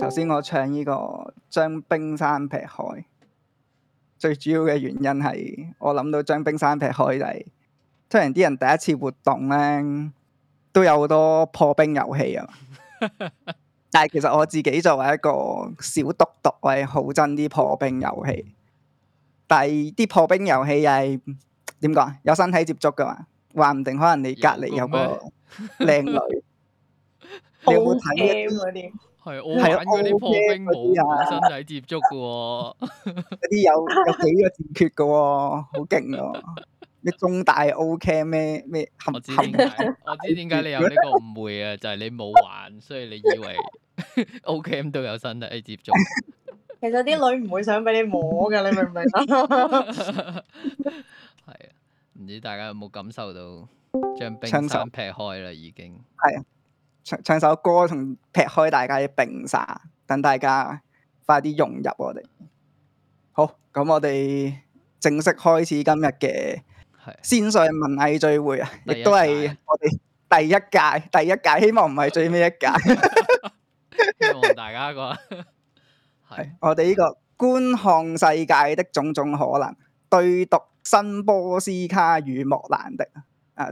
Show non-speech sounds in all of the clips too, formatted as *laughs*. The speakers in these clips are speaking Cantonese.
頭先我唱呢、這個將冰山劈開，最主要嘅原因係我諗到將冰山劈開係，雖、就是、然啲人第一次活動咧都有好多破冰遊戲啊，但係其實我自己作為一個小獨獨，我係好憎啲破冰遊戲，但係啲破冰遊戲又係點講啊？有身體接觸噶嘛，話唔定可能你隔籬有個靚女， *laughs* 你會睇一啲。係我玩嗰啲破冰冇，身體接觸噶喎，哦，嗰啲有有幾個斷絕噶喎，好勁啊！你中大 O K 咩咩？我知點解，我知點解你有呢個誤會啊！就係、是、你冇玩，所以你以為 O K M 都有身體接觸。 *laughs* 其實啲女唔會想俾你摸噶，你明唔明啊？係啊， *laughs* 唔知大家有冇感受到將冰山劈開啦？已經係。唱首歌，同劈開大家嘅屏障，等大家快啲融入我哋。好，咁我哋正式開始今日嘅線上文藝聚會啊！亦都係我哋第一屆，第一屆希望唔係最尾一屆。 *laughs* *laughs* 希望大家個係 *laughs* 是我哋呢個觀看世界的種種可能，對讀辛波絲卡與莫蘭迪。啊，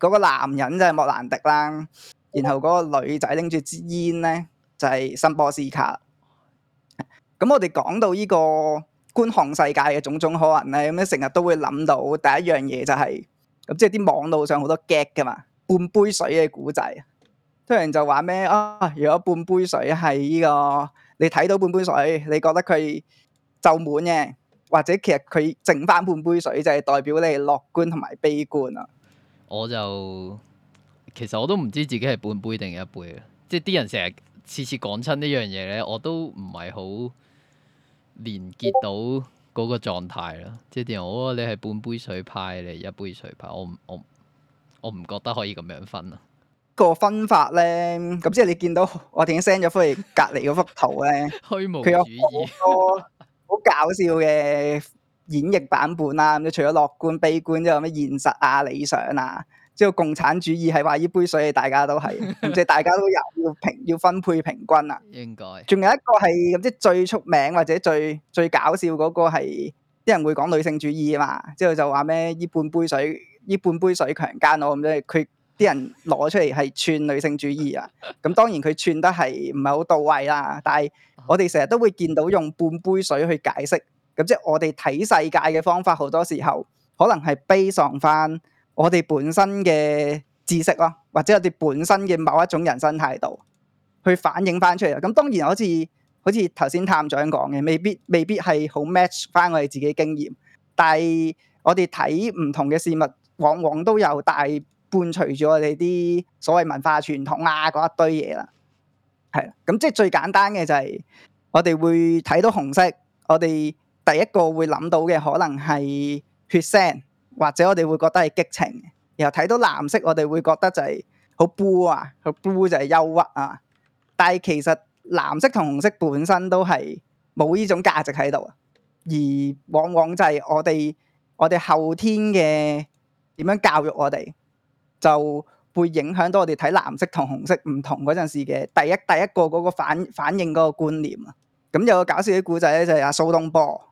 嗰、嗰個男人就係莫蘭迪啦。然後嗰個女仔拎住支煙咧，就係辛波絲卡。咁我哋講到呢個觀看世界嘅種種可能咧，咁咧成日都會諗到第一樣嘢就係咁，即係啲網路上好多 Gag 噶嘛，半杯水嘅古仔。啲人就話咩啊？如果半杯水係呢個你睇到半杯水，你覺得佢就滿嘅，或者其實佢剩翻半杯水，就係代表你樂觀同埋悲觀啊？我就。其實我都唔知自己係半杯定一杯啦，即係啲人成日次次講親呢樣嘢咧，我都唔係好連結到嗰個狀態啦。即係點啊？你係半杯水派，你一杯水派，我唔我我唔覺得可以咁樣分啊。個分法咧，咁即係你見到我哋已經 send 咗翻嚟隔籬嗰幅圖咧，虛 *laughs* 無主義， *laughs* 好搞笑嘅演繹版本啦，啊。咁除咗樂觀、悲觀，又有咩現實啊、理想啊。即係共產主義係話呢杯水，大家都係，咁即係大家都有要平要分配平均啊。應該。仲有一個係咁即係最出名或者最最搞笑嗰個係，啲人會講女性主義啊嘛。之後就話咩呢半杯水，呢半杯水強奸我，咁即係佢啲人攞出嚟係串女性主義啊。咁當然佢串得係唔係好到位啦。但係我哋成日都會見到用半杯水去解釋。咁即係我哋睇世界嘅方法，好多時候可能係悲喪翻。我哋本身嘅知識咯，或者我哋本身嘅某一種人生態度，去反映翻出嚟。咁當然好似好似頭先探長講嘅，未必未必係好 match 翻我哋自己經驗，但係我哋睇唔同嘅事物，往往都有大伴隨住我哋啲所謂文化傳統啊嗰一堆嘢啦。係啦，咁即係最簡單嘅就係、是、我哋會睇到紅色，我哋第一個會諗到嘅可能係血腥。或者我哋會覺得係激情，然後睇到藍色我哋會覺得就係好 blue 啊，好 blue 就係憂鬱啊。但係其實藍色同紅色本身都係冇呢種價值喺度，而往往就係我哋我哋後天嘅點樣教育我哋，就會影響到我哋睇藍色同紅色唔同嗰陣時嘅第一第一個嗰個反反應嗰個觀念啊。咁有個搞笑啲故仔咧，就係阿蘇東坡。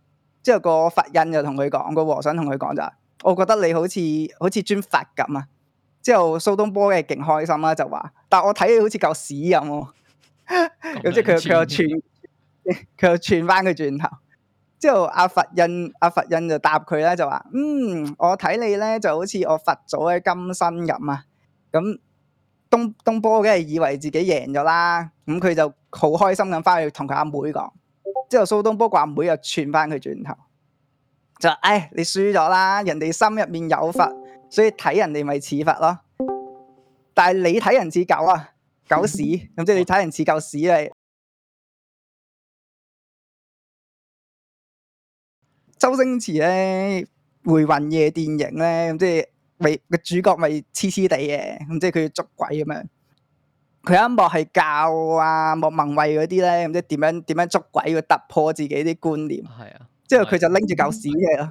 之後個佛印就同佢講，個和尚同佢講就話：我覺得你好似好似尊佛咁啊！之後蘇東坡嘅勁開心啦，就話：但係我睇你好似嚿屎咁。咁即係佢佢又轉，佢又轉翻佢轉頭。之後阿佛印阿佛印就答佢咧，就話：嗯，我睇你咧就好似我佛祖嘅金身咁啊！咁東，東坡梗係以為自己贏咗啦，咁佢就好開心咁翻去同佢阿妹講。之後蘇東坡話唔會又串翻佢轉頭，就話：唉、哎，你輸咗啦，人哋心入面有佛，所以睇人哋咪似佛咯。但係你睇人似狗啊，狗屎，咁即係你睇人似狗屎啊！周星馳咧《回魂夜》電影咧，咁即係咪個主角咪癡癡地嘅？咁即係佢捉鬼咁樣。佢一幕係教啊莫文蔚嗰啲咧，唔知係點樣點樣捉鬼要突破自己啲觀念。係啊， *noise* 之後佢就拎住嚿屎嘅，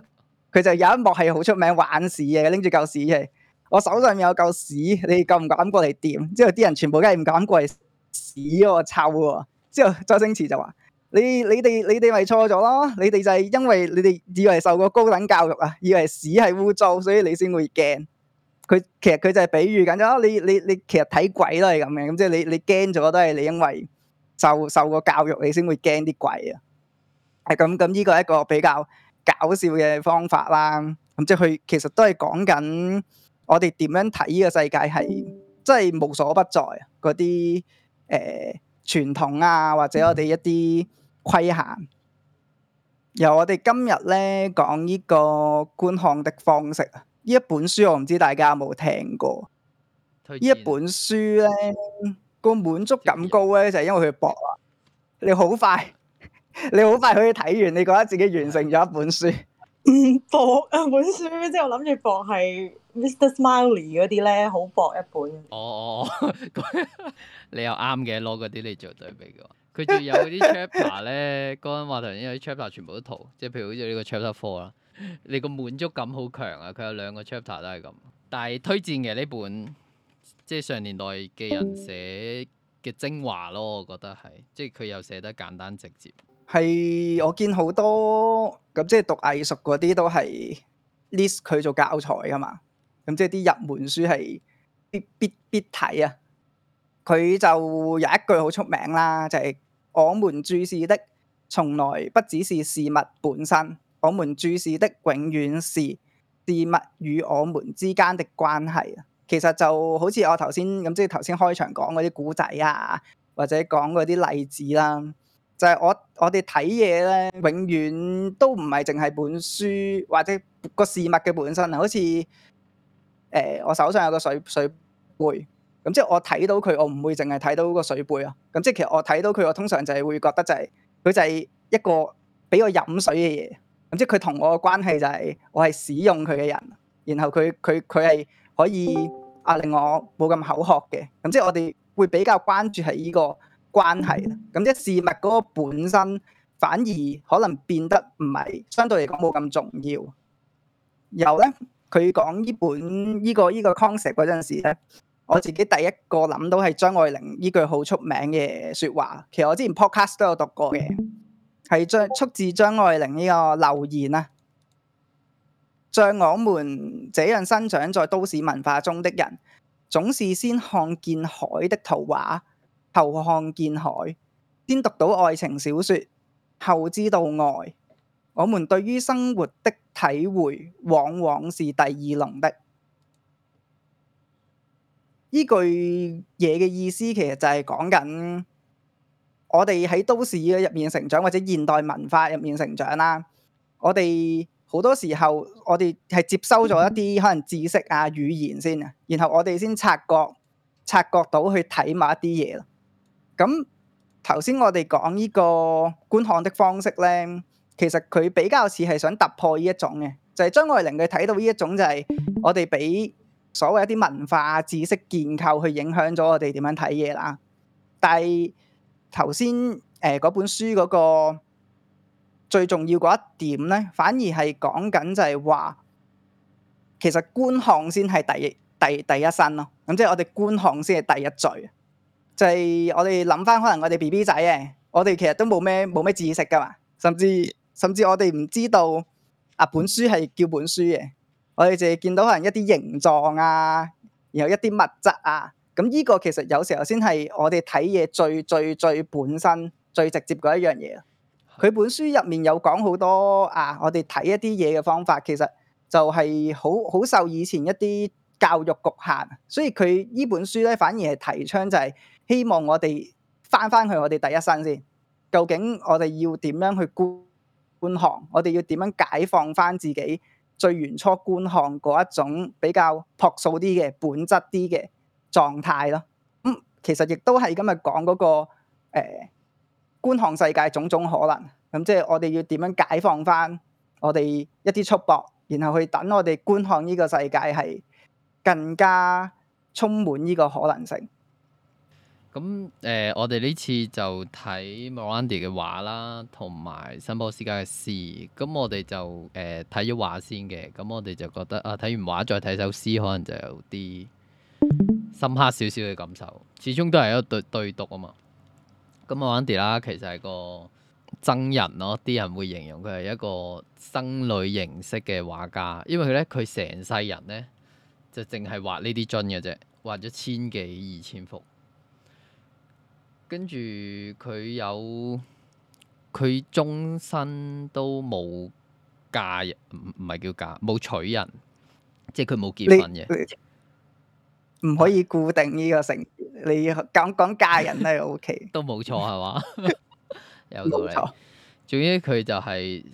佢 *noise* 就有一幕係好出名玩屎嘅，拎住嚿屎嘅。我手上面有嚿屎，你夠唔夠膽過嚟掂？之後啲人全部梗係唔敢過嚟屎喎，臭喎。之後周星馳就話：你你哋你哋咪錯咗咯，你哋就係因為你哋以為受過高等教育啊，以為屎係污糟，所以你先會驚。佢其實佢就係比喻緊咗，啊，你你你其實睇鬼都係咁嘅，咁即係你你驚咗都係你因為受受過教育，你先會驚啲鬼啊。係咁咁，呢個係一個比較搞笑嘅方法啦。咁即係佢其實都係講緊我哋點樣睇呢個世界係即係無所不在嗰啲誒傳統啊，或者我哋一啲規限。由我哋今日咧講呢個觀看的方式啊。呢一本書我唔知大家有冇聽過？呢治一本書咧治個滿足感高咧，治就係因為佢薄啊！你好快， *laughs* 你好快可以睇完，你覺得自己完成咗一本書。嗯、薄啊，一本書即係我諗住薄係 Mr. Smiley 嗰啲咧，好薄一本。哦哦，哦哦 *laughs* 你又啱嘅，攞嗰啲嚟做對比㗎。佢仲有啲 chapter 咧， *laughs* 嗰個話題因為啲 chapter 全部都圖，即係譬如好似呢個 chapter four 啦。你個滿足感好強啊！佢有兩個 chapter 都係咁，但係推薦嘅呢本即係上年代嘅人寫嘅精華咯，我覺得係即係佢又寫得簡單直接。係我見好多咁即係讀藝術嗰啲都係 list 佢做教材㗎嘛，咁即係啲入門書係必必必睇啊！佢就有一句好出名啦，就係、是、我們注視的從來不只是事物本身。我們注視的永遠是事物與我們之間的關係啊！其實就好似我頭先咁，即係頭先開場講嗰啲古仔啊，或者講嗰啲例子啦、啊，就係、是、我我哋睇嘢咧，永遠都唔係淨係本書或者個事物嘅本身啊！好似誒、呃，我手上有個水水杯，咁即係我睇到佢，我唔會淨係睇到個水杯啊！咁即係其實我睇到佢，我通常就係會覺得就係、是、佢就係一個俾我飲水嘅嘢。咁即係佢同我嘅關係就係我係使用佢嘅人，然後佢佢佢係可以啊令我冇咁口渴嘅。咁即係我哋會比較關注係呢個關係。咁即係事物嗰個本身反而可能變得唔係相對嚟講冇咁重要。然後咧，佢講呢本呢個呢個 concept 嗰陣時咧，我自己第一個諗到係張愛玲呢句好出名嘅説話。其實我之前 podcast 都有讀過嘅。係將出自張愛玲呢個流言啊，像我們這樣生長在都市文化中的人，總是先看見海的圖畫，後看見海；先讀到愛情小說，後知道愛。我們對於生活的體會，往往是第二輪的。呢句嘢嘅意思，其實就係講緊。我哋喺都市入面成長，或者現代文化入面成長啦。我哋好多時候，我哋係接收咗一啲可能知識啊語言先啊，然後我哋先察覺、察覺到去睇某一啲嘢咯。咁頭先我哋講呢個觀看的方式咧，其實佢比較似係想突破呢一種嘅，就係張愛玲佢睇到呢一種就係我哋俾所謂一啲文化知識建構去影響咗我哋點樣睇嘢啦，但係。頭先誒嗰本書嗰個最重要嗰一點咧，反而係講緊就係、是、話，其實觀看先係第第第一身咯。咁、嗯、即係我哋觀看先係第一序，就係、是、我哋諗返可能我哋 B B 仔嘅，我哋其實都冇咩冇咩知識㗎嘛，甚至甚至我哋唔知道啊本書係叫本書嘅，我哋淨係見到可能一啲形狀啊，然後一啲物質啊。咁呢個其實有時候先係我哋睇嘢最最最本身最直接嗰一樣嘢。佢本書入面有講好多啊，我哋睇一啲嘢嘅方法其實就係好好受以前一啲教育局限，所以佢呢本書咧反而係提倡就係希望我哋翻翻返返去我哋第一身先，究竟我哋要點樣去觀觀看？我哋要點樣解放返自己最原初觀看嗰一種比較樸素啲嘅本質啲嘅。狀態咯，咁、嗯、其實亦都係今日講嗰個誒、呃、觀看世界種種可能，咁、嗯、即係我哋要點樣解放翻我哋一啲束縛，然後去等我哋觀看呢個世界係更加充滿呢個可能性。咁誒、嗯呃，我哋呢次就睇莫 o r a n d i 嘅畫啦，同埋辛波斯加嘅詩。咁我哋就誒睇咗畫先嘅，咁我哋就覺得啊，睇完畫再睇首詩，可能就有啲～深刻少少嘅感受，始終都係一個對對讀啊嘛。咁莫蘭迪其實係個僧人咯，啲人會形容佢係一個僧侶形式嘅畫家，因為佢咧佢成世人咧就淨係畫呢啲樽嘅啫，畫咗千幾二千幅。跟住佢有佢終身都冇嫁，唔唔係叫嫁冇娶人，即係佢冇結婚嘅。唔可以固定呢個城市，你講講嫁人、OK、 *laughs* 都 O K，都冇錯係嘛？冇錯， *laughs* 你錯總之佢就係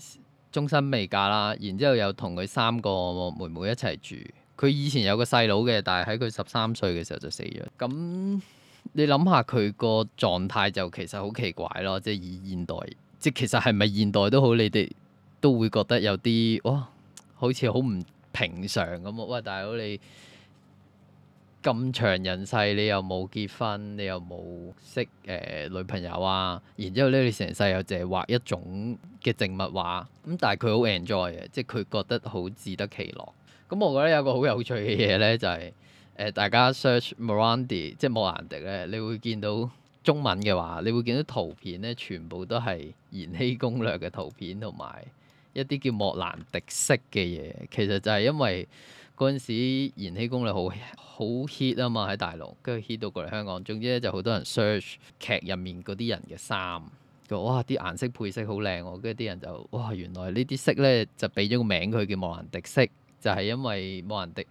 終身未嫁啦。然之後又同佢三個妹妹一齊住。佢以前有個細佬嘅，但係喺佢十三歲嘅時候就死咗。咁你諗下佢個狀態就其實好奇怪咯。即係以現代，即其實係咪現代都好，你哋都會覺得有啲哇，好似好唔平常咁啊！喂，大佬你～咁長人世，你又冇結婚，你又冇識誒、呃、女朋友啊？然之後咧，你成世又淨係畫一種嘅靜物畫，咁但係佢好 enjoy 嘅，即係佢覺得好自得其樂。咁、嗯、我覺得有個好有趣嘅嘢咧，就係、是、誒、呃、大家 search 莫蘭迪，即係莫蘭迪咧，你會見到中文嘅話，你會見到圖片咧，全部都係《延禧攻略》嘅圖片同埋一啲叫莫蘭迪式嘅嘢，其實就係因為。嗰陣時，延禧攻略好好 heat 啊嘛！喺大陸，跟住 heat 到過嚟香港。總之咧，就好多人 search 劇入面嗰啲人嘅衫，就哇啲顏色配色好靚喎。跟住啲人就哇，原來呢啲色咧就俾咗個名佢，叫莫蘭迪色。就係因為莫蘭迪，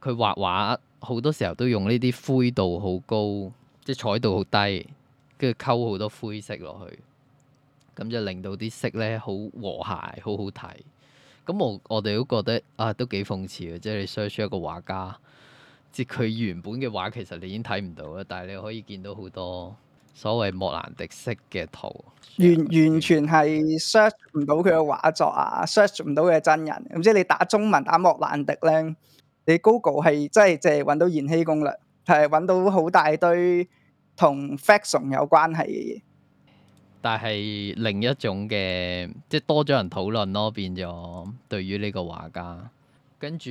佢畫畫好多時候都用呢啲灰度好高，即係彩度好低，跟住溝好多灰色落去，咁就令到啲色咧好和諧，好好睇。咁我我哋都覺得啊，都幾諷刺嘅，即係你 search 一個畫家，即佢原本嘅畫，其實你已經睇唔到啦。但係你可以見到好多所謂莫蘭迪式嘅圖，完完全係 search 唔到佢嘅畫作啊，search 唔到佢嘅真人。咁即係你打中文打莫蘭迪咧，你 Google 係即係即係揾到延禧攻略，係揾到好大堆同 fashion 有關係嘅嘢。但係另一種嘅，即多咗人討論咯，變咗對於呢個畫家，跟住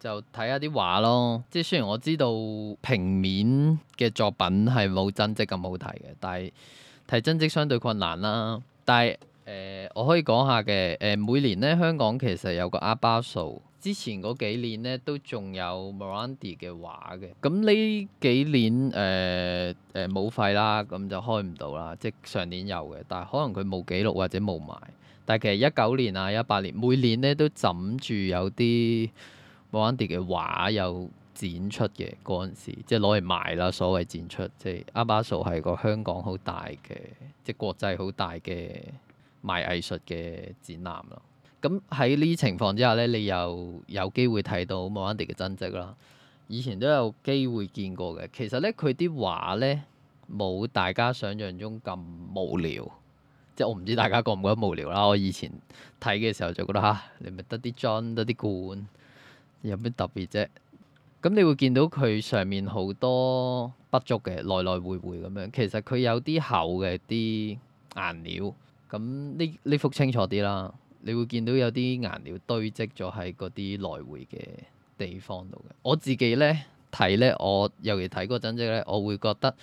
就睇下啲畫咯。即係雖然我知道平面嘅作品係冇真跡咁好睇嘅，但係睇真跡相對困難啦。但係誒、呃，我可以講下嘅誒、呃，每年咧香港其實有個阿巴數。之前嗰幾年咧都仲有 Morandi 嘅畫嘅，咁呢幾年誒誒冇費啦，咁就開唔到啦。即係上年有嘅，但係可能佢冇紀錄或者冇賣。但係其實一九年啊、一八年，每年咧都枕住有啲 Morandi 嘅畫有展出嘅嗰陣時，即係攞嚟賣啦。所謂展出，即係 Art Basel 係個香港好大嘅，即係國際好大嘅賣藝術嘅展覽咯。咁喺呢情況之下咧，你又有機會睇到莫蘭迪嘅真跡啦。以前都有機會見過嘅。其實咧，佢啲畫咧冇大家想象中咁無聊。即係我唔知大家覺唔覺得無聊啦。我以前睇嘅時候就覺得嚇、啊，你咪得啲樽得啲罐，有咩特別啫？咁你會見到佢上面好多筆觸嘅來來回回咁樣。其實佢有啲厚嘅啲顏料。咁呢呢幅清楚啲啦。你會見到有啲顏料堆積咗喺嗰啲來回嘅地方度嘅。我自己咧睇咧，我尤其睇嗰陣即咧，我會覺得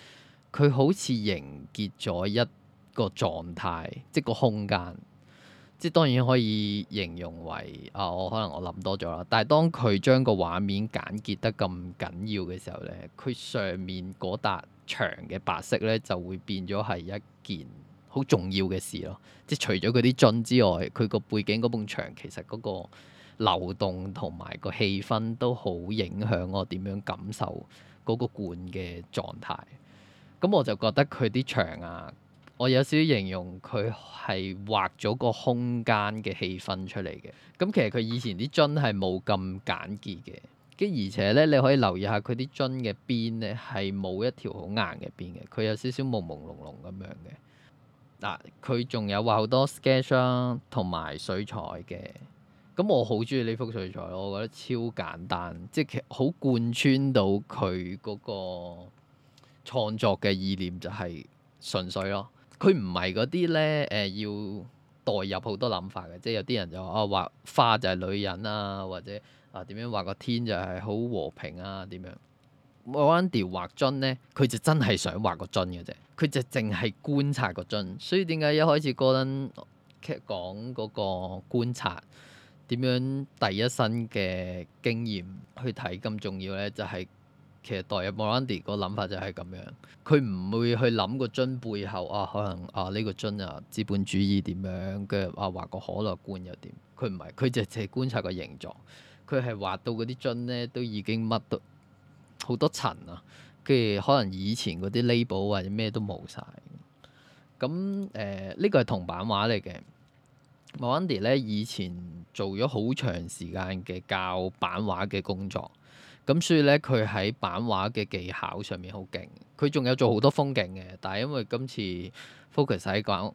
佢好似凝結咗一個狀態，即個空間。即當然可以形容為啊，我可能我諗多咗啦。但係當佢將個畫面簡潔得咁緊要嘅時候咧，佢上面嗰笪牆嘅白色咧就會變咗係一件好重要嘅事咯，即除咗佢啲樽之外，佢個背景嗰埲牆其實嗰個流動同埋個氣氛都好影響我點樣感受嗰個罐嘅狀態。咁我就覺得佢啲牆啊，我有少少形容佢係畫咗個空間嘅氣氛出嚟嘅。咁其實佢以前啲樽係冇咁簡潔嘅，跟而且咧你可以留意下佢啲樽嘅邊咧係冇一條好硬嘅邊嘅，佢有少少朦朦朧朧咁樣嘅。嗱，佢仲有畫好多 sketch 啊，同埋水彩嘅。咁我好中意呢幅水彩咯，我覺得超簡單，即係其好貫穿到佢嗰個創作嘅意念就係純粹咯。佢唔係嗰啲咧，誒、呃、要代入好多諗法嘅。即係有啲人就話啊，畫花就係女人啊，或者啊點樣畫個天就係好和平啊點樣，莫蘭迪畫樽咧，佢就真係想畫個樽嘅啫。佢就淨係觀察個樽，所以點解一開始哥登講嗰個觀察點樣第一身嘅經驗去睇咁重要咧？就係、是、其實代入莫蘭迪個諗法就係咁樣，佢唔會去諗個樽背後啊，可能啊呢、呢個樽啊資本主義點樣嘅啊畫個可樂罐又點？佢唔係，佢就淨係觀察個形狀，佢係畫到嗰啲樽咧都已經乜都好多塵啊。跟住可能以前嗰啲 label 或者咩都冇晒。咁誒，呢個係銅版畫嚟嘅。Morandi 咧以前做咗好長時間嘅教版畫嘅工作，咁所以咧佢喺版畫嘅技巧上面好勁，佢仲有做好多風景嘅，但係因為今次 focus 喺講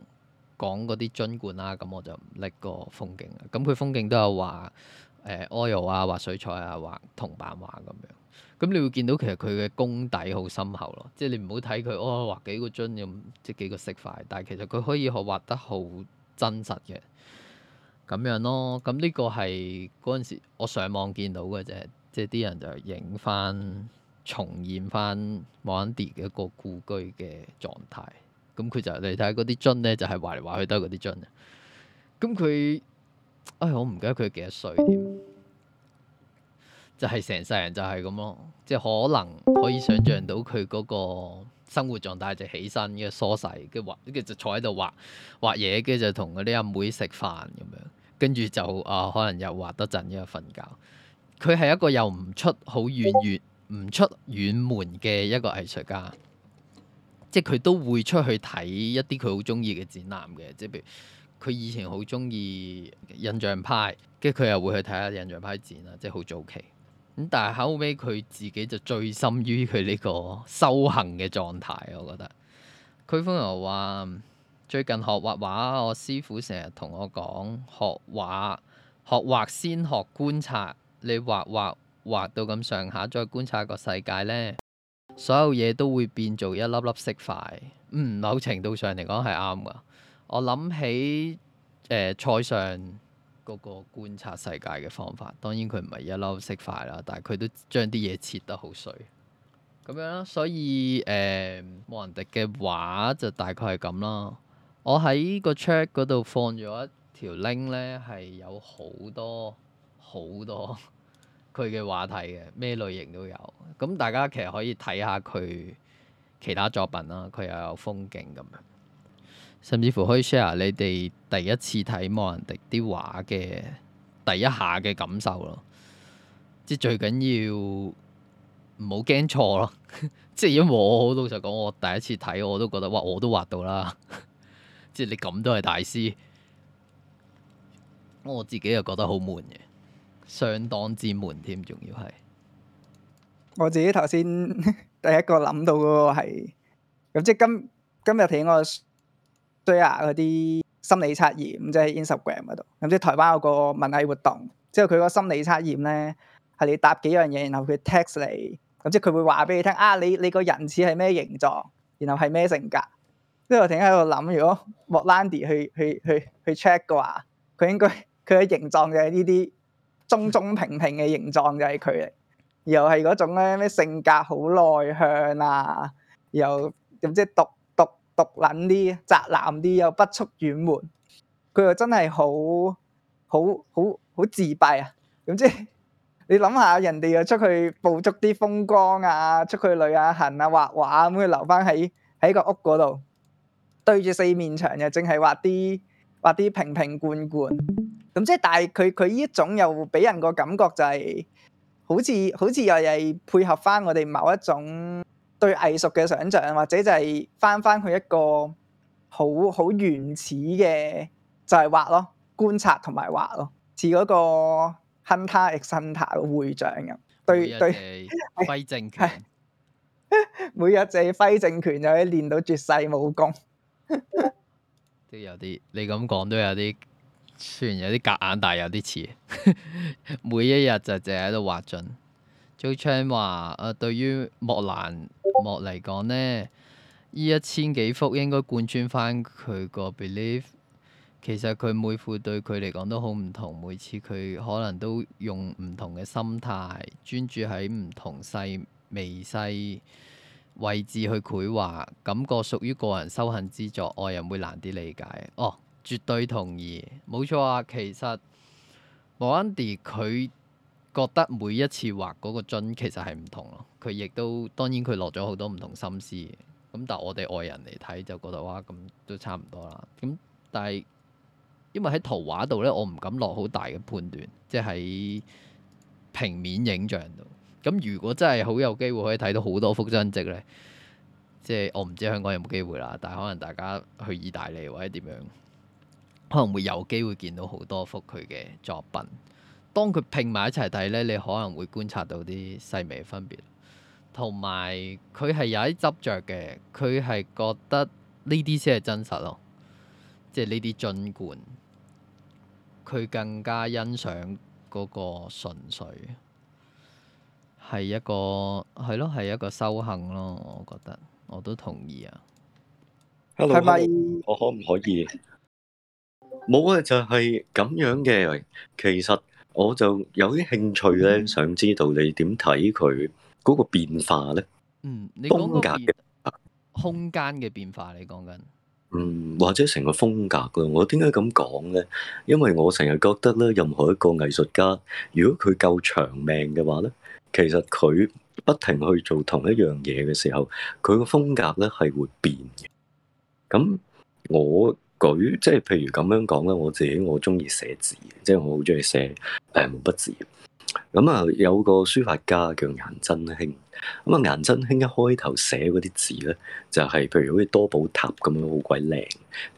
講嗰啲樽罐啦，咁我就唔拎個風景啦，咁佢風景都有畫誒、呃、oil 啊，畫水彩啊，畫銅版畫咁樣。咁你會見到其實佢嘅功底好深厚咯，即係你唔好睇佢哦畫幾個樽咁，即係幾個色塊，但係其實佢可以學畫得好真實嘅，咁樣咯。咁、嗯、呢、這個係嗰陣時我上網見到嘅啫，即係啲人就影翻重現翻莫蘭迪嘅一個故居嘅狀態。咁佢就你睇嗰啲樽咧，就係畫嚟畫去都係嗰啲樽。咁佢，唉、哎，我唔記得佢幾多歲添。 *noise* 就係成世人就係咁咯，即係可能可以想像到佢嗰個生活狀態就起身嘅梳洗，跟住畫，畫跟住就坐喺度畫畫嘢，跟住就同嗰啲阿妹食飯咁樣，跟住就啊可能又畫得陣，跟住瞓覺。佢係一個又唔出好遠遠，唔出遠門嘅一個藝術家，即係佢都會出去睇一啲佢好鍾意嘅展覽嘅，即係譬如佢以前好鍾意印象派，跟住佢又會去睇下印象派展啊，即係好早期。咁但係後尾，佢自己就醉心於佢呢個修行嘅狀態，我覺得。區風又話：最近學畫畫，我師傅成日同我講，學畫學畫先學觀察。你畫畫畫到咁上下，再觀察個世界呢，所有嘢都會變做一粒粒色塊。嗯，某程度上嚟講係啱噶。我諗起誒蔡尚。呃嗰個觀察世界嘅方法，當然佢唔係一溜色塊啦，但係佢都將啲嘢切得好碎，咁樣啦。所以誒，莫蘭迪嘅畫就大概係咁啦。我喺個 check 嗰度放咗一條 link 咧，係有好多好多佢嘅話題嘅，咩類型都有。咁大家其實可以睇下佢其他作品啦，佢又有風景咁樣。甚至乎可以 share 你哋第一次睇莫蘭迪啲畫嘅第一下嘅感受咯，即最緊要唔好驚錯咯，即 *laughs* 係因為我好老實講，我第一次睇我都覺得哇，我都畫到啦， *laughs* 即係你咁都係大師，我自己又覺得好悶嘅，相當之悶添，仲要係我自己頭先第一個諗到個係，咁即係今今日睇我，追嗰啲心理測驗，咁即係 Instagram 嗰度，咁即係台灣嗰個文藝活動，即係佢個心理測驗咧，係你答幾樣嘢，然後佢 text 你，咁即係佢會話俾你聽啊，你你個人似係咩形狀，然後係咩性格，即係我停喺度諗，如果莫蘭迪去去去去 check 嘅話，佢應該佢嘅形狀就係呢啲中中平平嘅形狀就係佢嚟，又係嗰種咧咩性格好內向啊，又點即係獨。獨撚啲，宅男啲又不出遠門，佢又真係好，好，好，好自閉啊！咁即係你諗下，人哋又出去捕捉啲風光啊，出去旅啊、行啊、畫畫咁、啊，佢留翻喺喺個屋嗰度，對住四面牆又淨係畫啲畫啲瓶瓶罐罐。咁即係，但係佢佢呢一種又俾人個感覺就係、是，好似好似又係配合翻我哋某一種。對藝術嘅想像，或者就係翻翻去一個好好原始嘅，就係、是、畫咯，觀察同埋畫咯，似嗰個 Hunter X Hunter 嘅會長咁。對對，揮正拳 *laughs* ，每日就係揮正拳就可以練到絕世武功。 *laughs* 有都有啲，你咁講都有啲，雖然有啲夾硬，但係有啲似。 *laughs* 每一日就淨係喺度畫盡。Jo Chan 話：誒、啊，對於莫蘭莫嚟講咧，呢一千幾幅應該貫穿翻佢個 belief。其實佢每幅對佢嚟講都好唔同，每次佢可能都用唔同嘅心態，專注喺唔同細微細位置去繪畫，感覺屬於個人修行之作，外人會難啲理解。哦，絕對同意，冇錯啊！其實莫蘭迪佢。覺得每一次畫嗰個樽其實係唔同咯，佢亦都當然佢落咗好多唔同心思，咁但係我哋外人嚟睇就覺得哇，咁都差唔多啦。咁但係因為喺圖畫度咧，我唔敢落好大嘅判斷，即係喺平面影像度。咁如果真係好有機會可以睇到好多幅真跡咧，即係我唔知香港有冇機會啦，但係可能大家去意大利或者點樣，可能會有機會見到好多幅佢嘅作品。當佢拼埋一齊睇咧，你可能會觀察到啲細微分別，同埋佢係有啲執着嘅，佢係覺得呢啲先係真實咯，即係呢啲盡管，佢更加欣賞嗰個純粹，係一個係咯，係一個修行咯，我覺得我都同意啊。係咪？我可唔可以？冇啊， *laughs* 就係、是、咁樣嘅，其實。我就有啲興趣咧，想知道你點睇佢嗰個變化咧？嗯，風格嘅空間嘅變化，你講緊？嗯，或者成個風格嘅。我點解咁講咧？因為我成日覺得咧，任何一個藝術家，如果佢夠長命嘅話咧，其實佢不停去做同一樣嘢嘅時候，佢個風格咧係會變嘅。咁、嗯、我。舉即係譬如咁樣講啦，我自己我中意寫字，即係、就是、我好中意寫誒毛筆字。咁啊有個書法家叫顏真卿。咁啊顏真卿一開頭寫嗰啲字咧，就係、是、譬如好似多寶塔咁樣好鬼靚。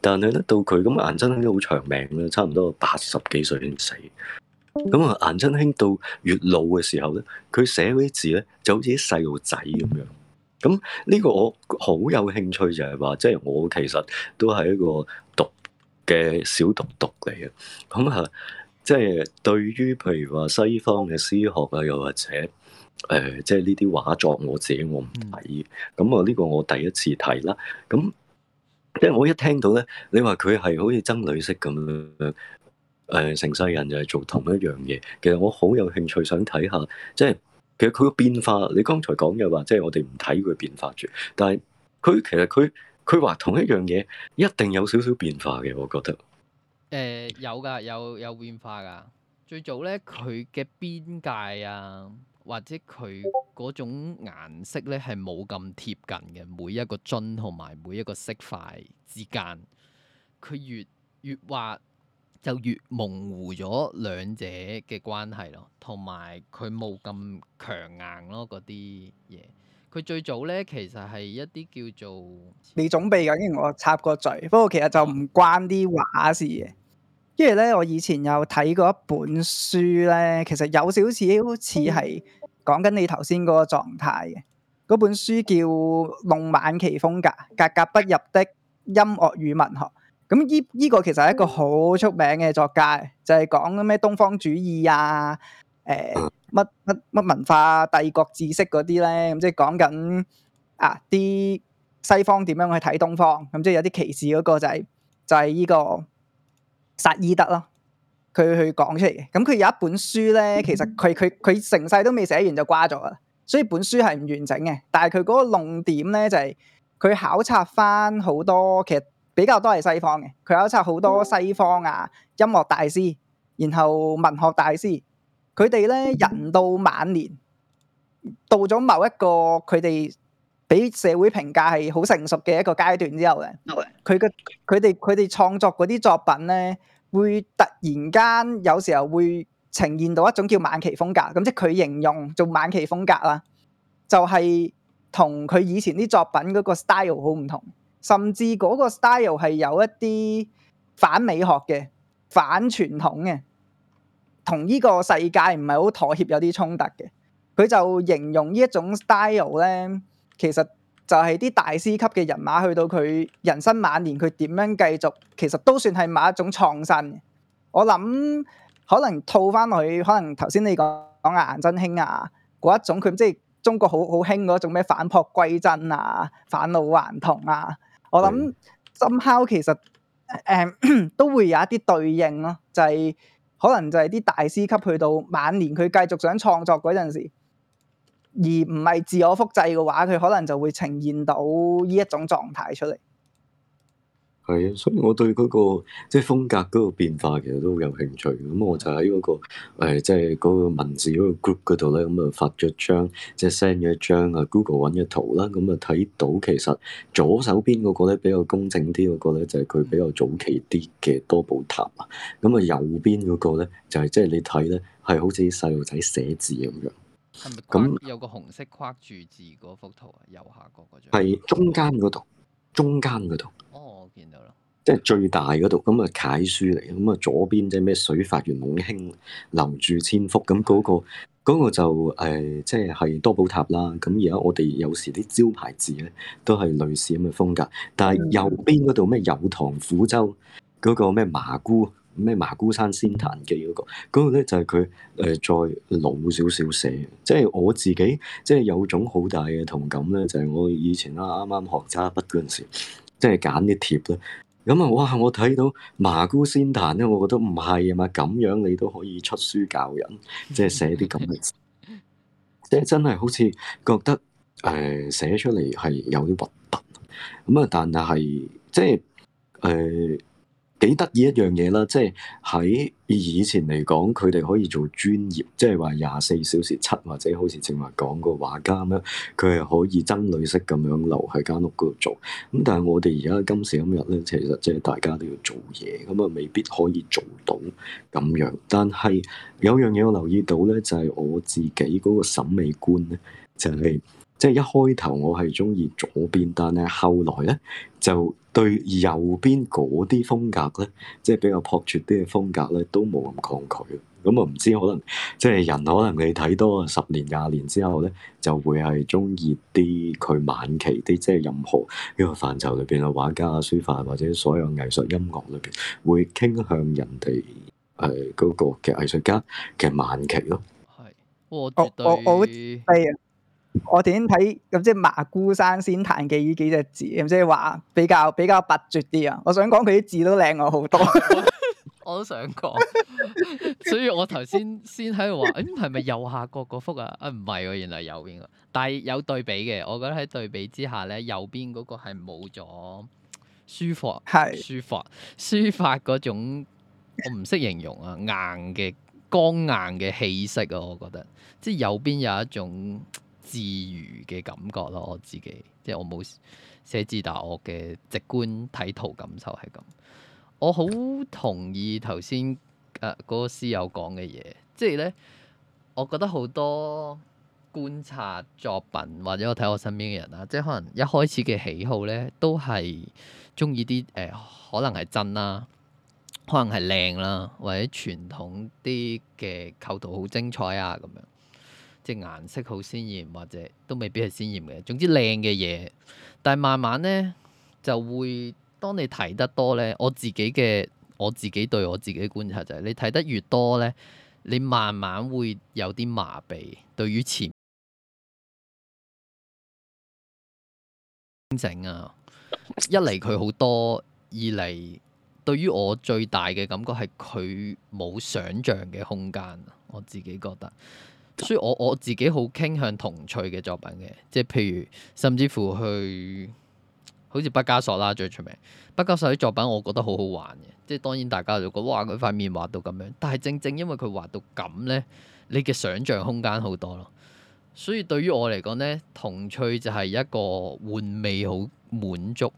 但係咧到佢咁顏真卿都好長命啦，差唔多八十幾歲先死。咁啊顏真卿到越老嘅時候咧，佢寫嗰啲字咧就好似啲細路仔咁樣。咁呢個我好有興趣就，就係話，即係我其實都係一個讀嘅小讀讀嚟嘅。咁啊，即係對於譬如話西方嘅詩學啊，又或者誒，即係呢啲畫作，我自己我唔睇。咁啊、嗯，呢個我第一次睇啦。咁即係我一聽到咧，你話佢係好似僧侶式咁樣誒、呃，成世人就係做同一樣嘢。其實我好有興趣想睇下，即係。其實佢個變化，你剛才講嘅話，即係我哋唔睇佢變化住。但係佢其實佢佢話同一樣嘢，一定有少少變化嘅。我覺得，誒有㗎，有有變化㗎。最早咧，佢嘅邊界啊，或者佢嗰種顏色咧，係冇咁貼近嘅。每一個樽同埋每一個色塊之間，佢越越畫。就越模糊咗兩者嘅關係咯，同埋佢冇咁強硬咯嗰啲嘢。佢最早咧，其實係一啲叫做你準備緊，我插個嘴。不過其實就唔關啲畫事嘅。嗯、因為咧，我以前有睇過一本書咧，其實有少少似係講緊你頭先嗰個狀態嘅。嗰本書叫《論晚期風格：格格不入的音樂與文學》。咁依依個其實係一個好出名嘅作家，就係講咩東方主義啊，誒乜乜乜文化、啊、帝國知識嗰啲咧，咁、嗯、即係講緊啊啲西方點樣去睇東方，咁、嗯、即係有啲歧視嗰個就係、是、就係、是、依個薩伊德咯，佢去講出嚟嘅。咁佢有一本書咧，其實佢佢佢成世都未寫完就瓜咗啦，所以本書係唔完整嘅。但係佢嗰個論點咧就係、是、佢考察返好多其實。比較多係西方嘅，佢有一出好多西方啊音樂大師，然後文學大師，佢哋咧人到晚年，到咗某一個佢哋俾社會評價係好成熟嘅一個階段之後咧，佢嘅佢哋佢哋創作嗰啲作品咧，會突然間有時候會呈現到一種叫晚期風格，咁即係佢形容做晚期風格啦，就係同佢以前啲作品嗰個 style 好唔同。甚至嗰個 style 係有一啲反美學嘅、反傳統嘅，同呢個世界唔係好妥協，有啲衝突嘅。佢就形容呢一種 style 咧，其實就係啲大師級嘅人馬去到佢人生晚年，佢點樣繼續，其實都算係某一種創新。我諗可能套翻落去，可能頭先你講講阿顏真卿啊嗰一種，佢即係中國好好興嗰種咩反璞歸真啊、返老還童啊。我諗針敲其實誒都會有一啲對應咯，就係、是、可能就係啲大師級去到晚年，佢繼續想創作嗰陣時，而唔係自我複製嘅話，佢可能就會呈現到呢一種狀態出嚟。係，所以我對嗰、嗰個即係風格嗰個變化其實都好有興趣。咁我就喺嗰、嗰個即係嗰個文字嗰個 group 嗰度咧，咁、嗯、啊發咗張，即係 send 咗一張啊 Google 揾嘅圖啦。咁啊睇到其實左手邊嗰個咧比較工整啲，嗰個咧就係佢比較早期啲嘅多寶塔啊。咁、嗯、啊右邊嗰個咧就係即係你睇咧係好似細路仔寫字咁樣。咁那有個紅色框住字嗰幅圖啊，右下角嗰張係中間度，中間嗰度。哦。即係最大嗰度，咁啊楷書嚟，咁啊左邊即係咩水法源永興留住千福，咁嗰、嗰個嗰、嗰個就誒、是、即、呃、係、就是、多寶塔啦。咁而家我哋有時啲招牌字咧，都係類似咁嘅風格。但係右邊嗰度咩有唐撫州嗰、嗰個咩麻姑，咩麻姑山仙壇記嗰個，嗰、嗰個咧就係佢誒再老少少寫。即係我自己，即係有種好大嘅同感咧，就係、是、我以前啦，啱啱學揸筆嗰陣時。即係揀啲貼啦，咁啊，哇！我睇到麻姑仙談咧，我覺得唔係啊嘛，咁樣你都可以出書教人，即係寫啲咁嘅，即係真係好似覺得誒寫出嚟係有啲核突，咁啊，但係即係誒。幾得意一樣嘢啦，即係喺以前嚟講，佢哋可以做專業，即係話廿四小時七，或者好似正話講個畫家咁樣，佢係可以僧侶式咁樣留喺間屋嗰度做。咁但係我哋而家今時今日咧，其實即係大家都要做嘢，咁啊未必可以做到咁樣。但係有樣嘢我留意到咧，就係我自己嗰個審美觀咧，就係。即係一開頭我係中意左邊，但係後來咧就對右邊嗰啲風格咧，即係比較樸拙啲嘅風格咧，都冇咁抗拒咯。咁啊唔知可能即係人可能你睇多十年廿年之後咧，就會係中意啲佢晚期啲，即係任何呢個範疇裏邊嘅畫家啊、書法或者所有藝術音樂裏邊，會傾向人哋誒嗰個嘅藝術家嘅晚期咯。係，我我我係啊。我點睇，咁即係《麻姑山仙壇記》呢幾隻字，咁即係話比較比較拔絕啲啊！我想講佢啲字都靚 *laughs* 我好多，我都想講。 *laughs* 所以我頭先先喺度話，咁係咪右下角嗰幅啊？哎、啊唔係，原來右邊啊，但係有對比嘅。我覺得喺對比之下咧，右邊嗰個係冇咗書法，係書法書法嗰種我唔識形容啊， *laughs* 硬嘅剛硬嘅氣息啊，我覺得即係右邊有一種。自如嘅感覺咯，我自己即係我冇寫字，但我嘅直觀睇圖感受係咁。我好同意頭先啊嗰個詩友講嘅嘢，即係咧，我覺得好多觀察作品或者我睇我身邊嘅人啊，即係可能一開始嘅喜好咧，都係中意啲誒，可能係真啦，可能係靚啦，或者傳統啲嘅構圖好精彩啊咁樣。即係顏色好鮮豔，或者都未必係鮮豔嘅。總之靚嘅嘢，但係慢慢呢，就會，當你睇得多呢，我自己嘅我自己對我自己觀察就係，你睇得越多呢，你慢慢會有啲麻痹。對於前整啊， *laughs* 一嚟佢好多，二嚟對於我最大嘅感覺係佢冇想象嘅空間，我自己覺得。所以我我自己好傾向童趣嘅作品嘅，即係譬如甚至乎去好似畢加索啦，最出名畢加索啲作品，我覺得好好玩嘅。即係當然大家就覺得：哇，佢塊面畫到咁樣，但係正正因為佢畫到咁咧，你嘅想像空間好多咯。所以對於我嚟講咧，童趣就係一個換味好滿足，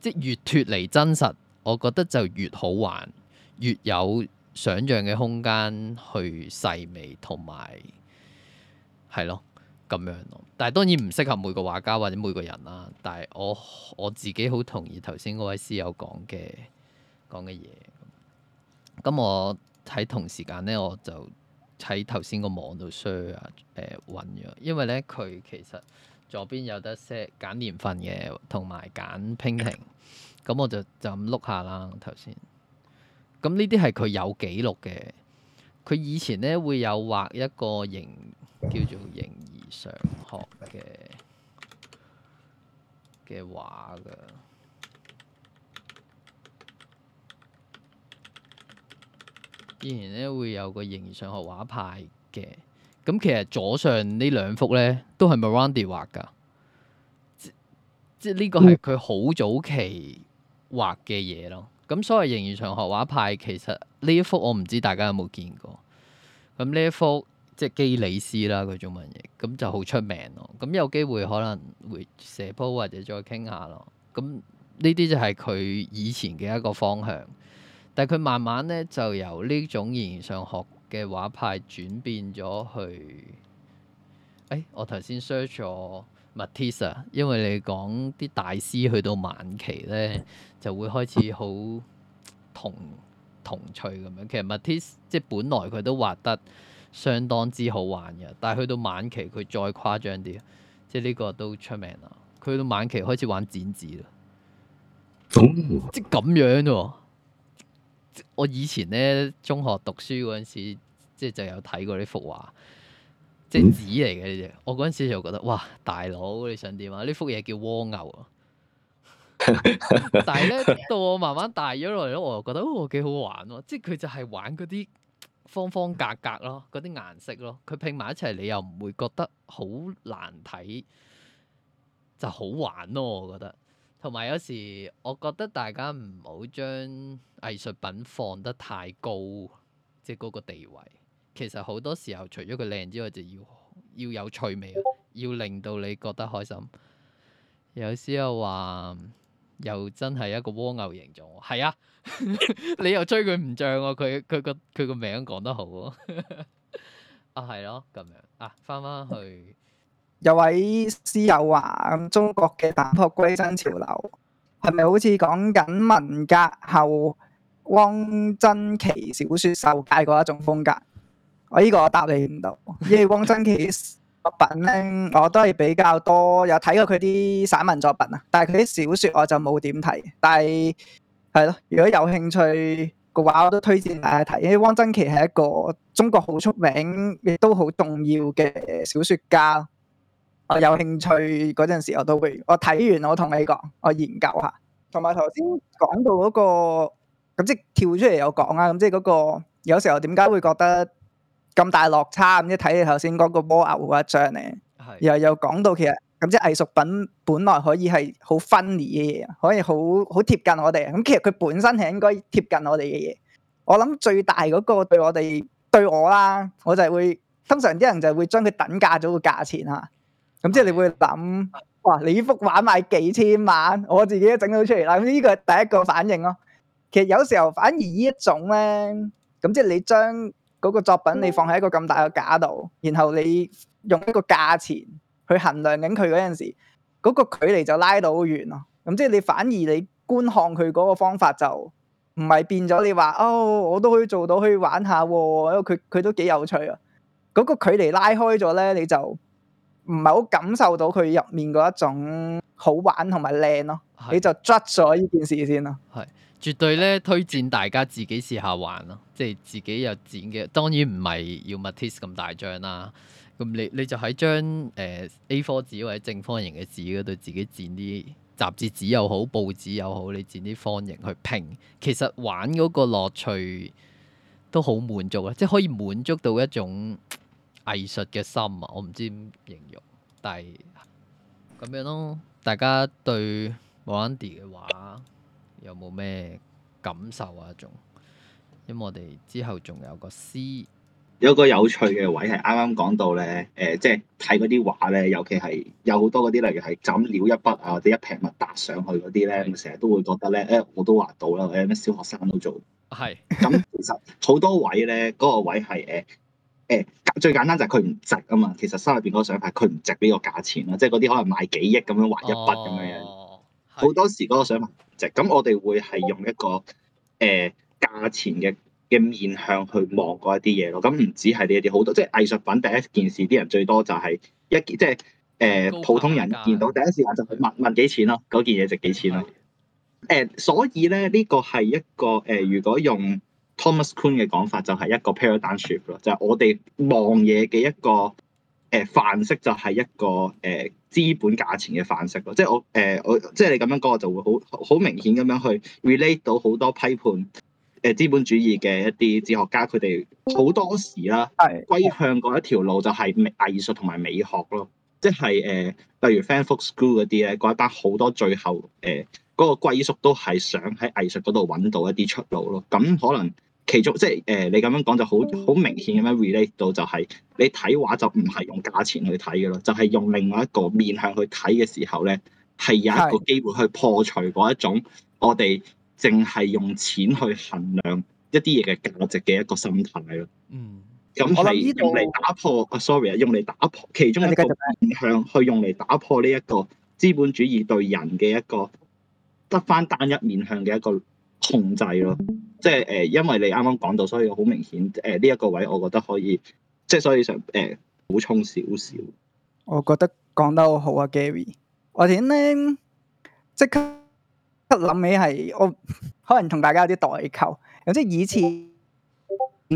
即係越脫離真實，我覺得就越好玩，越有想像嘅空間去細味同埋。係咯，咁樣咯。但係當然唔適合每個畫家或者每個人啦。但係我我自己好同意頭先嗰位師友講嘅講嘅嘢。咁我喺同時間咧，我就喺頭先個網度 search，誒，揾、呃、咗，因為咧佢其實左邊有得 set 揀年份嘅，同埋揀 painting。咁我就就咁碌下啦。頭先咁呢啲係佢有記錄嘅。佢以前咧會有畫一個形。叫做形而上學嘅嘅畫噶，的的以前咧會有個形而上學畫派嘅，咁其實左上兩呢兩幅咧都係 Mirandy 畫噶，即即呢個係佢好早期畫嘅嘢咯。咁所謂形而上學畫派其實呢一幅我唔知大家有冇見過，咁呢一幅。即基里斯啦，佢做乜嘢？咁就好出名咯。咁有機會可能會寫 po 或者再傾下咯。咁呢啲就係佢以前嘅一個方向。但係佢慢慢咧就由呢種形上學嘅畫派轉變咗去。誒、哎，我頭先 search 咗 Matisse，因為你講啲大師去到晚期咧就會開始好同童趣咁樣。其實 Matisse 即係本來佢都畫得。相當之好玩嘅，但係去到晚期佢再誇張啲，即係呢個都出名啦。佢去到晚期開始玩剪紙啦，咁總即係咁樣咯、啊。我以前咧中學讀書嗰陣時，即係就有睇過呢幅畫，即係紙嚟嘅呢隻。嗯、我嗰陣時就覺得哇，大佬你想點啊？幅 *laughs* 呢幅嘢叫蝸牛啊！但係咧到我慢慢大咗落嚟咧，我又覺得哦幾好玩喎、啊，即係佢就係玩嗰啲。方方格格咯，嗰啲顏色咯，佢拼埋一齊，你又唔會覺得好難睇，就好玩咯、啊。我覺得同埋有，有時，我覺得大家唔好將藝術品放得太高，即係嗰個地位。其實好多時候，除咗佢靚之外，就要要有趣味，要令到你覺得開心。有時候話。又真係一個蝸牛形狀，係啊！ *laughs* 你又追佢唔像喎、啊，佢佢個佢個名講得好啊，係咯咁樣啊，翻翻、啊、去有位詩友話，咁中國嘅打破歸真潮流，係咪好似講緊文革後汪曾祺小說受戒嗰一種風格？我呢個我答你唔到，因為汪曾祺。作品咧，我都係比較多有睇過佢啲散文作品啊，但係佢啲小説我就冇點睇。但係係咯，如果有興趣嘅話，我都推薦大家睇。因為汪曾祺係一個中國好出名亦都好重要嘅小説家。我有興趣嗰陣時，我都會我睇完我同你講，我研究下。同埋頭先講到嗰個咁即係跳出嚟有講啊，咁即係嗰個有時候點解會覺得？咁大落差，咁即睇你頭先嗰個蝸牛嗰一張咧，是的 又又講到其實咁即係藝術品本來可以係好分離嘅嘢，可以好好貼近我哋。咁其實佢本身係應該貼近我哋嘅嘢。我諗最大嗰個對我哋對我啦，我就會通常啲人就會將佢等價咗個價錢吓。咁即係你會諗，是的 哇！你幅畫賣幾千萬，我自己都整到出嚟啦。咁呢個係第一個反應咯、啊。其實有時候反而呢一種咧，咁即係你將，嗰個作品你放喺一個咁大嘅架度，然後你用一個價錢去衡量緊佢嗰陣時，嗰個距離就拉到好遠咯。咁即係你反而你觀看佢嗰個方法就唔係變咗。你話哦，我都可以做到，去玩下喎，因為佢佢都幾有趣啊。嗰個距離拉開咗咧，你就唔係好感受到佢入面嗰一種好玩同埋靚咯。是的 你就 judge 咗呢件事先咯。絕對咧，推薦大家自己試下玩咯，即係自己又剪嘅。當然唔係要 Matisse 咁大張啦，咁你你就喺張誒 A4 紙或者正方形嘅紙嗰度自己剪啲雜誌紙又好，報紙又好，你剪啲方形去拼。其實玩嗰個樂趣都好滿足啊，即係可以滿足到一種藝術嘅心啊。我唔知點形容，但係咁樣咯。大家對 Morandi 嘅畫有冇咩感受啊？仲，因為我哋之後仲有個詩，有個有趣嘅位係啱啱講到咧，誒、呃，即係睇嗰啲畫咧，尤其係有好多嗰啲，例如係怎料一筆啊，或者一撇物搭上去嗰啲咧，我成日都會覺得咧，誒、欸，我都畫到啦，或者咩小學生都做，係。咁其實好多位咧，嗰、那個位係誒誒，最簡單就係佢唔值啊嘛。其實心入邊嗰想法，佢唔值呢個價錢啦。即係嗰啲可能賣幾億咁樣畫一筆咁樣嘢，好多時嗰個想法。咁我哋會係用一個誒、呃、價錢嘅嘅面向去望嗰一啲嘢咯。咁、嗯、唔止係呢一啲，好多即係藝術品第一件事，啲人最多就係一即係誒、呃啊、普通人見到的第一時間就去問問幾錢咯，嗰件嘢值幾錢咯。誒的、呃，所以咧呢、呢個係一個誒、呃，如果用 Thomas Kuhn 嘅講法，就係、是、一個 paradigm shift 咯，就係、是、我哋望嘢嘅一個。誒範式就係一個誒、呃、資本價錢嘅範式咯，即係我誒我即係你咁樣講，我就會好好明顯咁樣去 relate 到好多批判誒資本主義嘅一啲哲學家，佢哋好多時啦，係歸向嗰一條路就係藝術同埋美學咯，即係誒、呃、例如 Frankfurt School 嗰啲咧，嗰一班好多最後誒嗰、呃那個歸宿都係想喺藝術嗰度搵到一啲出路咯，咁可能。其中即係誒、呃，你咁樣講就好好明顯咁樣 relate 到就係、是、你睇畫就唔係用價錢去睇嘅咯，就係、是、用另外一個面向去睇嘅時候咧，係有一個機會去破除嗰一種我哋淨係用錢去衡量一啲嘢嘅價值嘅一個心態咯、嗯。嗯，咁我哋用嚟打破，sorry、嗯嗯、啊，sorry，用嚟打破其中一個面向去用嚟打破呢一個資本主義對人嘅一個得返單一面向嘅一個控制咯。嗯。即係誒，因為你啱啱講到，所以好明顯誒呢一個位，我覺得可以，即係所以想誒補充少少。我覺得講得好好啊，Gary！我點咧即刻即諗起係我可能同大家有啲代溝，咁、嗯、即係以前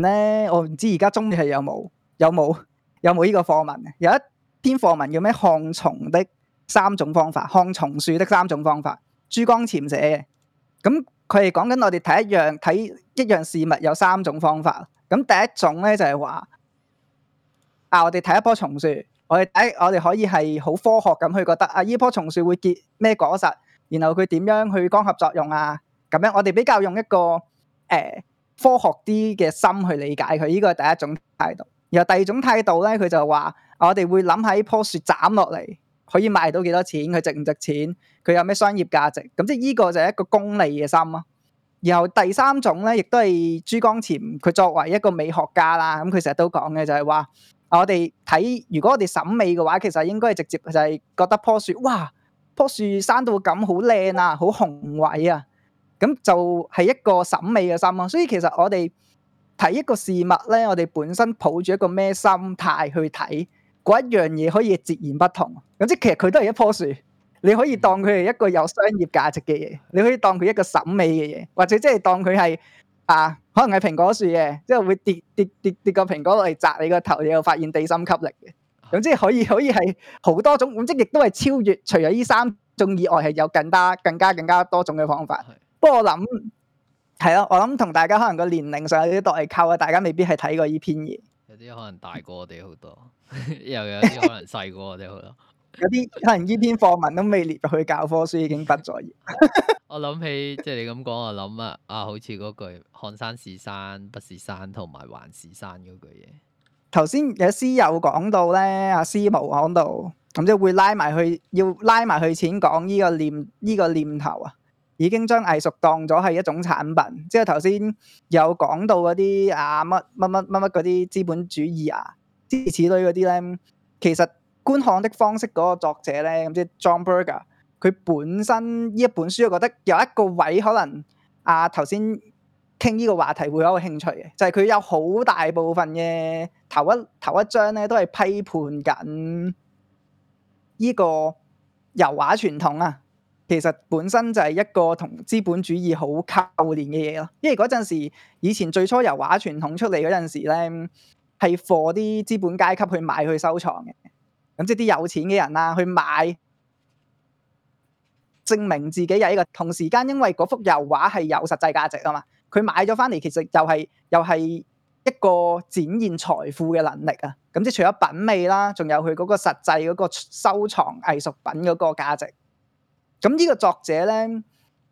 咧，我唔知而家中意係有冇有冇有冇呢個課文？有一篇課文叫咩？古松的三種方法，古松樹的三種方法，朱光潛寫嘅咁。佢哋講緊我哋睇一樣睇一樣事物有三種方法，咁第一種咧就係話，啊我哋睇一棵松樹，我哋睇我哋可以係好科學咁去覺得啊呢棵松樹會結咩果實，然後佢點樣去光合作用啊，咁樣我哋比較用一個誒、呃、科學啲嘅心去理解佢，呢、呢個係第一種態度。然後第二種態度咧，佢就話、啊、我哋會諗喺樖樹斬落嚟。可以賣到幾多錢？佢值唔值錢？佢有咩商業價值？咁即係呢個就係一個功利嘅心咯。然後第三種咧，亦都係朱光潛佢作為一個美學家啦，咁佢成日都講嘅就係話：我哋睇如果我哋審美嘅話，其實應該係直接就係覺得棵樹哇，棵樹生到咁好靚啊，好雄偉啊，咁就係一個審美嘅心咯。所以其實我哋睇一個事物咧，我哋本身抱住一個咩心態去睇？嗰一樣嘢可以截然不同，咁即係其實佢都係一棵樹，你可以當佢係一個有商業價值嘅嘢，你可以當佢一個審美嘅嘢，或者即係當佢係啊，可能係蘋果樹嘅，即係會跌跌跌跌個蘋果落嚟砸你個頭，你又發現地心吸力嘅，總之可以可以係好多種，咁即亦都係超越除咗呢三種以外，係有更，更加更加更加多種嘅方法。是的 不過我諗係啊，我諗同大家可能個年齡上有啲代溝啊，大家未必係睇過呢篇嘢，有啲可能大過我哋好多。 *laughs* *laughs* 又有啲可能細過我哋好多， *laughs* 有啲可能呢篇課文都未列入去教科書，已經畢咗業。我諗起即係你咁講，我諗啊啊，好似嗰句“看山是山，不是山，同埋還是山”嗰句嘢。頭先有詩友講到咧，阿詩無講到，咁即係會拉埋去，要拉埋去淺講呢個念，呢個念頭啊，已經將藝術當咗係一種產品。即係頭先有講到嗰啲啊，乜乜乜乜乜嗰啲資本主義啊。似似類嗰啲咧，其實觀看的方式嗰個作者咧，咁即係 John Berger，佢本身呢一本書，我覺得有一個位可能啊頭先傾呢個話題會有一個興趣嘅，就係、是、佢有好大部分嘅頭一頭一章咧，都係批判緊呢個油畫傳統啊。其實本身就係一個同資本主義好扣連嘅嘢咯，因為嗰陣時以前最初油畫傳統出嚟嗰陣時咧。係貨啲資本階級去買去收藏嘅，咁即係啲有錢嘅人啦，去買證明自己有一個同時間，因為嗰幅油畫係有實際價值啊嘛。佢買咗翻嚟，其實又係又係一個展現財富嘅能力啊。咁即係除咗品味啦，仲有佢嗰個實際嗰個收藏藝術品嗰個價值。咁呢個作者咧，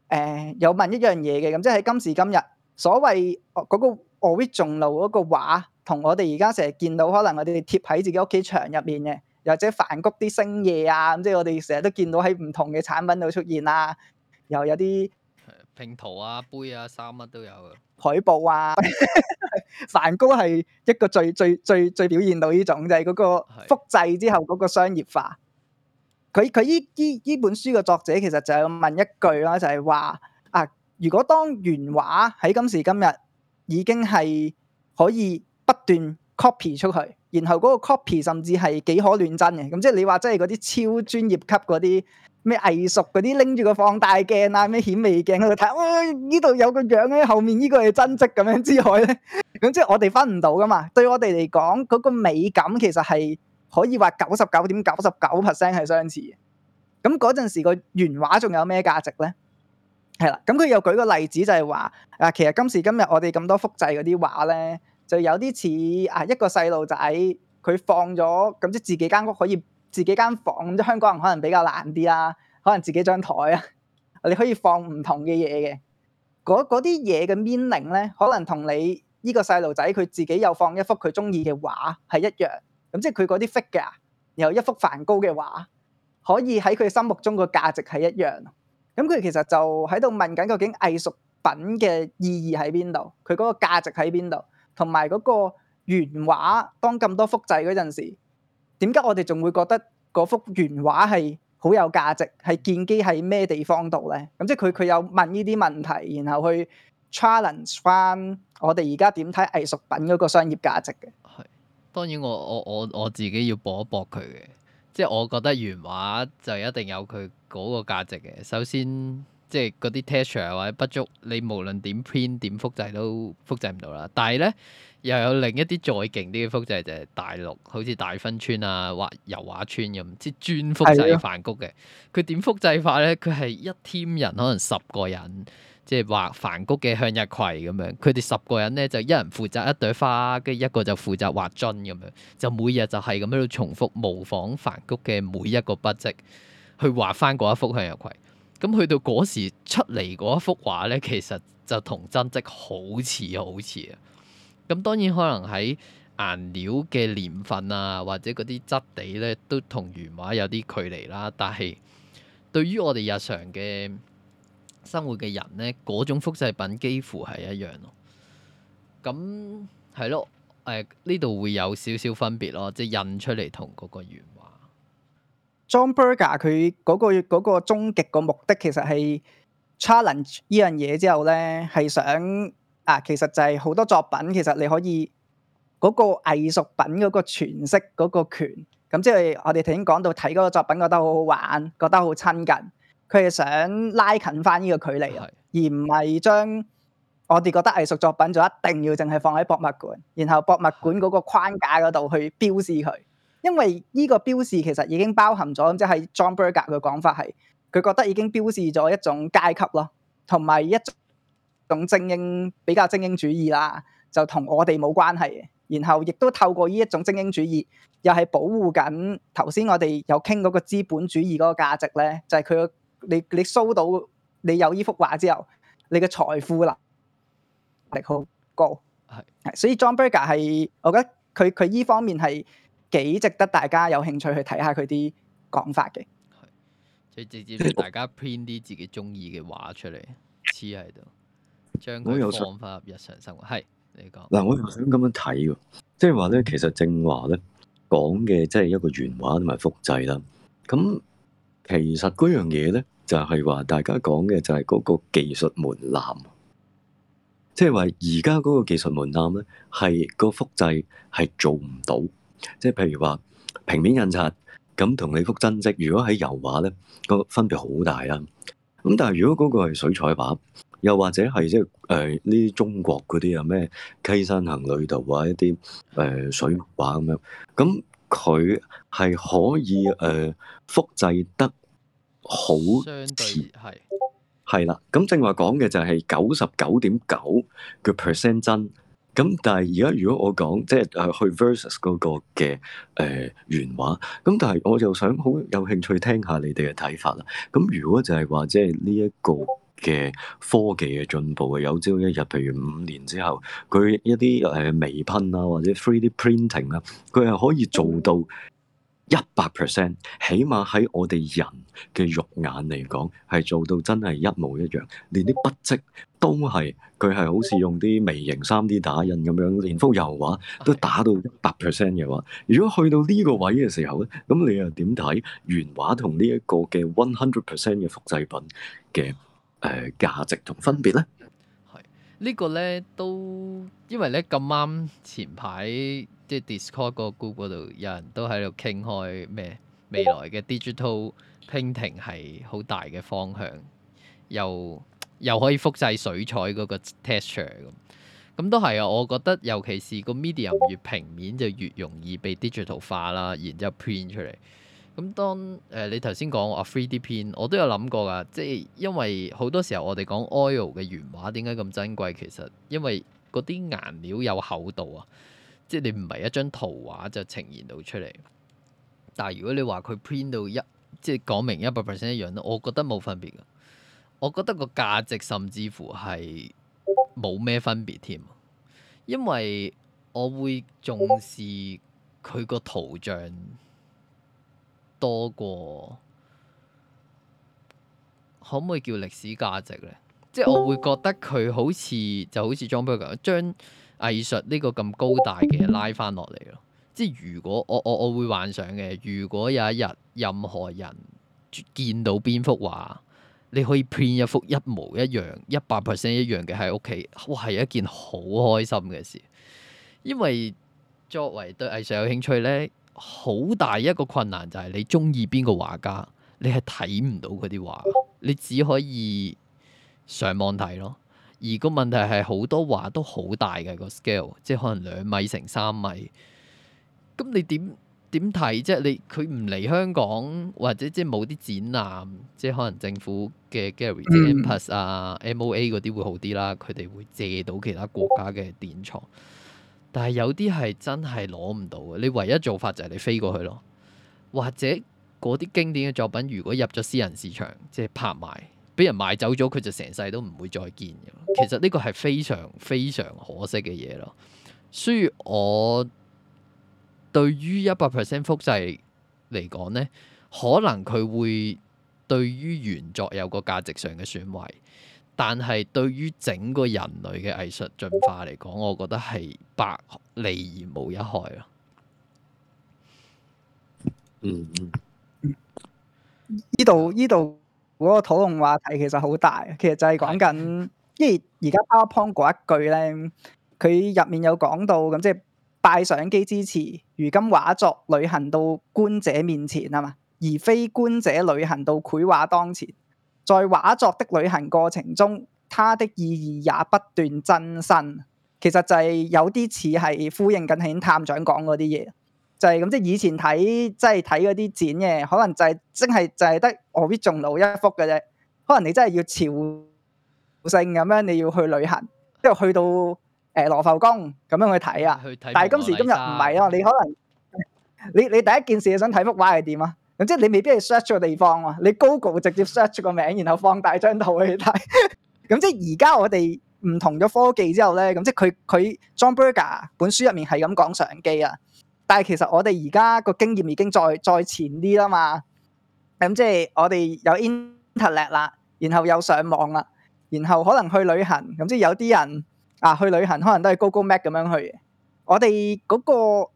誒有問一樣嘢嘅，咁即係喺今時今日所謂嗰個俄維仲路嗰個畫。同我哋而家成日見到，可能我哋貼喺自己屋企牆入面嘅，又或者梵谷啲星夜啊，咁即係我哋成日都見到喺唔同嘅產品度出現啊。又有啲拼圖啊、杯啊、衫乜、啊、都有海報啊。 *laughs* 梵谷係一個最最最最表現到呢種就係、是、嗰個複製之後嗰個商業化。佢佢呢呢呢本書嘅作者其實就咁問一句啦，就係、是、話啊，如果當原畫喺今時今日已經係可以，不斷 copy 出去，然後嗰個 copy 甚至係幾可亂真嘅。咁即係你話，即係嗰啲超專業級嗰啲咩藝術嗰啲，拎住個放大鏡啊、咩顯微鏡喺度睇，呢度、哎、有個樣喺後面呢個係真跡咁樣之外咧，咁即係我哋分唔到噶嘛。對我哋嚟講，嗰、嗰個美感其實係可以話九十九點九十九 percent 係相似嘅。咁嗰陣時個原畫仲有咩價值咧？係啦，咁佢又舉個例子就係話啊，其實今時今日我哋咁多複製嗰啲畫咧。就有啲似啊，一個細路仔佢放咗咁即係自己間屋可以自己間房，即係香港人可能比較難啲啦，可能自己張台啊， *laughs* 你可以放唔同嘅嘢嘅。嗰啲嘢嘅 meaning 咧，可能同你依、依個細路仔佢自己又放一幅佢中意嘅畫係一樣。咁即係佢嗰啲 figure 嘅，然後一幅梵高嘅畫可以喺佢心目中個價值係一樣。咁佢其實就喺度問緊究竟藝術品嘅意義喺邊度，佢嗰個價值喺邊度？同埋嗰個原畫當咁多複製嗰陣時，點解我哋仲會覺得嗰幅原畫係好有價值？係建基喺咩地方度咧？咁、嗯、即係佢佢有問呢啲問題，然後去 challenge 翻我哋而家點睇藝術品嗰個商業價值嘅。係，當然我，我我我我自己要搏一搏佢嘅，即係我覺得原畫就一定有佢嗰個價值嘅。首先。即係嗰啲 texture，或者筆觸，你無論點 print 點複製都複製唔到啦。但係咧又有另一啲再勁啲嘅複製就係、是、大陸，好似大芬村啊畫油畫村咁，即係專複製梵谷嘅。佢點的複製法咧？佢係一 team 人，可能十個人，即係畫梵谷嘅向日葵咁樣。佢哋十個人咧就一人負責一朵花，跟住一個就負責畫樽咁樣。就每日就係咁喺度重複模仿梵谷嘅每一個筆跡，去畫翻嗰一幅向日葵。咁去到嗰時出嚟嗰一幅畫咧，其實就同真跡好似好似啊！咁當然可能喺顏料嘅年份啊，或者嗰啲質地咧，都同原畫有啲距離啦。但係對於我哋日常嘅生活嘅人咧，嗰種複製品幾乎係一樣咯。咁係咯，誒呢度會有少少分別咯，即印出嚟同嗰個原。John Berger 佢嗰個嗰個終極個目的其實係 challenge，呢樣嘢之後咧，係想啊，其實就係好多作品，其實你可以嗰個藝術品嗰個詮釋嗰個權，咁即係我哋頭先講到睇嗰個作品覺得好好玩，覺得好親近，佢係想拉近翻呢個距離是而唔係將我哋覺得藝術作品就一定要淨係放喺博物館，然後博物館嗰個框架嗰度去標示佢。因為呢個標示其實已經包含咗，即係 John Berger 嘅講法係，佢覺得已經標示咗一種階級咯，同埋一種精英比較精英主義啦，就同我哋冇關係。然後亦都透過呢一種精英主義，又係保護緊頭先我哋有傾嗰個資本主義嗰個價值咧，就係佢，你你 show 到你有呢幅畫之後，你嘅財富啦力好高係，所以 John Berger 係我覺得佢佢呢方面係。幾值得大家有興趣去睇下佢啲講法嘅，最直接，大家編啲自己中意嘅話出嚟，黐喺度，將佢放翻入日常生活。係你講嗱，我又想咁樣睇，即係話咧，其實正話咧講嘅，即係一個原話同埋複製啦。咁其實嗰樣嘢咧，就係話大家講嘅就係嗰個技術門檻，即係話而家嗰個技術門檻咧，係個複製係做唔到。即係譬如話平面印刷咁同你幅真跡，如果喺油畫咧個分別好大啦。咁但係如果嗰個係水彩畫，又或者係即係誒呢啲中國嗰啲啊咩，溪山行旅圖啊一啲誒、呃、水畫咁樣，咁佢係可以誒、呃、複製得好相似係係啦。咁正話講嘅就係九十九點九嘅 percent 真。咁但係而家如果我講，即係誒去 versus 嗰個嘅誒、呃、原話，咁但係我就想好有興趣聽下你哋嘅睇法啦。咁如果就係話，即係呢一個嘅科技嘅進步啊，有朝一日，譬如五年之後，佢一啲誒微噴啊，或者 three D printing 啊，佢係可以做到。一百 percent，起碼喺我哋人嘅肉眼嚟講，係做到真係一模一樣，連啲筆跡都係佢係好似用啲微型三 D 打印咁樣，連幅油畫都打到一百 percent 嘅話，如果去到呢個位嘅時候咧，咁你又點睇原畫同呢一個嘅 one hundred percent 嘅複製品嘅誒、呃、價值同分別咧？係、呢個、呢個咧都因為咧咁啱前排。即係 Discord 嗰個 group 嗰度，有人都喺度傾開咩未來嘅 digital painting 係好大嘅方向，又又可以複製水彩嗰個 texture 咁，咁都係啊！我覺得尤其是個 medium 越平面就越容易被 digital 化啦，然之後 print 出嚟。咁當誒、呃、你頭先講話 3D print，我都有諗過㗎，即係因為好多時候我哋講 oil 嘅原畫點解咁珍貴，其實因為嗰啲顏料有厚度啊。即係你唔係一張圖畫就呈現到出嚟，但係如果你話佢 print 到一，即係講明一百 percent 一樣，我覺得冇分別噶，我覺得，我覺得個價值甚至乎係冇咩分別添，因為我會重視佢個圖像多過，可唔可以叫歷史價值咧？即係我會覺得佢好似就好似裝裱咁將。藝術呢個咁高大嘅拉翻落嚟咯，即如果我我我會幻想嘅，如果有一日任何人見到邊幅畫，你可以 print 一幅一模一樣、一百 percent 一樣嘅喺屋企，哇係一件好開心嘅事。因為作為對藝術有興趣咧，好大一個困難就係你中意邊個畫家，你係睇唔到嗰啲畫，你只可以上網睇咯。而個問題係好多畫都好大嘅個 scale，即係可能兩米乘三米。咁你點點睇啫？你佢唔嚟香港或者即係冇啲展覽，即係可能政府嘅 gallery、M+ 啊、moa 嗰啲會好啲啦。佢哋會借到其他國家嘅典藏。但係有啲係真係攞唔到嘅。你唯一做法就係你飛過去咯，或者嗰啲經典嘅作品如果入咗私人市場，即係拍賣。俾人買走咗，佢就成世都唔會再見嘅。其實呢個係非常非常可惜嘅嘢咯。所以我對於一百 percent 複製嚟講呢，可能佢會對於原作有個價值上嘅損毀，但係對於整個人類嘅藝術進化嚟講，我覺得係百利而無一害咯。呢度呢度。嗯嗰個討論話題其實好大，其實就係講緊，即係而家 PowerPoint 嗰一句咧，佢入面有講到，咁即係拜相機支持，如今畫作旅行到觀者面前啊嘛，而非觀者旅行到繪畫當前，在畫作的旅行過程中，它的意義也不斷增生。其實就係有啲似係呼應緊，係探長講嗰啲嘢。就係、是、咁，即係以前睇，即係睇嗰啲展嘅，可能就係、是，即係就係得何必仲老一幅嘅啫。可能你真係要朝聖咁樣，你要去旅行，即係去到誒、呃、羅浮宮咁樣去睇啊。去但係今時今日唔係啊，你可能你你第一件事想睇幅畫係點啊？咁即係你未必係 search 個地方，啊，你 Google 直接 search 個名，然後放大張圖去睇。咁即係而家我哋唔同咗科技之後咧，咁即係佢佢 John Berger 本書入面係咁講相機啊。但係其實我哋而家個經驗已經再再前啲啦嘛，咁即係我哋有 internet 啦，然後有上網啦，然後可能去旅行，咁即係有啲人啊去旅行可能都係 Google Map 咁樣去嘅。我哋嗰個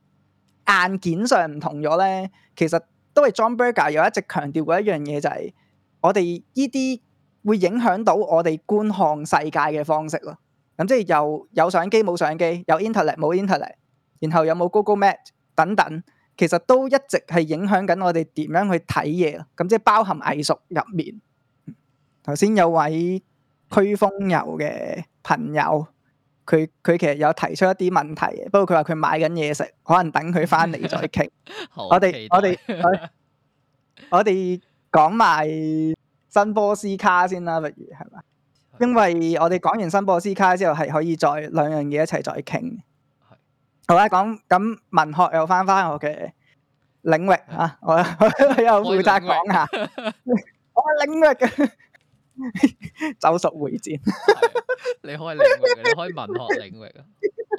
硬件上唔同咗咧，其實都係 John Berger 又一直強調過一樣嘢就係，我哋依啲會影響到我哋觀看世界嘅方式咯。咁即係又有相機冇相機，有 internet 冇 internet，然後有冇 Google Map。等等，其實都一直係影響緊我哋點樣去睇嘢，咁即係包含藝術入面。頭先有位驅風遊嘅朋友，佢佢其實有提出一啲問題，不過佢話佢買緊嘢食，可能等佢翻嚟再傾 *laughs* 待。我哋我哋我哋講埋辛波絲卡先啦，不如係咪？因為我哋講完辛波絲卡之後，係可以再兩樣嘢一齊再傾。好啦，講咁文學又翻翻我嘅領域啊！我又負責講下，我係領域嘅走熟回戰。你開領域，你開文學領域啊！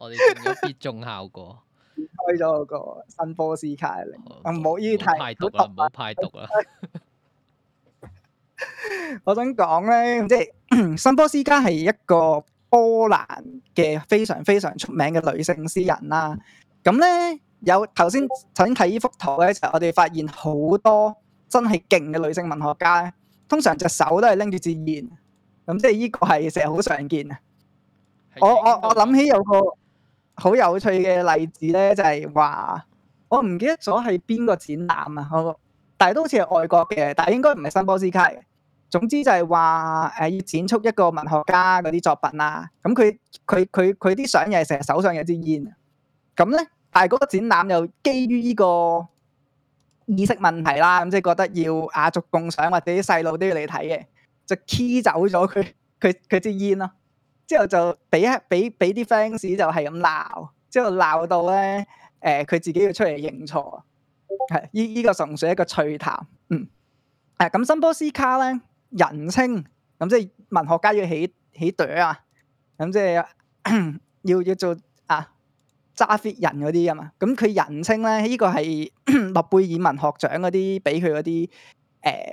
我哋仲有逼眾效果，開咗個辛波絲卡嚟。唔好依題，唔好派毒啦！我想講咧，即係辛波絲卡係一個。波蘭嘅非常非常出名嘅女性詩人啦，啊,咁咧有頭先頭先睇呢幅圖嘅時候，我哋發現好多真係勁嘅女性文學家咧，通常隻手都係拎住支煙。咁即係呢個係成日好常見啊的！我我我諗起有個好有趣嘅例子咧，就係、是、話我唔記得咗係邊個展覽啊，我但係都好似係外國嘅，但係應該唔係辛波絲卡。總之就係話誒要展出一個文學家嗰啲作品啦，咁佢佢佢佢啲相又係成日手上有支煙，咁咧，但係嗰個展覽又基於呢個意識問題啦，咁即係覺得要雅俗共賞或者啲細路都要你睇嘅，就 key 走咗佢佢佢支煙咯，之後就俾俾俾啲 fans 就係咁鬧，之後鬧到咧誒佢自己要出嚟認錯，係依依個純粹一個趣談，嗯，誒咁辛波絲卡咧。人稱咁即係文學家要起起朵啊，咁即係要要做啊揸 fit 人嗰啲啊嘛。咁佢人稱咧呢、呢個係諾貝爾文學獎嗰啲俾佢嗰啲誒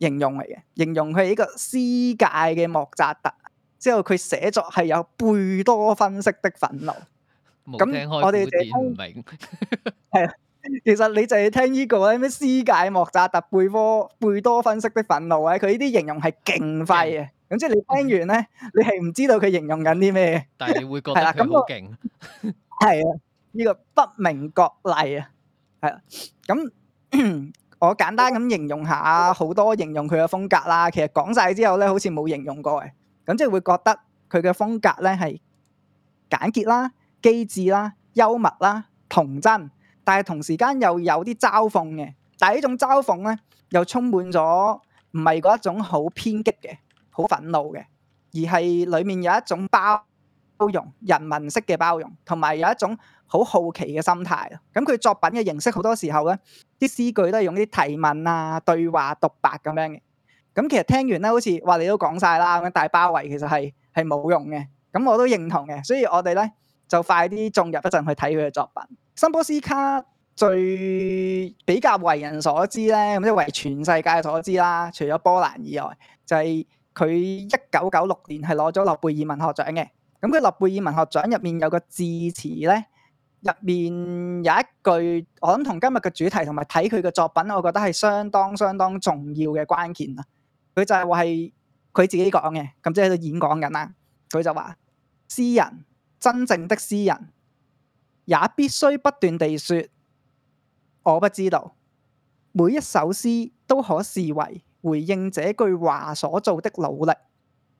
形容嚟嘅，形容佢係一個詩界嘅莫扎特，之後佢寫作係有貝多芬式的憤怒。咁我哋睇唔明。 *laughs* 其實你就係聽呢、這個咧咩？施介莫扎特貝、貝科貝多芬式的憤怒咧，佢呢啲形容係勁快嘅。即係、嗯、你聽完咧，你係唔知道佢形容緊啲咩，但係你會覺得咁好勁。係啊， *laughs* 呢、這個不明覺厲啊，係啊。咁 *coughs* 我簡單咁形容下好、嗯、多形容佢嘅風格啦。其實講晒之後咧，好似冇形容過嘅。咁即係會覺得佢嘅風格咧係簡潔啦、機智啦、幽默啦、童真。但係同時間又有啲嘲諷嘅，但係呢種嘲諷咧，又充滿咗唔係嗰一種好偏激嘅、好憤怒嘅，而係裡面有一種包容、人民式嘅包容，同埋有一種好好奇嘅心態咯。咁、嗯、佢作品嘅形式好多時候咧，啲詩句都係用啲提問啊、對話、獨白咁樣嘅。咁、嗯、其實聽完咧，好似話你都講晒啦咁，大包圍其實係係冇用嘅。咁、嗯、我都認同嘅，所以我哋咧。就快啲進入一陣去睇佢嘅作品。辛波絲卡最比較為人所知咧，咁即係為全世界所知啦。除咗波蘭以外，就係佢一九九六年係攞咗諾貝爾文學獎嘅。咁佢諾貝爾文學獎入面有個致辭咧，入面有一句我諗同今日嘅主題同埋睇佢嘅作品，我覺得係相當相當重要嘅關鍵啦。佢就係話係佢自己講嘅，咁即係喺度演講緊啦。佢就話：詩人。真正的詩人也必須不斷地說我不知道。每一首詩都可視為回應這句話所做的努力，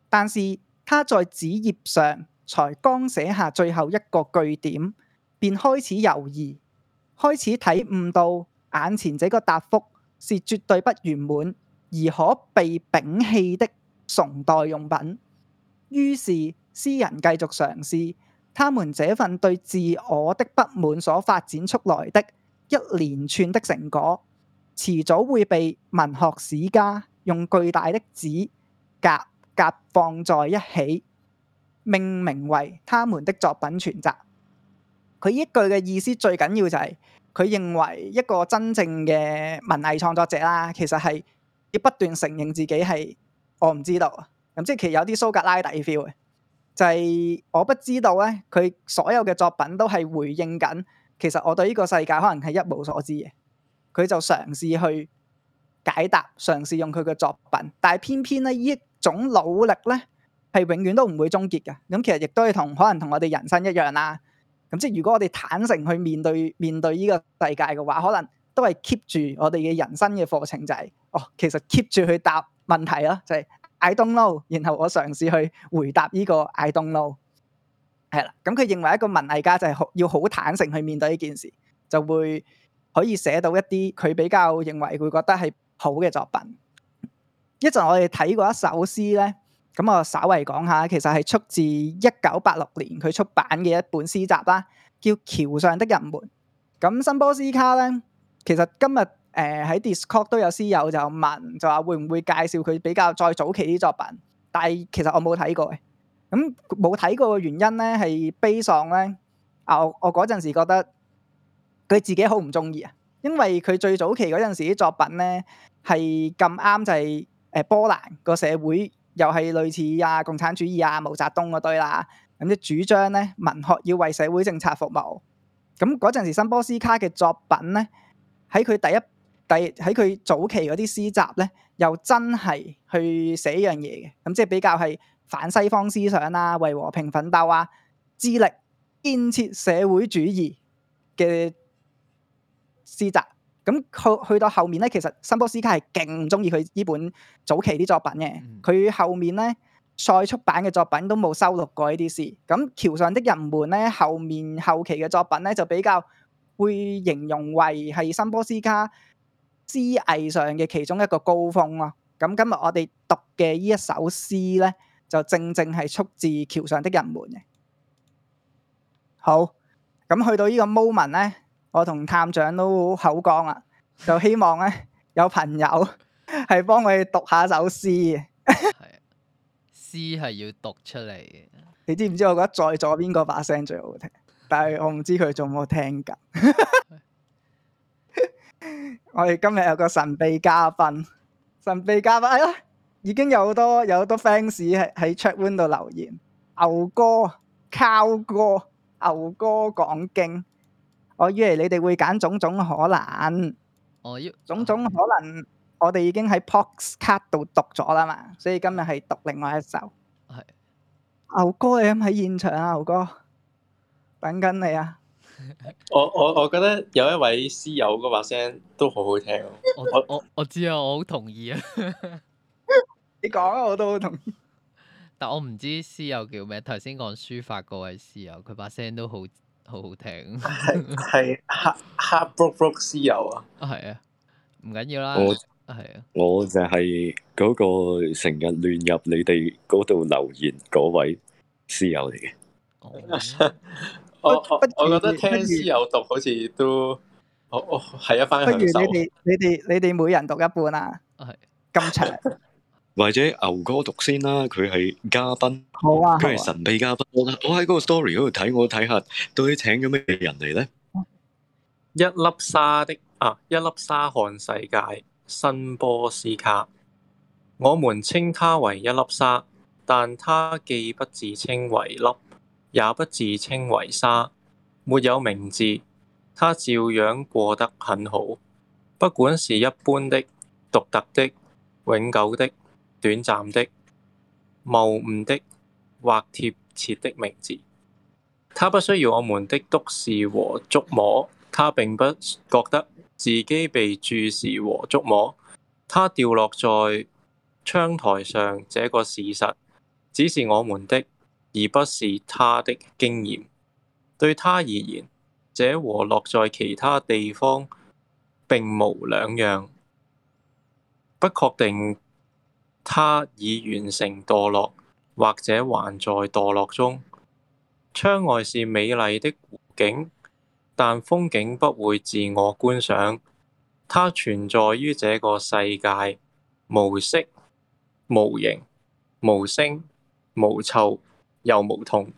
但是他在紙頁上才剛寫下最後一個句點，便開始猶豫，開始體悟到眼前這個答覆是絕對不完滿而可被摒棄的崇拜用品。於是詩人繼續嘗試。他們這份對自我的不滿所發展出來的一連串的成果，遲早會被文學史家用巨大的紙夾夾放在一起，命名為他們的作品全集。佢一句嘅意思最緊要就係，佢認為一個真正嘅文藝創作者啦，其實係要不斷承認自己係，我唔知道，咁即係其實有啲蘇格拉底 feel 嘅。就係我不知道咧，佢所有嘅作品都係回應緊。其實我對呢個世界可能係一無所知嘅。佢就嘗試去解答，嘗試用佢嘅作品。但係偏偏咧，呢一種努力咧係永遠都唔會終結嘅。咁其實亦都係同可能同我哋人生一樣啦、啊。咁即係如果我哋坦誠去面對面對呢個世界嘅話，可能都係 keep 住我哋嘅人生嘅課程就係、是、哦，其實 keep 住去答問題咯、啊，就係、是。I don't know，然後我嘗試去回答呢個 I don't know，係啦。咁佢認為一個文藝家就係好要好坦誠去面對呢件事，就會可以寫到一啲佢比較認為會覺得係好嘅作品。一陣我哋睇過一首詩咧，咁我稍微講下，其實係出自一九八六年佢出版嘅一本詩集啦，叫《橋上的人們》。咁辛波斯卡咧，其實今日。誒喺、呃、Discord 都有私友就問，就話會唔會介紹佢比較再早期啲作品？但係其實我冇睇過嘅。咁冇睇過嘅原因咧係悲喪咧。啊，我我嗰陣時覺得佢自己好唔中意啊，因為佢最早期嗰陣時啲作品咧係咁啱就係、是、誒、呃、波蘭個社會又係類似啊共產主義啊毛澤東嗰堆啦。咁、嗯、即主張咧文學要為社會政策服務。咁嗰陣時辛波絲卡嘅作品咧喺佢第一。第喺佢早期嗰啲詩集咧，又真係去寫依樣嘢嘅，咁即係比較係反西方思想啊、為和平奮鬥啊，致力建設社會主義嘅詩集。咁去去到後面咧，其實辛波絲卡係勁唔中意佢呢本早期啲作品嘅。佢、嗯、後面咧再出版嘅作品都冇收錄過呢啲詩。咁橋上的人們咧，後面後期嘅作品咧就比較會形容為係辛波絲卡詩藝上嘅其中一個高峰咯、啊，咁今日我哋讀嘅呢一首詩呢，就正正係出自橋上的人們嘅。好，咁去到呢個 moment 呢，我同探長都口乾啦，就希望呢，有朋友係 *laughs* 幫我去讀下首詩嘅。詩 *laughs* 係要讀出嚟嘅，你知唔知？我覺得在左邊嗰把聲最好聽，但係我唔知佢仲冇聽緊。 *laughs* 我哋今日有個神秘嘉賓，神秘嘉賓係啦，已經有好多、有好多 fans 喺 chat room 度留言，牛哥、靠哥、牛哥講經，我以為你哋會揀種種可能，哦，oh, yeah. 種種可能，我哋已經喺 podcast 度讀咗啦嘛，所以今日係讀另外一首，係、oh, yeah. 牛哥你係咪喺現場啊？牛哥等緊你啊。我我我覺得有一位師友嗰把聲都好好聽我，我我我知啊，我好同意啊， *laughs* 你講啊我都好同意。但我唔知師友叫咩，頭先講書法嗰位師友，佢把聲都好好好聽， *laughs* 係係黑黑 Brother 師友啊，係啊，唔緊要啦，係我啊，我就係嗰個成日亂入你哋嗰度留言嗰位師友嚟嘅。Oh. 我，我，我覺得聽詩有讀好似都如哦，哦，我係一翻享受。不如你哋你哋你哋每人讀一半啊！係咁長。或者牛哥先讀先啦，佢係嘉賓，佢係、啊、神秘嘉賓。啊、我喺嗰個 story 嗰度睇，我睇下到底請咗咩人嚟咧？一粒沙的啊，一粒沙看世界，辛波絲卡。我們稱它為一粒沙，但它既不自稱為粒。也不自稱為沙，沒有名字，他照樣過得很好。不管是一般的、獨特的、永久的、短暫的、謬誤的或貼切的名字，他不需要我們的督視和觸摸。他並不覺得自己被注視和觸摸。他掉落在窗台上這個事實，只是我們的。而不是他的經驗，對他而言，這和落在其他地方並無兩樣。不確定他已完成墮落，或者還在墮落中。窗外是美麗的湖景，但風景不會自我觀賞。它存在於這個世界，無色、無形、無聲、無臭。又冇痛，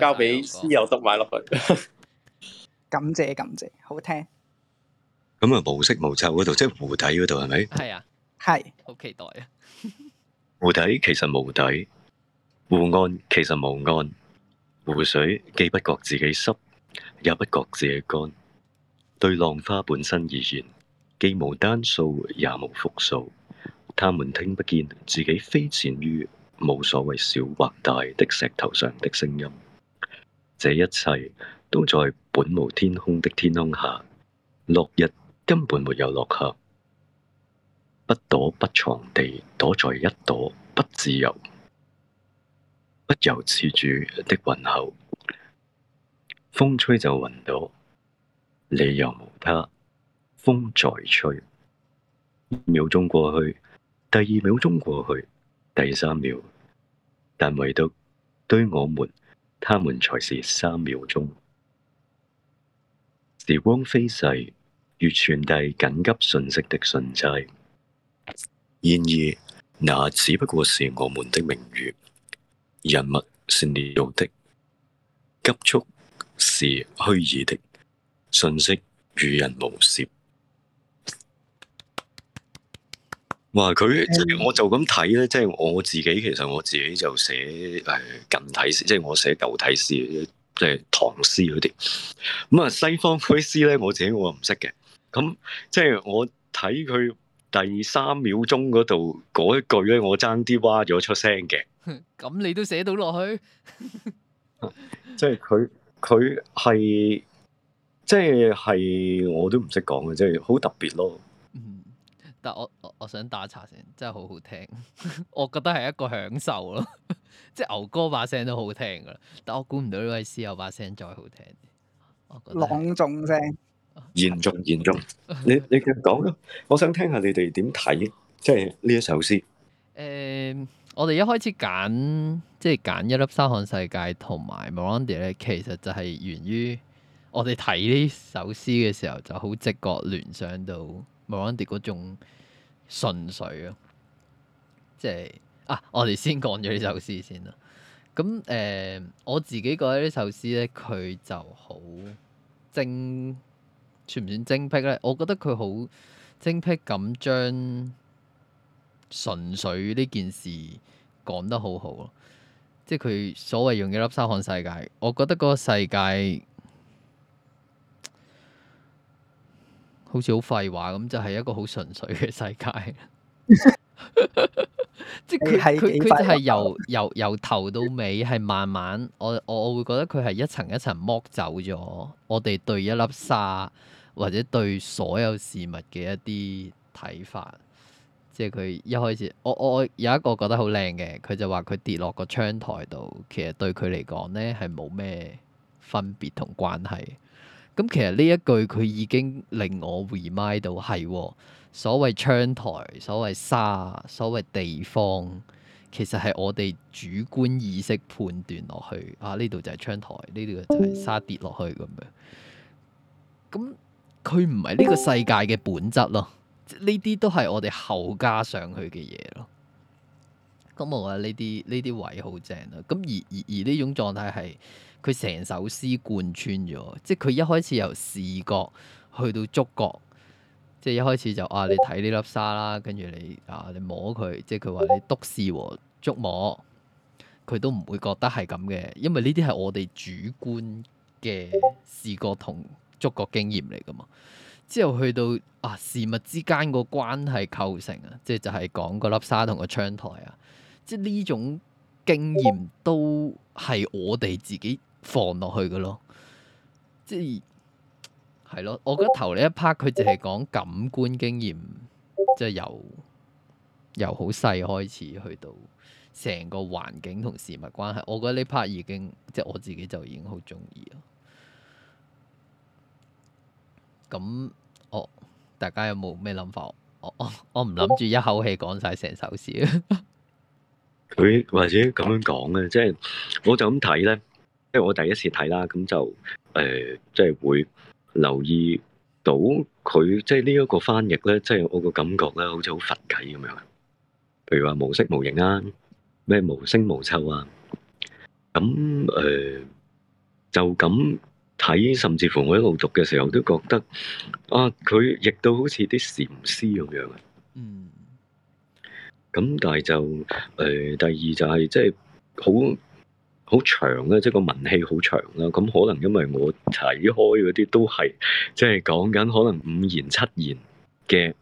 交畀私有得買落去。感謝，感謝， *laughs* 感謝感謝，好聽。咁啊，無色無臭嗰度，即係湖底嗰度，係咪？係啊，係是。好期待啊！ *laughs* 湖底其實無底，湖岸其實無岸，湖水既不覺自己濕，也不覺自己乾。對浪花本身而言，既無單數，也無複數。他們聽不見自己飛濺於。冇所謂小或大的石頭上的聲音，這一切都在本無天空的天空下，落日根本沒有落下，不躲不藏地躲在一朵不自由、不由自主的雲後，風吹就雲朵，理由無他，風在吹，一秒鐘過去，第二秒鐘過去。第三秒，但唯獨對於我們，他們才是三秒鐘。時光飛逝，越傳遞緊急信息的訊息，然而那只不過是我們的名譽。人物是捏造的，急速是虛擬的，信息與人無涉。哇！佢即我就咁睇咧，即係我自己。其實我自己就寫誒近體詩，即係我寫舊體詩，即係唐詩嗰啲。咁啊，西方詩咧，我自己我又唔識嘅。咁即係我睇佢第三秒鐘嗰度嗰一句咧，我爭啲哇咗出聲嘅。咁、嗯、你都寫到落去， *laughs* 即係佢佢係即係係我都唔識講嘅，即係好特別咯。但我我我想打茶先，真係好好聽 *laughs* *laughs* 好，聽好聽，我覺得係一個享受咯。即係牛哥把聲都好聽噶啦，但我估唔到呢位詩友把聲再好聽。朗誦聲嚴重嚴重，你你講咯， *laughs* 我想聽下你哋點睇，即係呢一首詩。誒、嗯，我哋一開始揀即係揀一粒沙看世界同埋 Morandi 咧，其實就係源於我哋睇呢首詩嘅時候，就好直覺聯想到。莫蘭迪嗰種純粹咯，即係啊！我哋先講咗呢首詩先啦。咁誒、呃，我自己覺得首詩呢首詩咧，佢就好精，算唔算精辟咧？我覺得佢好精辟咁將純粹呢件事講得好好咯。即係佢所謂用一粒沙看世界，我覺得嗰個世界。好似好廢話咁，就係一個好純粹嘅世界。 *laughs* 即係佢係佢就係由 *laughs* 由由頭到尾係慢慢，我我我會覺得佢係一層一層剝走咗我哋對一粒沙或者對所有事物嘅一啲睇法。即係佢一開始，我我有一個覺得好靚嘅，佢就話佢跌落個窗台度，其實對佢嚟講咧係冇咩分別同關係。咁其實呢一句佢已經令我 remind 到係、哦、所謂窗台、所謂沙、所謂地方，其實係我哋主觀意識判斷落去啊！呢度就係窗台，呢度就係沙跌落去咁樣。咁佢唔係呢個世界嘅本質咯，呢啲都係我哋後加上去嘅嘢咯。咁我覺得呢啲呢啲位好正啦。咁而而而呢種狀態係。佢成首詩貫穿咗，即佢一開始由視覺去到觸覺，即一開始就啊，你睇呢粒沙啦，跟住你啊，你摸佢，即佢話你督視和觸摸，佢都唔會覺得係咁嘅，因為呢啲係我哋主觀嘅視覺同觸覺經驗嚟㗎嘛。之後去到啊事物之間個關係構成啊，即就係講嗰粒沙同個窗台啊，即呢種經驗都係我哋自己，放落去嘅咯，即係係咯，我覺得頭呢一 part 佢淨係講感官經驗，即係由由好細開始去到成個環境同事物關係。我覺得呢 part 已經即係我自己就已經好中意啊。咁，我、哦、大家有冇咩諗法？我我我唔諗住一口氣講晒成首詩啊。佢 *laughs* 或者咁樣講嘅，即係我就咁睇咧。 *laughs* 因係我第一次睇啦，咁就誒、呃，即係會留意到佢即係呢一個翻譯咧，即係我個感覺咧，好似好佛偈咁樣譬如話無色無形啊，咩無聲無臭啊，咁誒、呃、就咁睇，甚至乎我一路讀嘅時候都覺得啊，佢譯到好似啲禪師咁樣啊。嗯。咁但係就誒、呃，第二就係、是、即係好。好長啦，即係個文氣好長啦，咁可能因為我睇開嗰啲都係即係講緊可能五言七言嘅誒、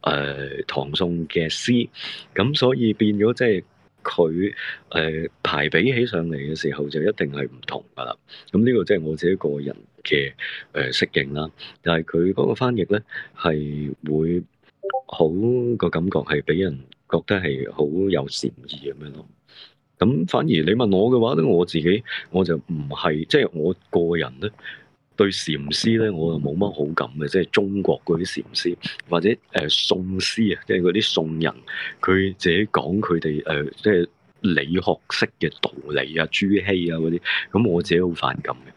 呃、唐宋嘅詩，咁所以變咗即係佢誒排比起上嚟嘅時候就一定係唔同㗎喇。咁呢個即係我自己個人嘅誒適應啦。但係佢嗰個翻譯咧係會好、嗰個感覺係俾人覺得係好有善意咁樣咯。咁反而你問我嘅話咧，我自己我就唔係即係我個人咧對禪師咧，我就冇乜好感嘅，即係中國嗰啲禪師或者誒、呃、宋詩啊，即係嗰啲宋人，佢自己講佢哋誒即係理學式嘅道理啊、朱熹啊嗰啲，咁我自己好反感嘅。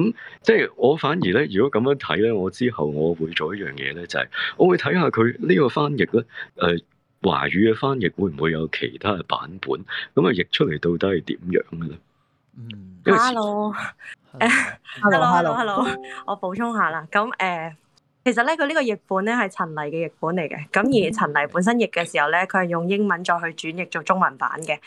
咁即係我反而咧，如果咁樣睇咧，我之後我會做一樣嘢咧，就係、是、我會睇下佢呢個翻譯咧誒。呃華語嘅翻譯會唔會有其他嘅版本？咁啊，譯出嚟到底係點樣嘅咧？嗯，Hello，Hello，Hello，Hello，我補充下啦。咁誒、呃，其實咧，佢、這、呢個譯本咧係陳黎嘅譯本嚟嘅。咁而陳黎本身譯嘅時候咧，佢係用英文再去轉譯做中文版嘅。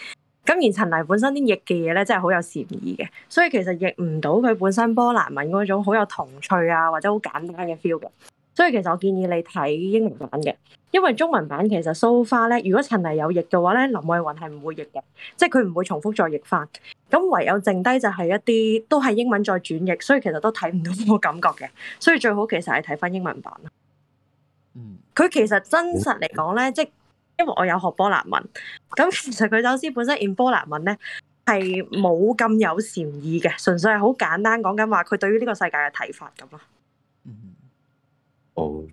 咁而陳黎本身啲譯嘅嘢咧，真係好有善意嘅。所以其實譯唔到佢本身波蘭文嗰種好有童趣啊，或者好簡單嘅 feel 嘅。所以其實我建議你睇英文版嘅，因為中文版其實蘇花咧，如果陳黎有譯嘅話咧，林慧雲係唔會譯嘅，即係佢唔會重複再譯翻。咁唯有剩低就係一啲都係英文再轉譯，所以其實都睇唔到嗰個感覺嘅。所以最好其實係睇翻英文版咯。嗯，佢其實真實嚟講咧，即係、嗯、因為我有學波蘭文，咁其實佢首詩本身 In 波蘭文咧係冇咁有善意嘅，純粹係好簡單講緊話佢對於呢個世界嘅睇法咁咯。哦，oh,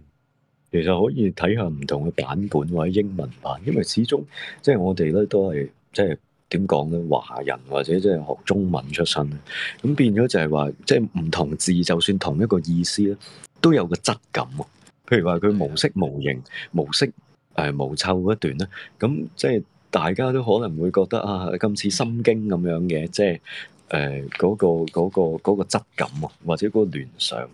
其實可以睇下唔同嘅版本或者英文版，因為始終即係我哋咧都係即係點講咧，華人或者即係學中文出身咧，咁變咗就係話即係唔同字，就算同一個意思咧，都有個質感。譬如話佢無色無形無色誒無臭一段咧，咁即係大家都可能會覺得啊，今似《心經》咁樣嘅，即係誒嗰個嗰個嗰個質感啊，或者嗰個聯想。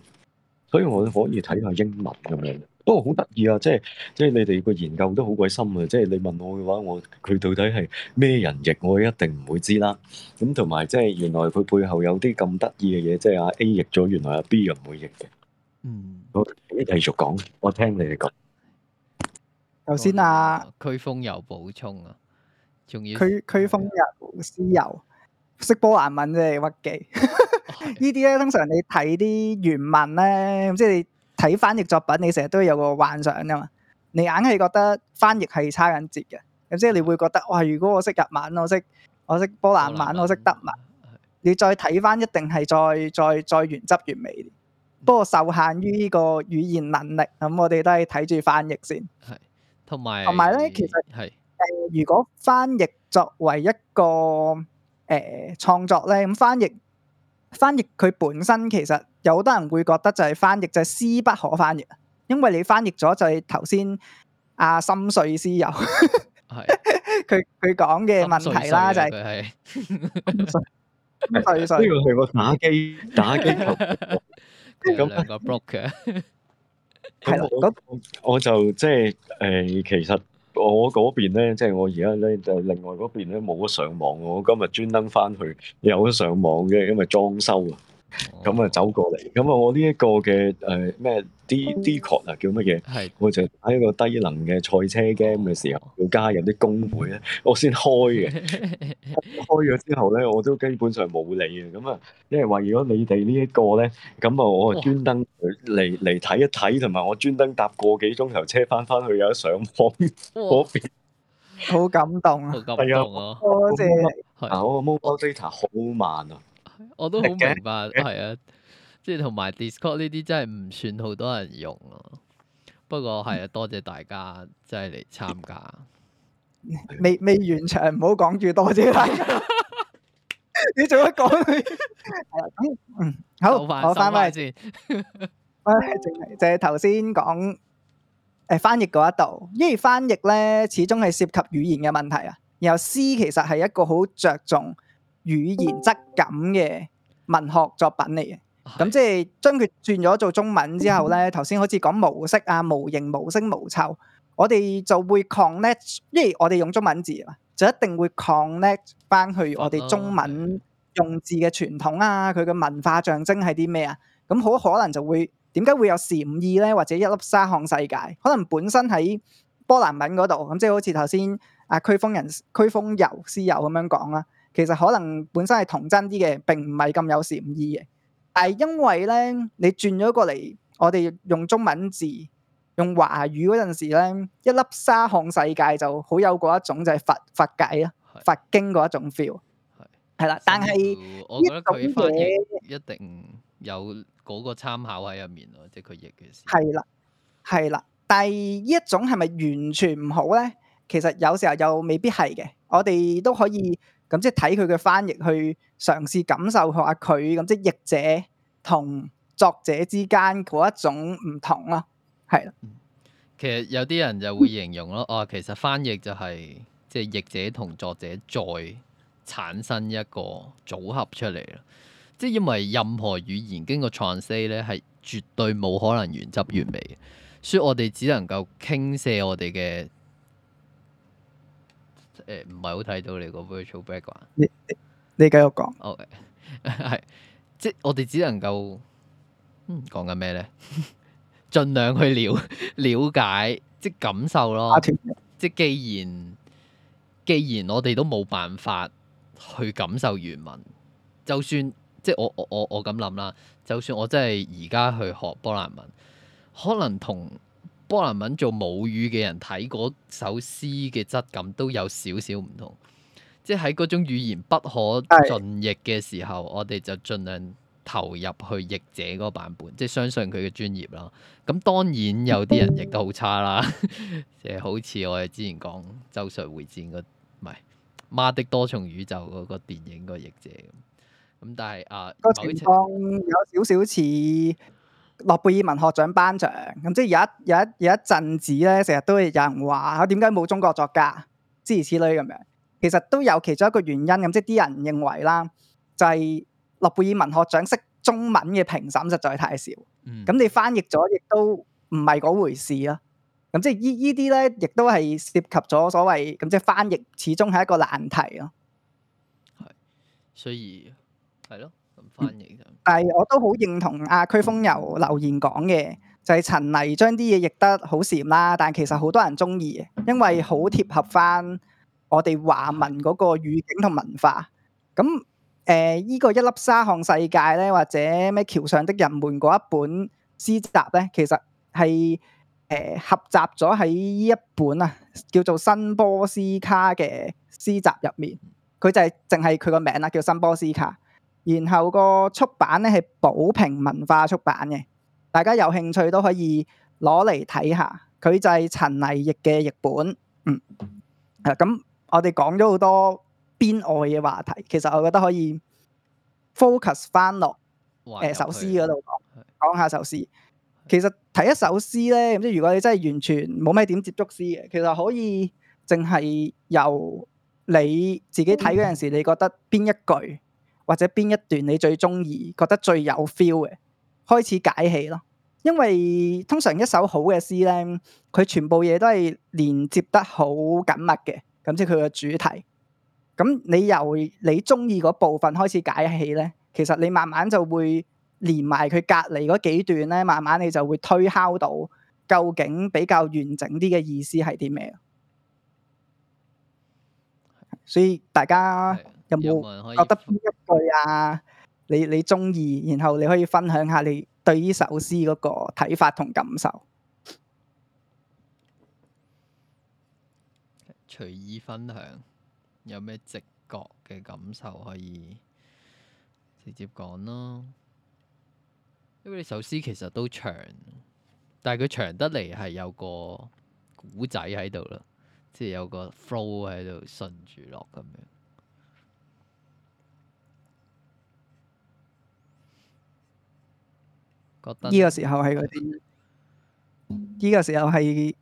所以我可以睇下英文咁樣，不過好得意啊！即係即係你哋個研究都好鬼深啊！即係你問我嘅話，我佢到底係咩人譯，我一定唔會知啦。咁同埋即係原來佢背後有啲咁得意嘅嘢，即係阿 A 譯咗，原來阿 B 又唔會譯嘅。嗯，好，繼續講，我聽你哋講。頭先阿區風有補充啊，仲要區區風又詩又識波蘭文啫，屈記。呢啲咧，通常你睇啲原文咧，咁即係你睇翻譯作品，你成日都有個幻想㗎嘛。你硬係覺得翻譯係差緊節嘅，咁、嗯、即係你會覺得哇、哦！如果我識日文，我識我識波蘭文，蘭文我識德文，你再睇翻一定係再再再原汁原味。不過受限於呢個語言能力，咁、嗯嗯、我哋都係睇住翻譯先。係有，同埋同埋咧，其實係是如果翻譯作為一個誒創、呃、作咧，咁翻譯。翻譯佢本身其實有好多人會覺得就係翻譯就係詩不可翻譯，因為你翻譯咗就係頭先阿心碎詩友，佢佢講嘅問題啦就係、是、碎， *laughs* 碎碎呢個係我打機打機咁兩個 block 嘅，咁 *laughs* *laughs* *laughs* 我，我就即係誒其實。我嗰邊咧，即係我而家咧，就另外嗰邊咧冇得上網。我今日專登返去有得上網嘅，因為裝修啊，咁啊，走過嚟。咁啊，我呢一個嘅誒咩？啲啲確啊，叫乜嘢？我就打一個低能嘅賽車 game 嘅時候，要加入啲公會咧，我先開嘅。開咗之後咧，我都基本上冇理嘅。咁啊，因為話如果你哋呢一個咧，咁啊，我專登嚟嚟睇一睇，同埋我專登搭個幾鐘頭車翻翻去有得上網嗰邊，好感動啊！係啊，多謝。啊，好 m o t o 好慢啊，我都好明白，係啊。即係同埋 Discord 呢啲，真係唔算好多人用啊。不過係啊，多謝大家，真係嚟參加。未未完場，唔好講住多謝大家。 *laughs* 你做乜講？係、呃、好，我翻翻先。誒，就係就係頭先講誒翻譯嗰一度。因為翻譯咧，始終係涉及語言嘅問題啊。然後詩其實係一個好着重語言質感嘅文學作品嚟嘅。咁即係將佢轉咗做中文之後咧，頭先、嗯、哼好似講模式啊、模型、模聲、模臭，我哋就會 connect，因為我哋用中文字啊，就一定會 connect 翻去我哋中文用字嘅傳統啊，佢嘅文化象徵係啲咩啊？咁好可能就會點解會有禪意咧，或者一粒沙看世界，可能本身喺波蘭文嗰度，咁即係好似頭先阿驅風人、驅風油、屍油咁樣講啦、啊。其實可能本身係童真啲嘅，並唔係咁有禪意嘅。但係係因為咧，你轉咗過嚟，我哋用中文字、用華語嗰陣時咧，一粒沙看世界就好有嗰一種就，就係佛佛偈啊、佛經嗰一種 feel。係係啦，但我覺得佢翻譯一定有嗰個參考喺入面咯，即係佢譯嘅時。係啦，係啦，但係呢一種係咪完全唔好咧？其實有時候又未必係嘅，我哋都可以、嗯。咁即係睇佢嘅翻譯，去嘗試感受下佢咁，即係譯者同作者之間嗰一種唔同咯，係啦、嗯。其實有啲人就會形容咯，哦、 *laughs* 啊，其實翻譯就係即係譯者同作者再產生一個組合出嚟啦。即係因為任何語言經過 translate 咧，係絕對冇可能原汁原味，所以我哋只能夠傾瀉我哋嘅。誒，唔係好睇到你 Virtual background 啩？你你繼續講。Okay，係，即係我哋只能夠，嗯，講緊咩咧？盡 *laughs* 量去了了解，即感受咯。即係既然既然我哋都冇辦法去感受原文，就算即係我我我我咁諗啦，就算我真係而家去學波蘭文，可能同。波蘭文做母語嘅人睇嗰首詩嘅質感都有少少唔同，即係喺嗰種語言不可盡譯嘅時候，的我哋就盡量投入去譯者嗰版本，即係相信佢嘅專業啦。咁當然有啲人亦都好差啦，即係、嗯、 *laughs* 好似我哋之前講《咒術迴戰》個唔係《媽的多重宇宙》嗰、嗰個電影個譯者咁。咁但係啊，有少少似。諾貝爾文學獎頒獎咁，即係有一有一有一陣子咧，成日都會有人話：點解冇中國作家？諸如此類咁樣，其實都有其中一個原因。咁即係啲人認為啦，就係諾貝爾文學獎識中文嘅評審實在太少。嗯，咁你翻譯咗亦都唔係嗰回事咯。咁即係依依啲咧，亦都係涉及咗所謂咁即係翻譯，始終係一個難題咯。係，所以係咯，咁翻譯係，我都好認同阿區風遊留言講嘅，就係、是、陳黎將啲嘢譯得好閃啦。但其實好多人中意，因為好貼合翻我哋華文嗰個語境同文化。咁、嗯、誒，依、呃這個一粒沙看世界咧，或者咩橋上的人們嗰一本詩集咧，其實係誒、呃、合集咗喺依一本啊，叫做辛波絲卡嘅詩集入面。佢就係淨係佢個名啦，叫辛波絲卡。然後個出版咧，係寶瓶文化出版嘅，大家有興趣都可以攞嚟睇下。佢就係陳黎譯嘅譯本，嗯。咁、嗯嗯、我哋講咗好多邊外嘅話題，其實我覺得可以 focus 翻落誒，首詩嗰度講、嗯、講下首詩。是其實睇一首詩咧，咁即如果你真係完全冇咩點接觸詩嘅，其實可以淨係由你自己睇嗰陣時，嗯、你覺得邊一句？或者邊一段你最中意、覺得最有 feel 嘅，開始解氣咯。因為通常一首好嘅詩咧，佢全部嘢都係連接得好緊密嘅，咁即係佢嘅主題。咁你由你中意嗰部分開始解氣咧，其實你慢慢就會連埋佢隔離嗰幾段咧，慢慢你就會推敲到究竟比較完整啲嘅意思係啲咩。所以大家。有冇人可以分覺得邊一句啊？你你中意，然後你可以分享下你對於首詩嗰個睇法同感受。隨意分享，有咩直覺嘅感受可以直接講咯。因為你首詩其實都長，但係佢長得嚟係有個故仔喺度咯，即係有個 flow 喺度順住落咁樣。呢個時候係嗰啲，呢、這個時候係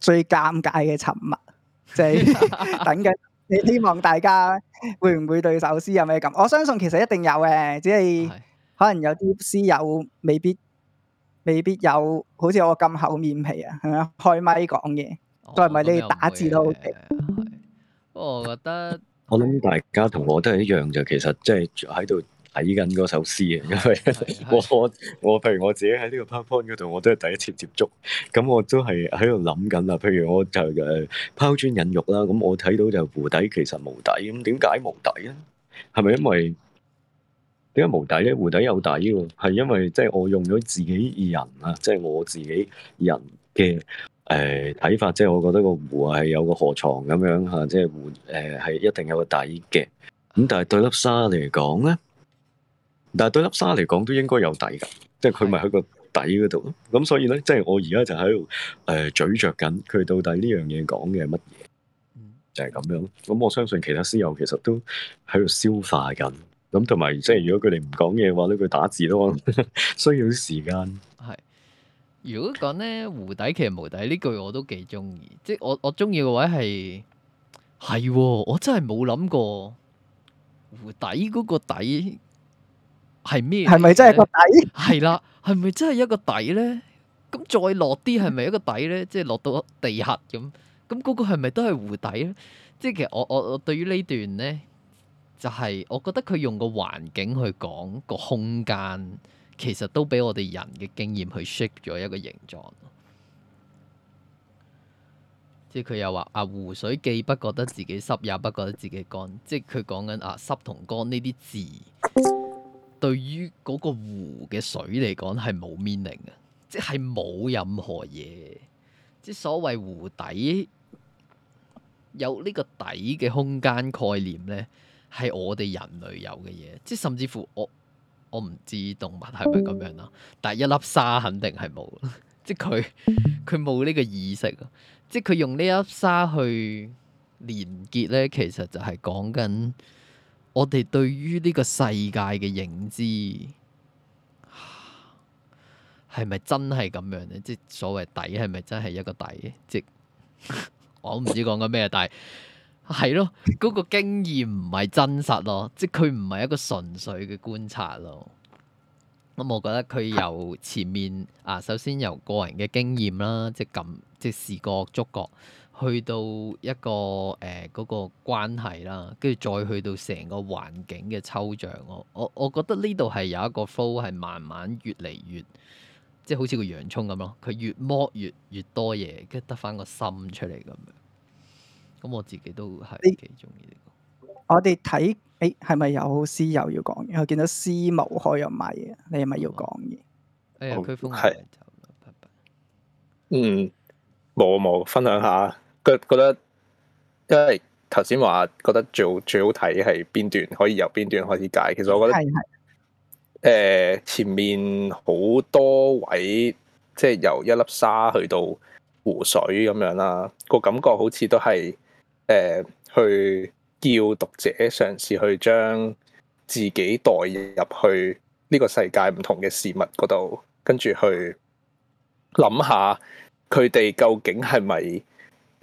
最尷尬嘅沉默，即、就、係、是、等緊。 *laughs* 希望大家會唔會對首詩有咩感？我相信其實一定有嘅，只係可能有啲詩友未必未必有，好似我咁厚面皮啊，開麥講嘢，都唔咪你打字都好。我覺得沒有沒有，我諗大家同我都係一樣就，其實即係喺度。睇緊嗰首詩啊，因 *laughs* 為我我譬如我自己喺呢個 PowerPoint 嗰度，我都係第一次接觸，咁我都係喺度諗緊啦。譬如我就誒、呃、拋磚引玉啦，咁我睇到就湖底其實無底，咁點解無底咧？係咪因為點解無底咧？湖底有底喎、啊，係因為即係我用咗自己人啊，即、就、係、是、我自己人嘅誒睇法，即、就、係、是、我覺得個湖係有個河床咁樣嚇，即、就、係、是、湖誒係、呃、一定有個底嘅。咁但係對粒沙嚟講咧。但係對粒沙嚟講，都應該有底噶，即係佢咪喺個底嗰度咯。咁是的 所以咧，即係我而家就喺度誒咀嚼緊佢到底呢樣嘢講嘅係乜嘢，就係、是、咁樣。咁我相信其他師友其實都喺度消化緊。咁同埋，即係如果佢哋唔講嘢嘅話咧，佢打字咯，需要啲時間。係如果講咧，湖底其實無底呢句我都幾中意。即係我我中意嘅位係係，我真係冇諗過湖底嗰個底。係咩？係咪真係個底？係啦，係咪真係一個底咧？咁再落啲，係咪一個底咧？即係落到地下咁咁，嗰個係咪都係湖底咧？即係其實我我我對於呢段咧，就係我覺得佢用個環境去講個空間，其實都俾我哋人嘅經驗去 shape 咗一個形狀。即係佢又話啊，湖水既不覺得自己濕，也不覺得自己乾，即係佢講緊啊濕同乾呢啲字。對於嗰個湖嘅水嚟講係冇 meaning 嘅，即係冇任何嘢。即所謂湖底有呢個底嘅空間概念咧，係我哋人類有嘅嘢。即甚至乎我我唔知動物係咪咁樣啦，但一粒沙肯定係冇。即佢佢冇呢個意識。即佢用呢粒沙去連結咧，其實就係講緊。我哋對於呢個世界嘅認知，係咪真係咁樣咧？即所謂底係咪真係一個底？即我唔知講緊咩，但係係咯，嗰個經驗唔係真實咯，即佢唔係一個純粹嘅觀察咯。咁我覺得佢由前面啊，首先由個人嘅經驗啦，即係感，即係視覺觸覺。去到一個誒嗰、呃嗰個關係啦，跟住再去到成個環境嘅抽象咯。我我覺得呢度係有一個 flow 係慢慢越嚟越，即係好似個洋葱咁咯。佢越剝越越多嘢，跟住得翻個心出嚟咁樣。咁我自己都係幾中意呢個。我哋睇誒係咪有師友要講嘢？我見到師母開咗賣嘢，你係咪要講嘢？哎呀，好哎呀，區風係。是拜拜，嗯，冇冇分享下。覺覺得，因為頭先話覺得最好最好睇係邊段，可以由邊段開始解，解。其實我覺得，誒係係、呃、前面好多位，即係由一粒沙去到湖水咁樣啦，個感覺好似都係誒、呃、去叫讀者嘗試去將自己代入去呢個世界唔同嘅事物嗰度，跟住去諗下佢哋究竟係咪？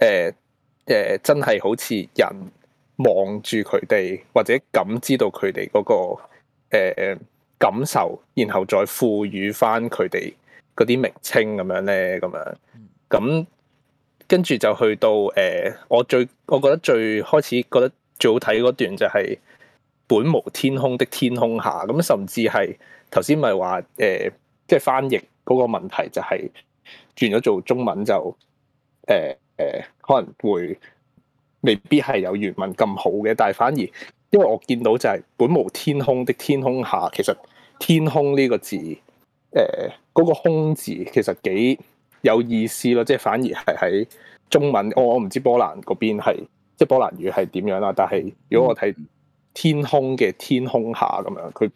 誒誒、呃呃，真係好似人望住佢哋，或者感知到佢哋嗰個誒、呃、感受，然後再賦予翻佢哋嗰啲名稱咁樣咧，咁樣咁跟住就去到誒、呃，我最我覺得最開始覺得最好睇嗰段就係本無天空的天空下，咁甚至係頭先咪話誒，即係翻譯嗰個問題就係、是、轉咗做中文就誒。呃誒，可能會未必係有原文咁好嘅，但係反而因為我見到就係本無天空的天空下，其實天空呢個字，誒、呃，嗰、嗰個空字其實幾有意思咯，即係反而係喺中文，我我唔知波蘭嗰邊係即係波蘭語係點樣啦，但係如果我睇天空嘅天空下咁樣，佢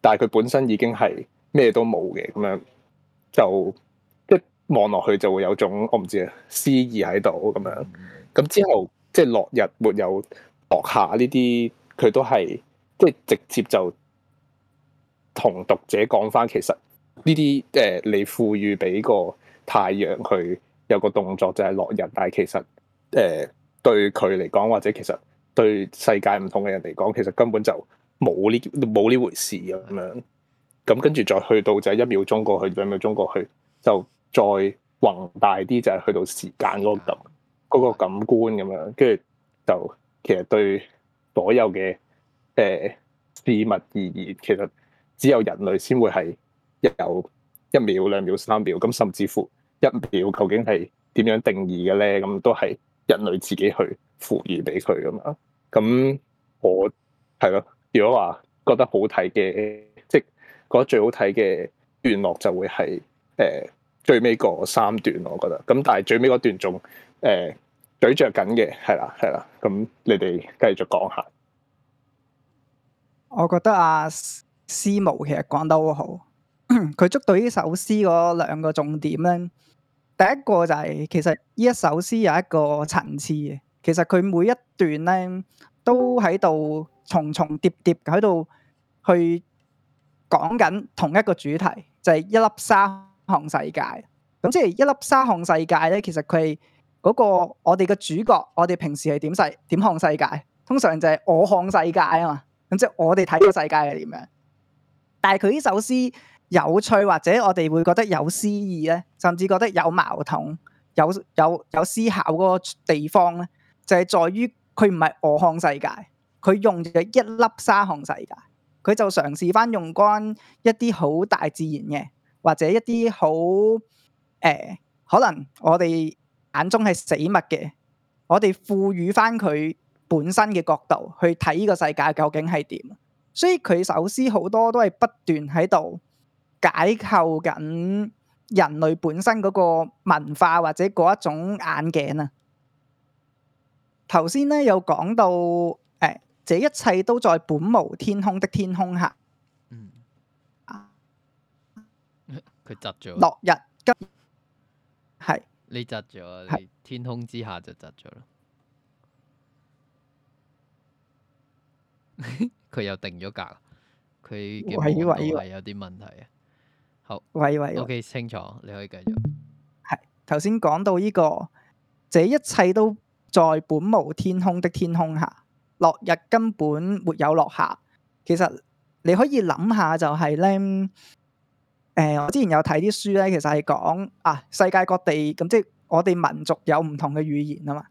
但係佢本身已經係咩都冇嘅咁樣就。望落去就會有種我唔知啊詩意喺度咁樣，咁之後即係、就是、落日沒有落下呢啲，佢都係即係直接就同讀者講返，其實呢啲誒你賦予俾個太陽佢有個動作就係落日，但係其實誒、呃、對佢嚟講，或者其實對世界唔同嘅人嚟講，其實根本就冇呢冇呢回事咁樣。咁跟住再去到就係一秒鐘過去兩秒鐘過去就。再宏大啲，就係、是、去到時間嗰個感嗰、那個感官咁樣，跟住就其實對所有嘅誒事物而言，其實只有人類先會係有一秒、兩秒、三秒咁，甚至乎一秒究竟係點樣定義嘅咧？咁都係人類自己去賦予俾佢咁啊。咁我係咯，如果話覺得好睇嘅，即係覺得最好睇嘅段落，就會係誒。呃最尾個三段，我覺得咁，但係最尾嗰段仲誒嘴着緊嘅，係啦，係啦，咁你哋繼續講下。我覺得阿司毛其實講得好，好，佢 *coughs* 捉到呢首詩嗰兩個重點咧。第一個就係其實呢一首詩有一個層次嘅，其實佢每一段咧都喺度重重疊疊喺度去講緊同一個主題，就係一粒沙。看世界，咁即係一粒沙看世界咧。其實佢嗰個我哋嘅主角，我哋平時係點睇點看世界？通常就係我看世界啊嘛。咁即係我哋睇個世界係點樣？但係佢呢首詩有趣，或者我哋會覺得有詩意咧，甚至覺得有矛盾、有有有思考嗰個地方咧，就係在於佢唔係我看世界，佢用嘅一粒沙看世界，佢就嘗試翻用干一啲好大自然嘅。或者一啲好誒，可能我哋眼中係死物嘅，我哋賦予返佢本身嘅角度去睇呢個世界究竟係點。所以佢首詩好多都係不斷喺度解構緊人類本身嗰個文化或者嗰一種眼鏡啊。頭先咧有講到誒、呃，這一切都在本無天空的天空下。佢窒咗，落日根係你窒咗，係是天空之下就窒咗啦。佢是 *laughs* 又定咗格，佢以為係有啲問題啊。好，喂喂，喂，OK，清楚，你可以繼續。係頭先講到呢、這個，這一切都在本無天空的天空下，落日根本沒有落下。其實你可以諗下、就是，就係咧。誒、嗯，我之前有睇啲書咧，其實係講啊，世界各地咁，即係我哋民族有唔同嘅語言啊嘛。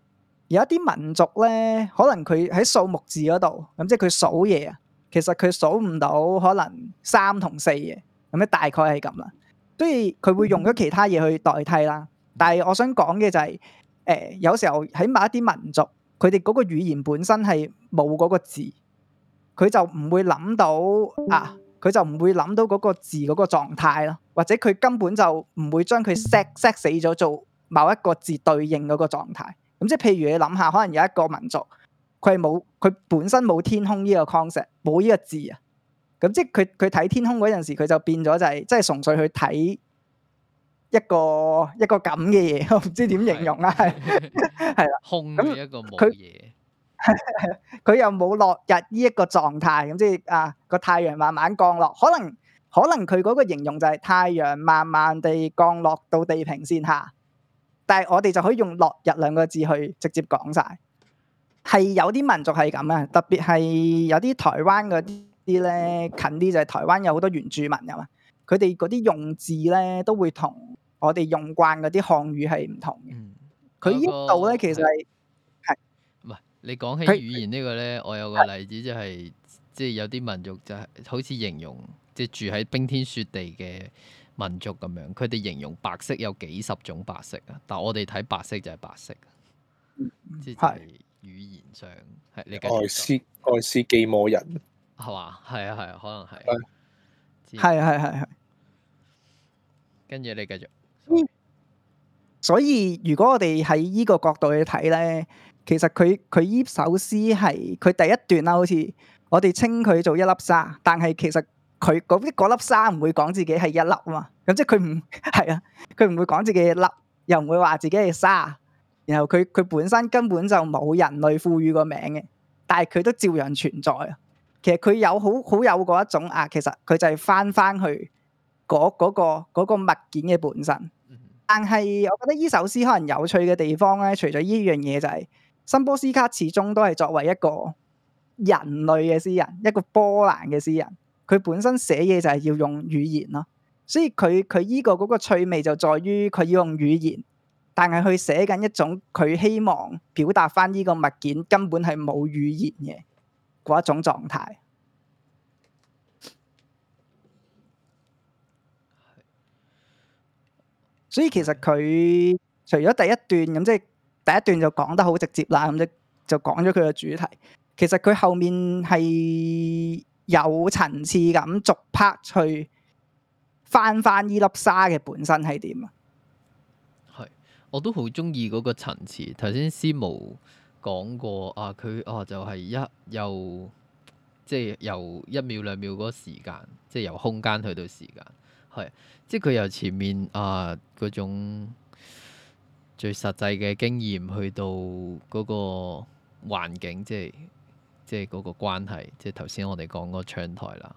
有一啲民族咧，可能佢喺數目字嗰度，咁即係佢數嘢啊。其實佢數唔到，可能三同四嘅，咁咧大概係咁啦。所以佢會用咗其他嘢去代替啦。但係我想講嘅就係、是，誒、呃、有時候喺某一啲民族，佢哋嗰個語言本身係冇嗰個字，佢就唔會諗到啊。佢就唔會諗到嗰個字，嗰個狀態咯，或者佢根本就唔會將佢 set set 死咗做某一個字對應嗰個狀態。咁、嗯、即係譬如你諗下，可能有一個民族佢冇佢本身冇天空呢個 concept，冇呢個字啊。咁、嗯、即係佢佢睇天空嗰陣時，佢就變咗就係、是、即係純粹去睇一個一個咁嘅嘢，我唔知點形容啦，係係啦，空咁一個冇嘢、 *laughs* 嗯。佢 *laughs* 又冇落日呢一個狀態，咁即係啊個太陽慢慢降落，可能可能佢嗰個形容就係、是、太陽慢慢地降落到地平綫下，但係我哋就可以用落日兩個字去直接講晒。係有啲民族係咁啊，特別係有啲台灣嗰啲咧近啲就係台灣有好多原住民啊嘛，佢哋嗰啲用字咧都會我同我哋用慣嗰啲漢語係唔同嘅。佢呢度咧其實係。你講起語言個呢個咧，我有個例子就係、是，是即係有啲民族就係、是，好似形容即係住喺冰天雪地嘅民族咁樣，佢哋形容白色有幾十種白色啊，但係我哋睇白色就係白色。是即係語言上係是你愛斯愛斯基摩人係嘛？係啊係，可能係。係係係係，跟住、啊啊啊、你繼續。所以如果我哋喺呢個角度去睇咧。其實佢佢依首詩係佢第一段啦、啊，好似我哋稱佢做一粒沙，但係其實佢嗰啲粒沙唔會講自己係一粒啊嘛。咁即係佢唔係啊，佢 *laughs* 唔會講自己粒，又唔會話自己係沙。然後佢佢本身根本就冇人類賦予個名嘅，但係佢都照樣存在。其實佢有好好有嗰一種啊，其實佢就係返返去嗰嗰、那個那個物件嘅本身。但係我覺得依首詩可能有趣嘅地方咧，除咗依樣嘢就係、是。辛波絲卡始終都係作為一個人類嘅詩人，一個波蘭嘅詩人，佢本身寫嘢就係要用語言咯，所以佢佢依個嗰個趣味就在於佢要用語言，但係去寫緊一種佢希望表達翻，呢個物件根本係冇語言嘅嗰一種狀態。所以其實佢除咗第一段咁即係。第一段就講得好直接啦，咁就就講咗佢嘅主題。其實佢後面係有層次咁逐 part 去翻翻呢粒沙嘅本身係點啊？係，我都好中意嗰個層次。頭先司無講過啊，佢啊就係、是、一由即係由一秒兩秒嗰個時間，即係由空間去到時間，係即係佢由前面啊嗰種。最實際嘅經驗，去到嗰個環境，即係即係嗰個關係，即係頭先我哋講嗰個窗台啦。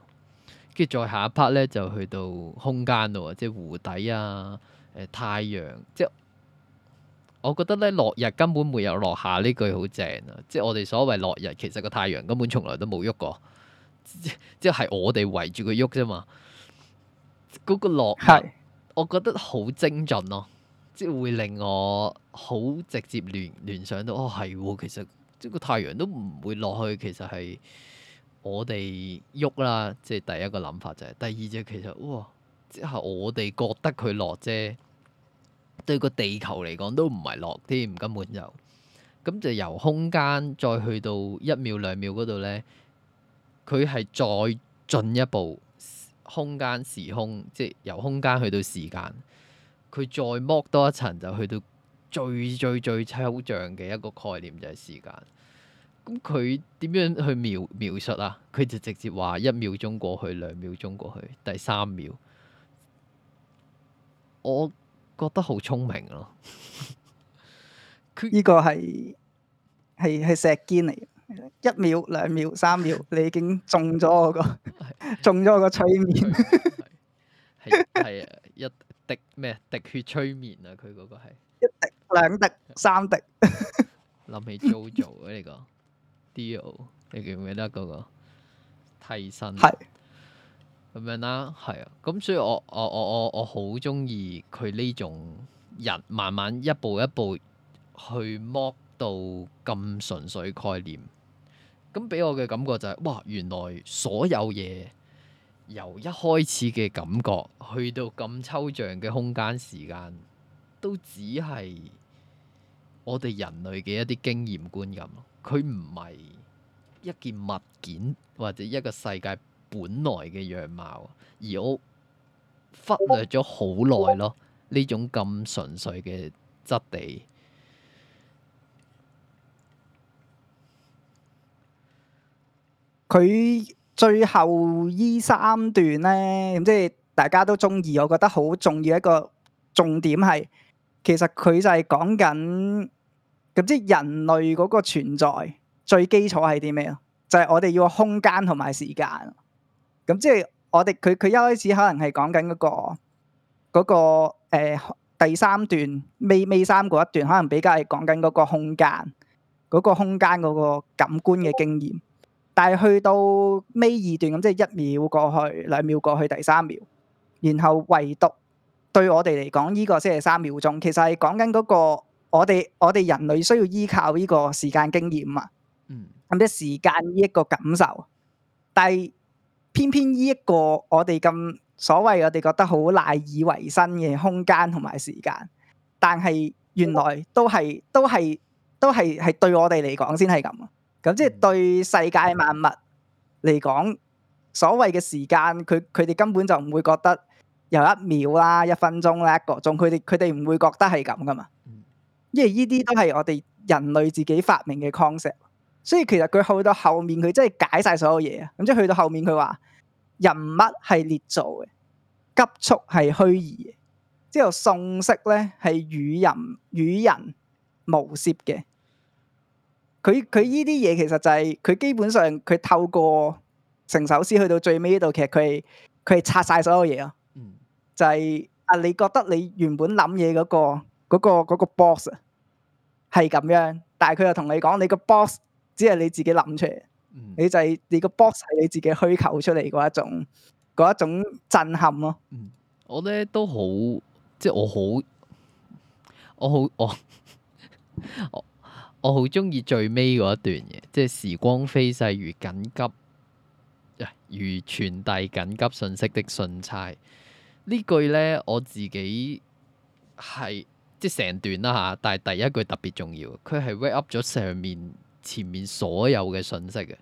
跟住再下一 part 咧，就去到空間度，即係湖底啊，誒、呃、太陽。即係我覺得咧，落日根本沒有落下呢句好正啊！即係我哋所謂落日，其實個太陽根本從來都冇喐過，即係我哋圍住佢喐啫嘛。嗰、嗰個落係，是我覺得好精準咯、啊。即係會令我好直接聯聯想到，哦，係喎、哦，其實即係個太陽都唔會落去，其實係我哋喐啦。即第一個諗法就係、是，第二就其實哇，即係我哋覺得佢落啫，對個地球嚟講都唔係落添，根本就咁就由空間再去到一秒兩秒嗰度咧，佢係再進一步空間時空，即係由空間去到時間。佢再剝多一層就去到最最最抽象嘅一個概念就係、是、時間。咁佢點樣去描描述啊？佢就直接話一秒鐘過去，兩秒鐘過去，第三秒。我覺得好聰明咯！呢 *laughs* 他 個係係係石堅嚟嘅。一秒、兩秒、三秒， *laughs* 你已經中咗我個 *laughs* 中咗我個催眠係係一。 *laughs* *laughs* *laughs* 滴咩？滴血催眠啊！佢嗰個係一滴、兩滴、三滴，諗 *laughs* 起 Jojo 呢 jo、這個 *laughs* Dio 你記唔記得嗰，那個替身係咁是樣啦？係啊！咁所以我我我我我好中意佢呢種人，慢慢一步一步去剝到咁純粹概念。咁俾我嘅感覺就係、是，哇！原來所有嘢。由一開始嘅感覺，去到咁抽象嘅空間時間，都只係我哋人類嘅一啲經驗觀感。佢唔係一件物件或者一個世界本來嘅樣貌，而我忽略咗好耐咯。呢種咁純粹嘅質地，佢。最後依三段咧，咁即係大家都中意，我覺得好重要一個重點係，其實佢就係講緊，咁即係人類嗰個存在最基礎係啲咩咯？就係我哋要個空間同埋時間。咁即係我哋佢佢一開始可能係講緊嗰個嗰個呃第三段，尾尾三嗰一段，可能比較係講緊嗰個空間嗰個空間嗰個感官嘅經驗。但係去到尾二段咁，即係一秒過去，兩秒過去，第三秒，然後唯獨對我哋嚟講，呢個先係三秒鐘。其實係講緊嗰個我哋我哋人類需要依靠呢個時間經驗啊，咁、嗯、即時間呢一個感受。但係偏偏呢一個我哋咁所謂我哋覺得好賴以為生嘅空間同埋時間，但係原來都係都係都係係對我哋嚟講先係咁。咁即係對世界萬物嚟講，所謂嘅時間，佢佢哋根本就唔會覺得有一秒啦、一分鐘啦，一個鐘，佢哋佢哋唔會覺得係咁㗎嘛。因為呢啲都係我哋人類自己發明嘅 concept，所以其實佢去到後面，佢真係解晒所有嘢啊！咁即係去到後面，佢話人物係捏造嘅，急速係虛擬嘅，之後訊息咧係與人與人無涉嘅。佢佢呢啲嘢，其實就係佢基本上佢透過成首詩去到最尾呢度，其實佢佢係拆晒所有嘢咯。嗯、就係啊，你覺得你原本諗嘢嗰個嗰、嗰個、嗰個 box 係咁樣，但係佢又同你講，你個 box 只係你自己諗出嚟、嗯，就是，你就係你個 box 係你自己虛構出嚟一種嗰一種震撼咯、嗯。我呢都好，即係我好，我好我。 *laughs* 我好中意最尾嗰一段嘢，即係時光飛逝如緊急，如傳遞緊急信息的信差呢句呢，我自己係即係成段啦吓，但係第一句特別重要，佢係 wake up 咗上面前面所有嘅信息嘅。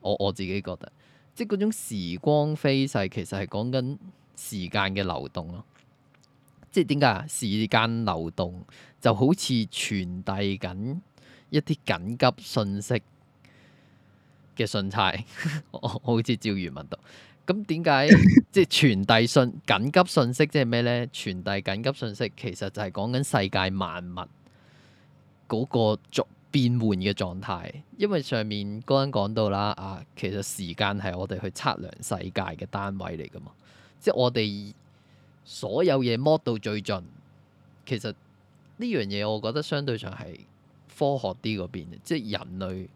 我我自己覺得，即係嗰種時光飛逝，其實係講緊時間嘅流動咯。即係點解啊？時間流動就好似傳遞緊。一啲緊急信息嘅信差，我 *laughs* 好似趙如文到，咁點解即係傳遞信緊急信息即係咩咧？傳遞緊急信息其實就係講緊世界萬物嗰個狀變換嘅狀態，因為上面剛剛講到啦，啊，其實時間係我哋去測量世界嘅單位嚟噶嘛，即係我哋所有嘢摸到最盡，其實呢樣嘢我覺得相對上係。科學啲嗰邊，即係人類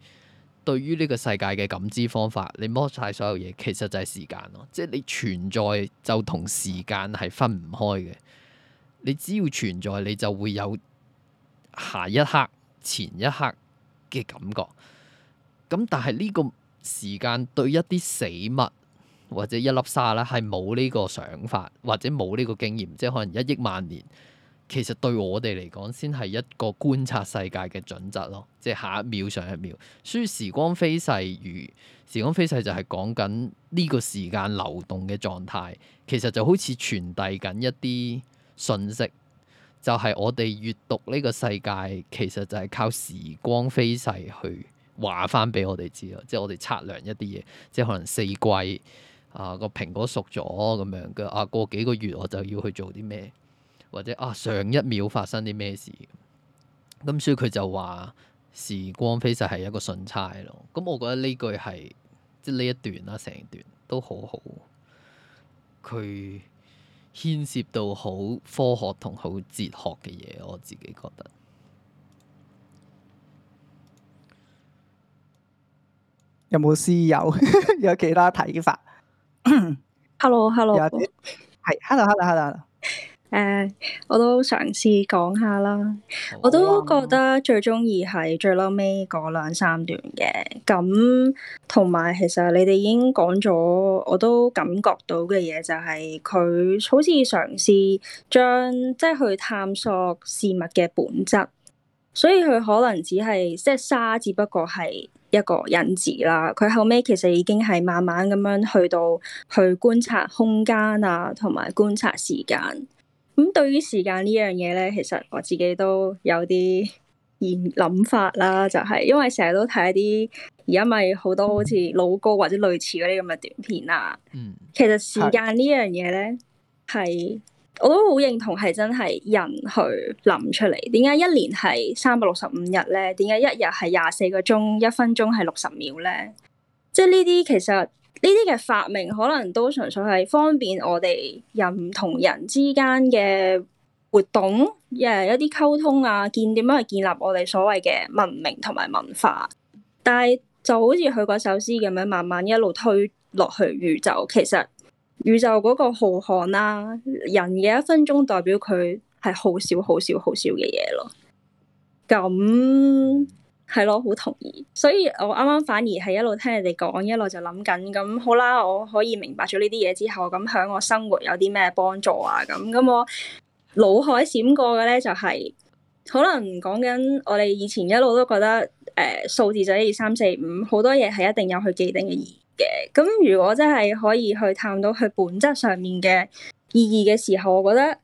對於呢個世界嘅感知方法，你摸晒所有嘢，其實就係時間咯。即係你存在就同時間係分唔開嘅。你只要存在，你就會有下一刻、前一刻嘅感覺。咁但係呢個時間對一啲死物或者一粒沙啦，係冇呢個想法或者冇呢個經驗，即係可能一億萬年。其實對我哋嚟講，先係一個觀察世界嘅準則咯。即係下一秒、上一秒，所以時光飛逝。如時光飛逝，就係講緊呢個時間流動嘅狀態。其實就好似傳遞緊一啲信息，就係、是、我哋閲讀呢個世界，其實就係靠時光飛逝去話翻俾我哋知咯。即係我哋測量一啲嘢，即係可能四季啊，個蘋果熟咗咁樣嘅啊，過幾個月我就要去做啲咩？或者啊，上一秒發生啲咩事？咁、嗯、所以佢就話時光飛逝係一個信差咯。咁、嗯、我覺得呢句係即係呢一段啦，成段都好好。佢牽涉到好科學同好哲學嘅嘢，我自己覺得有冇私友有， *laughs* 有其他睇法？Hello，Hello，係 Hello，Hello，Hello。誒，uh, 我都嘗試講下啦。我都覺得最中意係最嬲尾嗰兩三段嘅。咁同埋，其實你哋已經講咗，我都感覺到嘅嘢就係佢好似嘗試將即係去探索事物嘅本質，所以佢可能只係即係沙，只不過係一個引子啦。佢後尾其實已經係慢慢咁樣去到去觀察空間啊，同埋觀察時間。咁對於時間呢樣嘢咧，其實我自己都有啲念諗法啦，就係、是、因為成日都睇一啲而家咪好多好似老歌或者類似嗰啲咁嘅短片啦、啊。嗯，其實時間呢樣嘢咧，係是我都好認同，係真係人去諗出嚟。點解一年係三百六十五日咧？點解一日係廿四個鐘？一分鐘係六十秒咧？即係呢啲其實。呢啲嘅發明可能都純粹係方便我哋人同人之間嘅活動，誒、yeah, 一啲溝通啊，建點樣去建立我哋所謂嘅文明同埋文化。但係就好似佢嗰首詩咁樣，慢慢一路推落去宇宙，其實宇宙嗰個浩瀚啦、啊，人嘅一分鐘代表佢係好少好少好少嘅嘢咯。咁。係咯，好同意。所以我啱啱反而係一路聽人哋講，一路就諗緊咁好啦。我可以明白咗呢啲嘢之後，咁響我生活有啲咩幫助啊？咁咁我腦海閃過嘅咧，就係、是、可能講緊我哋以前一路都覺得誒、呃、數字就一二三四五，好多嘢係一定有佢既定嘅意義嘅。咁如果真係可以去探到佢本質上面嘅意義嘅時候，我覺得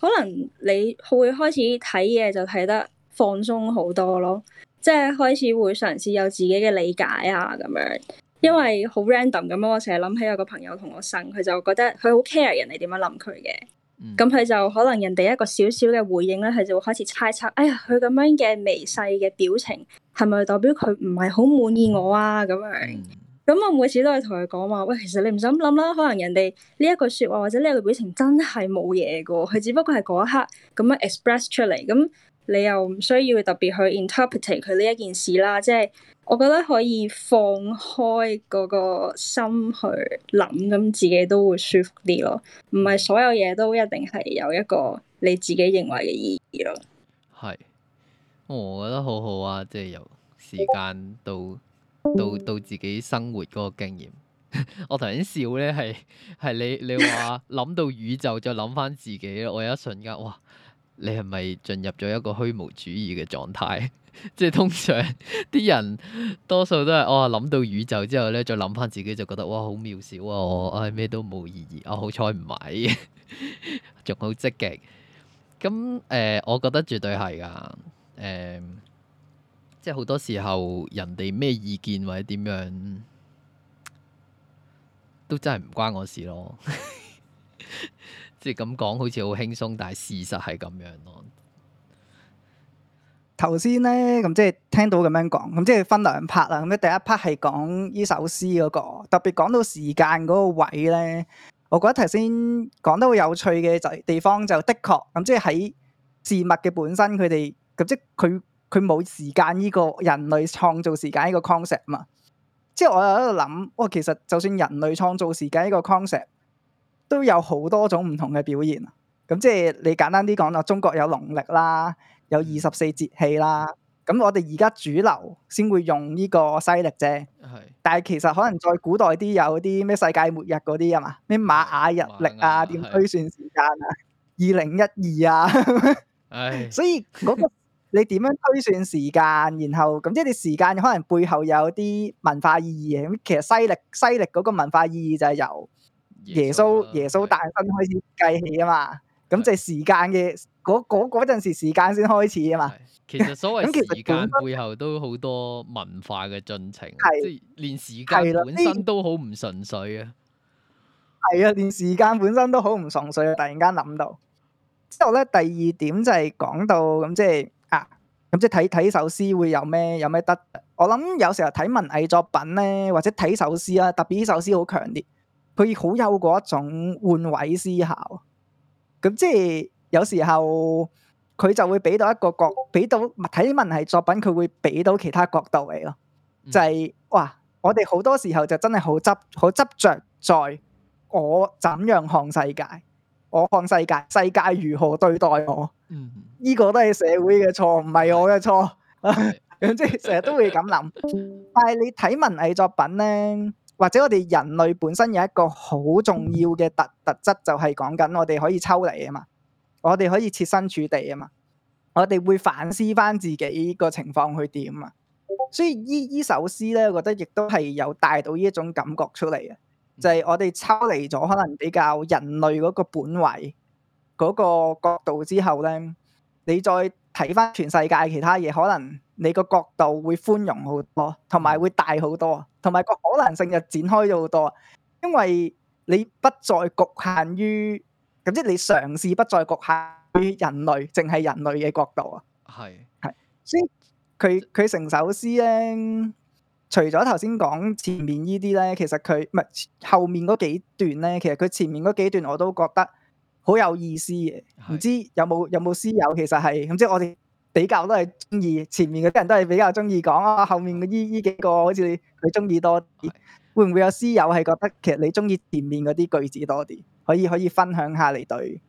可能你會開始睇嘢就睇得放鬆好多咯。即係開始會嘗試有自己嘅理解啊咁樣，因為好 random 咁樣！我成日諗起有個朋友同我呻，佢就覺得佢好 care 人哋點樣諗佢嘅，咁佢、嗯、就可能人哋一個小小嘅回應咧，佢就會開始猜測，哎呀，佢咁樣嘅微細嘅表情係咪代表佢唔係好滿意我啊咁樣？咁、嗯、我每次都係同佢講話，喂，其實你唔使咁諗啦，可能人哋呢一句説話或者呢一個表情真係冇嘢噶，佢只不過係嗰一刻咁樣 express 出嚟咁。你又唔需要特別去 interpret 佢呢一件事啦，即係我覺得可以放開嗰個心去諗，咁自己都會舒服啲咯。唔係所有嘢都一定係有一個你自己認為嘅意義咯。係，我覺得好好啊，即係由時間到 *laughs* 到到自己生活嗰個經驗。 *laughs* 我頭先笑咧，係係你你話諗到宇宙再諗翻自己咯，我有一瞬間哇～你係咪進入咗一個虛無主義嘅狀態？ *laughs* 即係通常啲人多數都係，哇、哦、諗到宇宙之後咧，再諗翻自己就覺得，哇好渺小啊！我、哎、唉，咩都冇意義啊！好彩唔係，仲好 *laughs* 積極。咁誒、呃，我覺得絕對係噶。誒、呃，即係好多時候人哋咩意見或者點樣，都真係唔關我事咯。 *laughs* 即係咁講，好似好輕鬆，但係事實係咁樣咯。頭先咧，咁即係聽到咁樣講，咁即係分兩 part 啦。咁咧第一 part 係講呢首詩嗰個，特別講到時間嗰個位咧。我覺得頭先講得好有趣嘅就地方就的確咁，即係喺事物嘅本身，佢哋咁即係佢佢冇時間呢個人類創造時間呢個 concept 嘛。即係我喺度諗，我其實就算人類創造時間呢個 concept。都有好多種唔同嘅表現，咁即係你簡單啲講就中國有農曆啦，有二十四節氣啦。咁我哋而家主流先會用呢個西曆啫。係。是，但係其實可能在古代啲有啲咩世界末日嗰啲啊嘛，咩瑪雅日曆啊，點、啊、推算時間啊？二零一二啊。係 *laughs* 是。所以嗰個你點樣推算時間，然後咁即係你時間可能背後有啲文化意義嘅。咁其實西曆西曆嗰個文化意義就係由耶穌耶穌誕生開始計起啊嘛，咁即係時間嘅嗰嗰嗰陣時時間先開始啊嘛。其實所謂時間背背後都好多文化嘅進程， *laughs* 的即係連時間本身都好唔純粹啊。係啊，連時間本身都好唔純粹。突然間諗到之後咧，第二點就係講到咁即係啊，咁即係睇睇首詩會有咩有咩得？我諗有時候睇文藝作品咧，或者睇首詩啊，特別呢首詩好強烈。佢好有嗰一種換位思考，咁即係有時候佢就會俾到一個角，俾到睇文藝作品佢會俾到其他角度嚟咯，就係、是、哇，我哋好多時候就真係好執，好執着在我怎樣看世界，我看世界，世界如何對待我，呢、嗯、哼個都係社會嘅錯，唔係我嘅錯， *laughs* 即係成日都會咁諗。 *laughs* 但係你睇文藝作品呢？或者我哋人類本身有一個好重要嘅特特質，就係講緊我哋可以抽離啊嘛，我哋可以設身處地啊嘛，我哋會反思翻自己個情況去點啊，所以依依首詩咧，我覺得亦都係有帶到呢一種感覺出嚟嘅，就係我哋抽離咗可能比較人類嗰個本位嗰個角度之後咧，你再，睇翻全世界其他嘢，可能你個角度會寬容好多，同埋會大好多，同埋個可能性就展開咗好多。因為你不再局限於，咁即係你嘗試不再局限於人類，淨係人類嘅角度啊。係係是，所以佢佢成首詩咧，除咗頭先講前面呢啲咧，其實佢唔係後面嗰幾段咧，其實佢前面嗰幾段我都覺得。好有意思嘅，唔是知有冇有冇詩友其實係咁，即係我哋比較都係中意前面嗰啲人都係比較中意講啊，後面嘅依依幾個好似你中意多啲，是會唔會有詩友係覺得其實你中意前面嗰啲句子多啲，可以可以分享下你對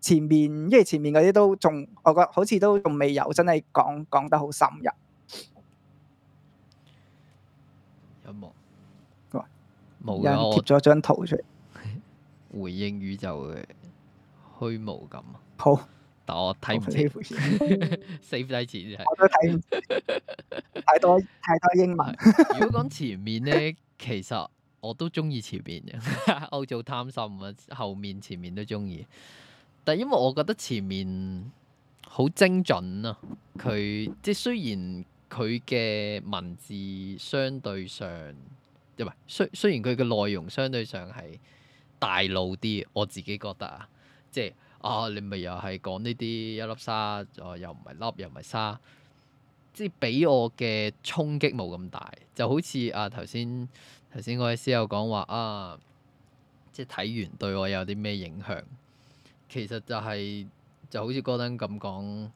前面，因為前面嗰啲都仲我覺得好似都仲未有真係講講得好深入。有冇？冇啦！又貼咗張圖出嚟， *laughs* 回應宇，宇宙嘅。虛無感啊！好，但我睇唔清 *laughs* 死 save 低錢，我都睇唔清，太多太多英文。 *laughs* 如果講前面咧，其實我都中意前面嘅。 *laughs* 我做貪心啊，後面前面都中意，但係因為我覺得前面好精準啊，佢即係雖然佢嘅文字相對上，即係，雖雖然佢嘅內容相對上係大路啲，我自己覺得啊。即係啊，你咪又係講呢啲一粒沙，就又唔係粒，又唔係沙，即係俾我嘅衝擊冇咁大，就好似啊頭先頭先嗰位師友講話啊，即係睇完對我有啲咩影響？其實就係、是，就好似哥登咁講，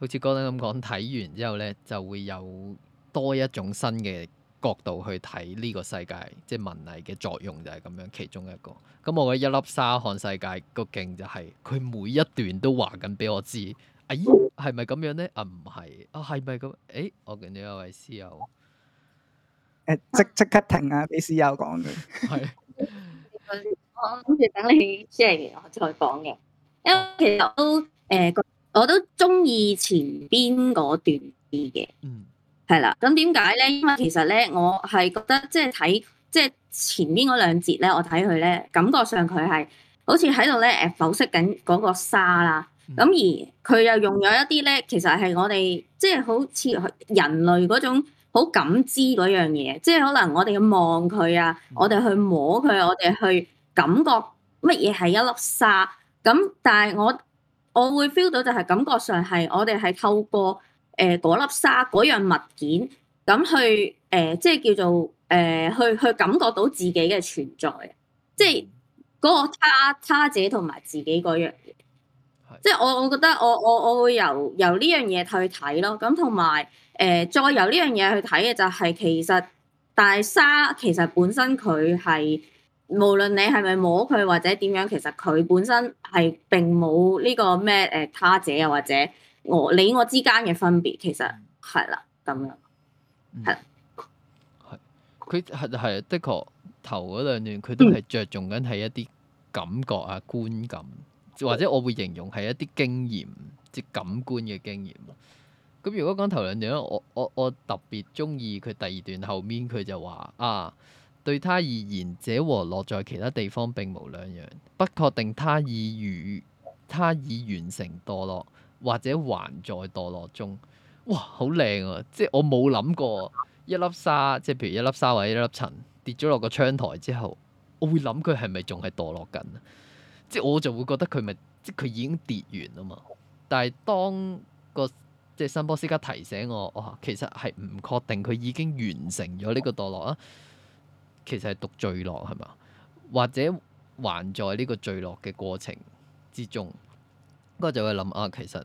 好似哥登咁講，睇完之後咧就會有多一種新嘅。角度去睇呢個世界，即係文藝嘅作用就係咁樣，其中一個。咁我覺得一粒沙看世界個勁就係、是，佢每一段都話緊俾我知、哎啊啊。哎，係咪咁樣咧？啊，唔係啊，係咪咁？誒，我見到一位師友，誒，即即刻停啊！俾師友講嘅。係。 *noise* *noise* 我諗住等你 share 完我再講嘅，因為其實都誒，我都中意前邊嗰段啲嘅。嗯。係啦，咁點解咧？因為其實咧，我係覺得即係睇即係前面嗰兩節咧，我睇佢咧，感覺上佢係好似喺度咧，誒剖析緊嗰個沙啦。咁、嗯、而佢又用咗一啲咧，其實係我哋即係好似人類嗰種好感知嗰樣嘢，即係可能我哋望佢啊，我哋去摸佢，我哋去感覺乜嘢係一粒沙。咁但係我我會 feel 到就係感覺上係我哋係透過，誒嗰、呃、粒沙嗰樣物件，咁去誒、呃、即係叫做誒、呃、去去感覺到自己嘅存在，即係嗰個他他者同埋自己嗰樣嘢。的即係我我覺得我我我會由由呢樣嘢去睇咯。咁同埋誒再由呢樣嘢去睇嘅就係其實，但係沙其實本身佢係無論你係咪摸佢或者點樣，其實佢本身係並冇呢個咩誒、呃、他者又或者。我你我之間嘅分別，其實係啦咁樣，係。佢係係的確頭嗰兩段，佢都係着重緊係一啲感覺啊、觀感，或者我會形容係一啲經驗，即感官嘅經驗。咁如果講頭兩段咧，我我我特別中意佢第二段後面佢就話啊，對他而言，這和落在其他地方並無兩樣，不確定他已完他已完成墮落。或者還在墜落中，哇，好靚啊！即係我冇諗過一粒沙，即係譬如一粒沙或者一粒塵跌咗落個窗台之後，我會諗佢係咪仲係墜落緊？即係我就會覺得佢咪即佢已經跌完啊嘛。但係當、那個即係辛波絲卡提醒我，哇、哦，其實係唔確定佢已經完成咗呢個墜落啊。其實係讀墜落係嘛？或者還在呢個墜落嘅過程之中。咁我就會諗啊，其實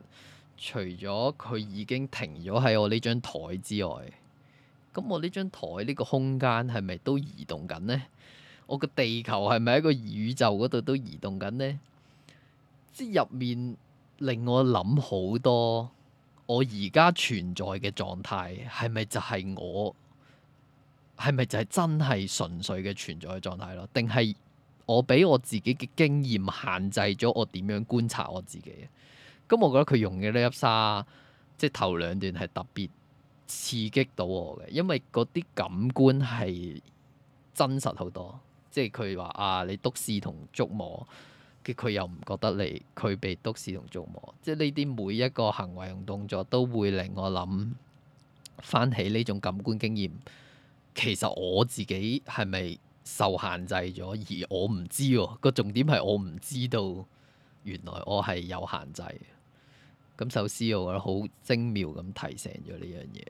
除咗佢已經停咗喺我呢張台之外，咁我呢張台呢個空間係咪都移動緊咧？我個地球係咪喺個宇宙嗰度都移動緊咧？即入面令我諗好多，我而家存在嘅狀態係咪就係我？係咪就係真係純粹嘅存在狀態咯？定係？我俾我自己嘅經驗限制咗我點樣觀察我自己，咁、嗯、我覺得佢用嘅呢粒沙，即係頭兩段係特別刺激到我嘅，因為嗰啲感官係真實好多，即係佢話啊，你篤屎同觸摸，佢又唔覺得你佢被篤屎同觸摸，即係呢啲每一個行為同動作都會令我諗翻起呢種感官經驗，其實我自己係咪？受限制咗，而我唔知個重點係我唔知道，知道原來我係有限制。咁首詩我覺得好精妙咁提醒咗呢樣嘢，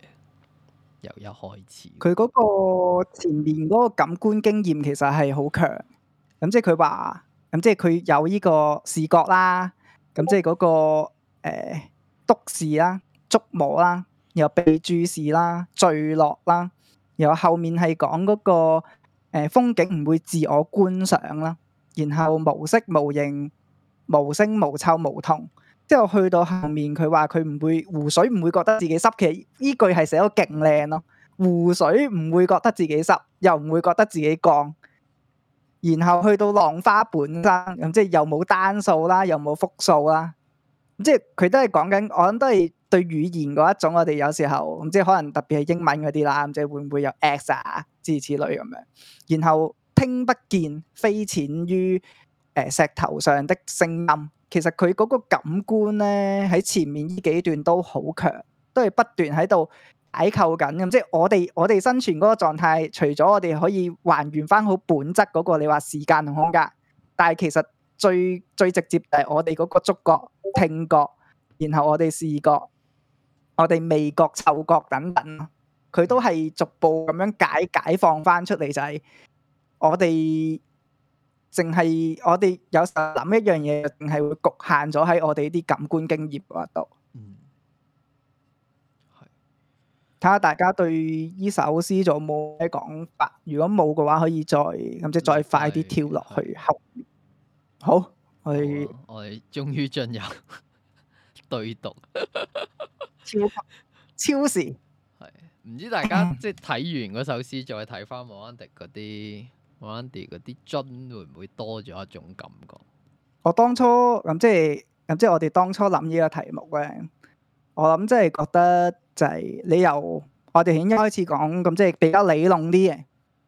由一開始佢嗰個前面嗰個感官經驗其實係好強。咁即係佢話，咁即係佢有呢個視覺啦，咁即係嗰個誒督視啦、觸摸啦，又被注視啦、墜落啦，然後後面係講嗰個。誒風景唔會自我觀賞啦，然後無色無形、無聲無臭無痛，之後去到後面，佢話佢唔會湖水唔會覺得自己濕，其實依句係寫得勁靚咯。湖水唔會覺得自己濕，又唔會覺得自己乾，然後去到浪花本身咁，即係又冇單數啦，又冇複數啦，即係佢都係講緊，我諗都係。對語言嗰一種，我哋有時候唔知可能特別係英文嗰啲啦，即係會唔會有 extra、啊、之類咁樣？然後聽不見飛濺於誒石頭上的聲音，其實佢嗰個感官咧喺前面呢幾段都好強，都係不斷喺度解構緊咁，即係我哋我哋生存嗰個狀態，除咗我哋可以還原翻好本質嗰、那個你話時間同空間，但係其實最最直接就係我哋嗰個觸覺、聽覺，然後我哋視覺。我哋味覺、嗅覺等等，佢都係逐步咁樣解解放翻出嚟，就係、是，我哋淨係我哋有時諗一樣嘢，淨係會局限咗喺我哋啲感官經驗嗰度。睇下、嗯、大家對呢首詩仲有冇咩講法？如果冇嘅話，可以再咁即再快啲跳落去後面。是是，好，好，我哋、啊、我哋終於進入 *laughs* 對讀。 *laughs* 超級超時，係唔知大家，呃、即係睇完嗰首詩，再睇翻《莫蘭迪》嗰啲《莫蘭迪》嗰啲樽，會唔會多咗一種感覺？我當初咁、嗯、即係咁、嗯、即係，我哋當初諗呢個題目咧，我諗即係覺得就係你由我哋開始講咁、嗯，即係比較理論啲嘅，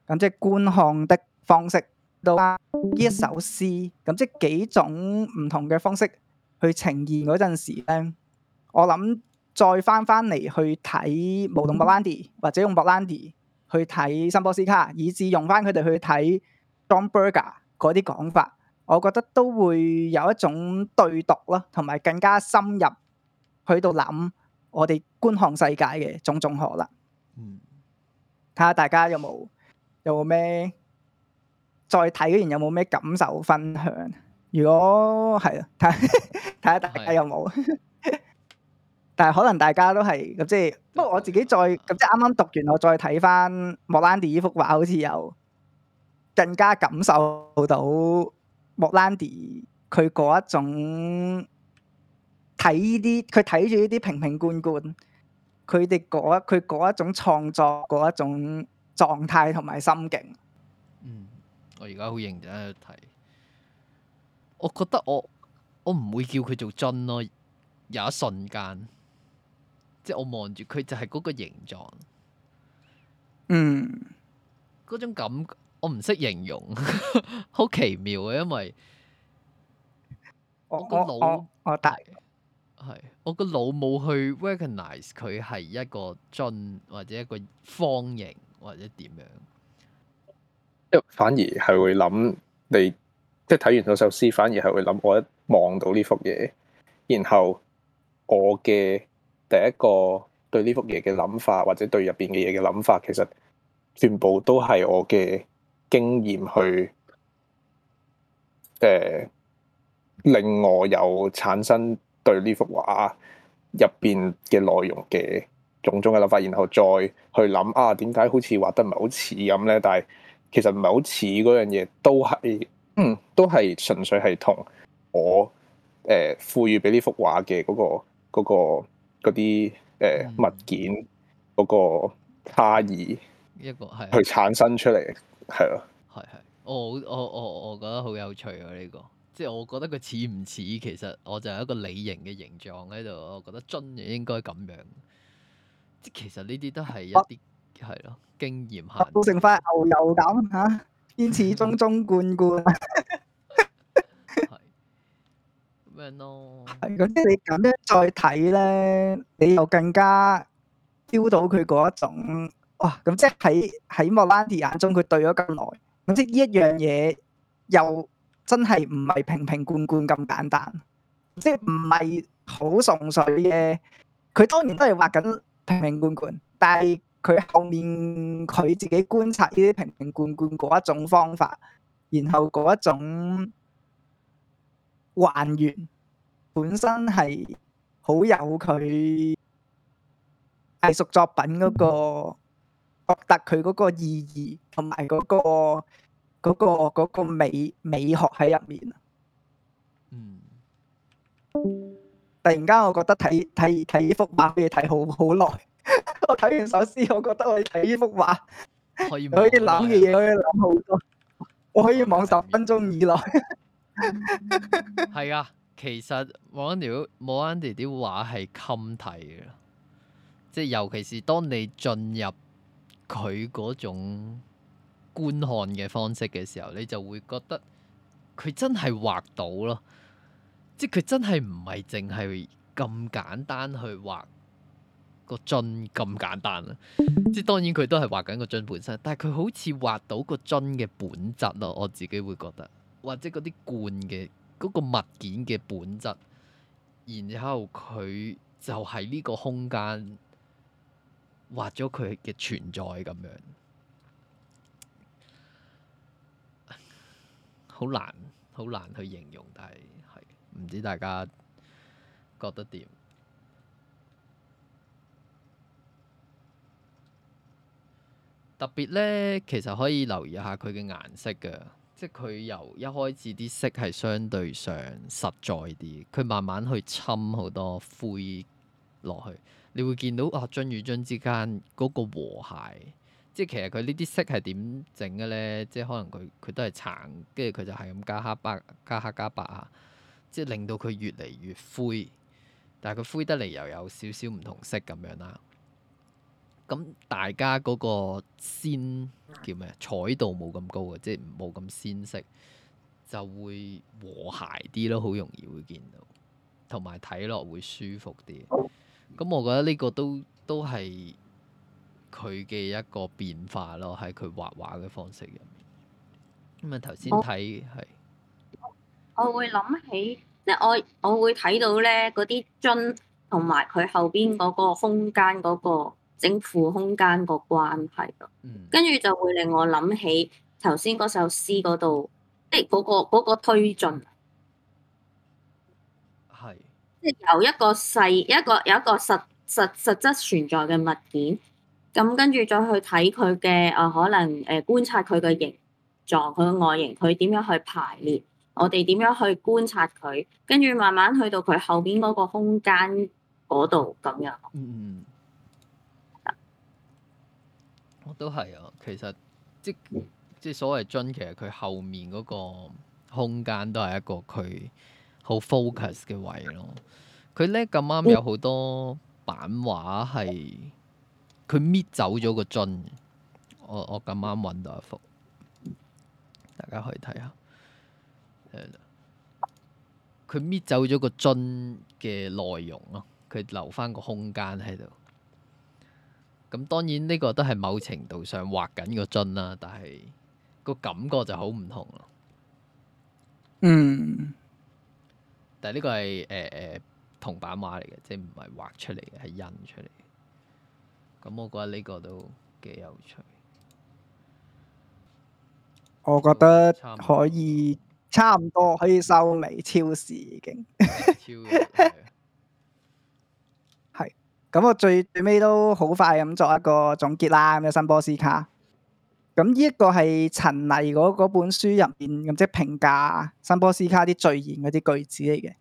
咁，即係觀看的方式到呢一首詩咁，嗯嗯、即係幾種唔同嘅方式去呈現嗰陣時咧，我諗。再翻翻嚟去睇無動莫蘭迪，或者用莫蘭迪去睇辛波絲卡，以至用翻佢哋去睇 John Berger 嗰啲講法，我覺得都會有一種對讀咯，同埋更加深入去到諗我哋觀看世界嘅種種可能啦。嗯，睇下大家有冇有冇咩再睇完有冇咩感受分享？如果係啊，睇睇下大家有冇。但係可能大家都係咁即係，不過我自己再咁即係啱啱讀完，我再睇翻莫蘭迪呢幅畫，好似又更加感受到莫蘭迪佢嗰一種睇呢啲，佢睇住呢啲瓶瓶罐罐，佢哋嗰佢一種創作嗰一種狀態同埋心境。嗯，我而家好認真去睇，我覺得我我唔會叫佢做真咯，有一瞬間。即係我望住佢，就係嗰個形狀，嗯，嗰種感覺我唔識形容， *laughs* 好奇妙嘅，因為我個腦，我但係我個腦冇去 recognize 佢係一個樽或者一個方形或者點樣，因反而係會諗你，即係睇完首首詩，反而係會諗我一望到呢幅嘢，然後我嘅。第一個對呢幅嘢嘅諗法，或者對入邊嘅嘢嘅諗法，其實全部都係我嘅經驗去誒、呃、令我有產生對呢幅畫入邊嘅內容嘅種種嘅諗法，然後再去諗啊，點解好似畫得唔係好似咁咧？但係其實唔係好似嗰樣嘢，都係、嗯、都係純粹係同我誒賦、呃、予俾呢幅畫嘅嗰個嗰個。那個嗰啲誒物件嗰、嗰個差異，一個係去產生出嚟，係咯，係係我我我我覺得好有趣啊！呢、呢個即係我覺得佢似唔似，其實我就係一個理型嘅形狀喺度，我覺得樽嘢應該咁樣。即其實呢啲都係一啲係咯經驗剩下，成塊牛油咁嚇，堅、啊、持盅盅罐罐。 *laughs* 咁係咁，即係你咁樣再睇咧，你又更加挑到佢嗰一種哇！咁即係喺喺莫蘭迪眼中，佢對咗咁耐，咁即係呢一樣嘢，又真係唔係瓶瓶罐罐咁簡單，即係唔係好純粹嘅。佢當然都係畫緊瓶瓶罐罐，但係佢後面佢自己觀察呢啲瓶瓶罐罐嗰一種方法，然後嗰一種。還原本身係好有佢藝術作品嗰、嗰個獲得佢嗰個意義同埋嗰個、嗰個、嗰個美美學喺入面、嗯、突然間我覺得睇睇睇呢幅畫俾你睇好好耐。 *laughs* 我睇完首詩，我覺得我睇呢幅畫可以 *laughs* 可以諗嘅嘢可以諗好多，可我可以望十分鐘以內。 *laughs* 係啊， *laughs* 其實莫蘭迪啲畫係襟睇嘅，即係尤其是當你進入佢嗰種觀看嘅方式嘅時候，你就會覺得佢真係畫到咯，即係佢真係唔係淨係咁簡單去畫個樽咁簡單啦。即係當然佢都係畫緊個樽本身，但係佢好似畫到個樽嘅本質咯，我自己會覺得。或者嗰啲罐嘅嗰、嗰個物件嘅本質，然後佢就喺呢個空間畫咗佢嘅存在咁樣，好難好難去形容，但係係唔知大家覺得點？特別咧，其實可以留意下佢嘅顏色㗎。即佢由一開始啲色係相對上實在啲，佢慢慢去侵好多灰落去，你會見到啊，樽與樽之間嗰個和諧。即其實佢呢啲色係點整嘅咧？即可能佢佢都係橙，跟住佢就係咁加黑、白、加黑、加白啊，即令到佢越嚟越灰。但係佢灰得嚟又有少少唔同色咁樣啦。咁大家嗰個鮮叫咩彩度冇咁高嘅，即係冇咁鮮色，就會和諧啲咯，好容易會見到，同埋睇落會舒服啲。咁、嗯、我覺得呢個都都係佢嘅一個變化咯，喺佢畫畫嘅方式入面，咁啊，頭先睇係，我會諗起，即係我我會睇到咧嗰啲樽同埋佢後邊嗰個空間嗰個，正負空間個關係咯，跟住、嗯、就會令我諗起頭先嗰首詩嗰度，即係嗰個嗰、那個那個推進，係即係由一個細一個有一個實實實質存在嘅物件，咁跟住再去睇佢嘅啊可能誒觀察佢嘅形狀，佢嘅外形，佢點樣去排列，我哋點樣去觀察佢，跟住慢慢去到佢後邊嗰個空間嗰度咁樣。嗯嗯。嗯我、哦、都係啊。其實即即所謂樽，其實佢後面嗰個空間都係一個佢好 focus 嘅位咯。佢咧咁啱有好多版畫係佢搣走咗個樽。我我咁啱搵到一幅，大家可以睇下。佢、嗯、搣走咗個樽嘅內容咯，佢留返個空間喺度。咁當然呢個都係某程度上畫緊個樽啦，但係個感覺就好唔同咯。嗯，但係呢個係誒誒銅版畫嚟嘅，即係唔係畫出嚟嘅，係印出嚟嘅。咁我覺得呢個都幾有趣。我覺得可以差唔多，多可以收尾，超時已經。 *laughs* 超咁我最最尾都好快咁作一個總結啦。咁辛波絲卡咁呢一個係陳黎嗰本書入邊，咁即係評價辛波絲卡啲最嚴嗰啲句子嚟嘅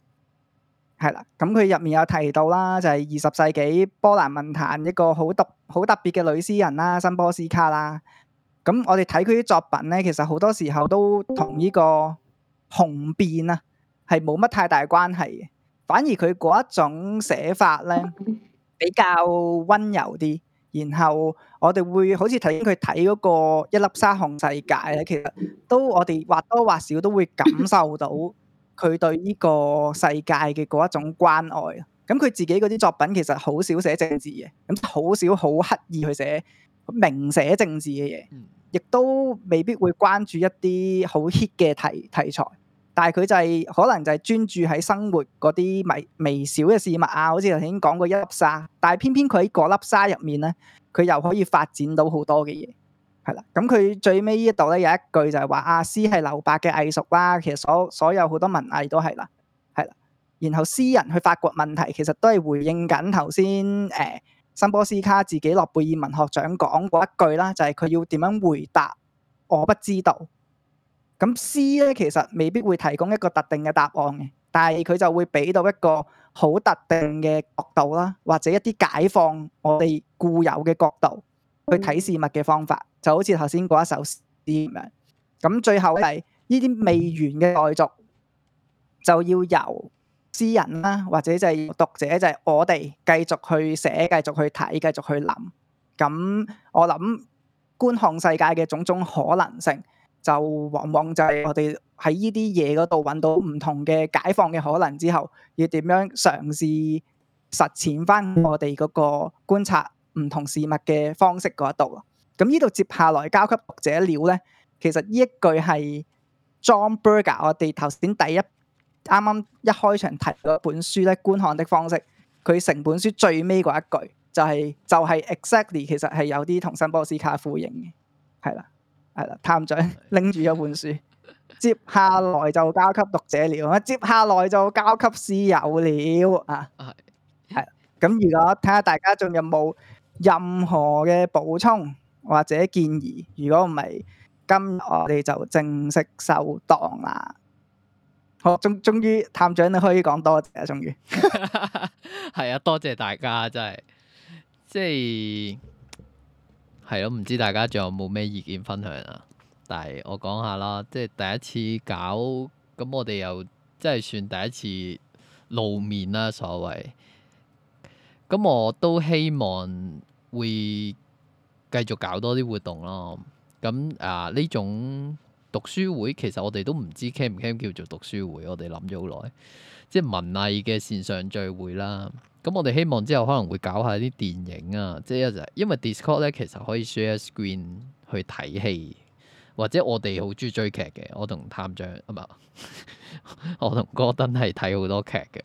係啦。咁佢入面有提到啦，就係二十世紀波蘭文壇一個好獨好特別嘅女詩人啦，辛波絲卡啦。咁我哋睇佢啲作品咧，其實好多時候都同呢個紅變啊係冇乜太大關係嘅，反而佢嗰一種寫法咧。 *laughs* 比較温柔啲，然後我哋會好似睇佢睇嗰個一粒沙看世界咧，其實都我哋或多或少都會感受到佢對呢個世界嘅嗰一種關愛。咁佢自己嗰啲作品其實好少寫政治嘅，咁好少好刻意去寫明寫政治嘅嘢，亦都未必會關注一啲好 hit 嘅題題材。但係佢就係、是、可能就係專注喺生活嗰啲微微小嘅事物啊，好似頭先講過一粒沙，但係偏偏佢喺嗰粒沙入面咧，佢又可以發展到好多嘅嘢，係啦。咁佢最尾呢一度咧有一句就係話，啊詩係留白嘅藝術啦，其實所所有好多文藝都係啦，係啦。然後詩人去發掘問題，其實都係回應緊頭先誒辛波絲卡自己諾貝爾文學獎講過一句啦，就係、是、佢要點樣回答，我不知道。咁詩呢其實未必會提供一個特定嘅答案嘅，但係佢就會俾到一個好特定嘅角度啦，或者一啲解放我哋固有嘅角度去睇事物嘅方法，就好似頭先嗰一首詩咁樣。咁最後係呢啲未完嘅待續，就要由詩人啦，或者就係讀者，就係、是、我哋繼續去寫、繼續去睇、繼續去諗。咁我諗觀看世界嘅種種可能性，就往往就係我哋喺呢啲嘢嗰度搵到唔同嘅解放嘅可能之後，要點樣嘗試實踐翻我哋嗰個觀察唔同事物嘅方式嗰一度咯。咁呢度接下來交給讀者料咧。其實呢一句係 John Berger，我哋頭先第一啱啱一開場提嗰本書咧，觀看的方式，佢成本書最尾嗰一句就係、是、就係、是、exactly，其實係有啲同辛波絲卡呼應嘅，係啦。係啦，探長拎住一本書，接下來就交給讀者了，接下來就交給詩友了啊。係，係。咁如果睇下大家仲有冇任何嘅補充或者建議，如果唔係，今日我哋就正式收檔啦。好，終終於探長你可以講多謝啊，終於。係啊，多謝大家，真係，即係。係囉，唔知大家仲有冇咩意見分享啊？但係我講下啦，即係第一次搞，咁我哋又即係算第一次露面啦，所謂。咁我都希望會繼續搞多啲活動囉。咁啊，呢種讀書會其實我哋都唔知 can 唔 can 叫做讀書會，我哋諗咗好耐。即係文藝嘅線上聚會啦，咁我哋希望之後可能會搞一下啲電影啊，即係因為 Discord 咧，其實可以 share screen 去睇戲，或者我哋好中意追劇嘅，我同探長唔係， *laughs* 我同哥登係睇好多劇嘅，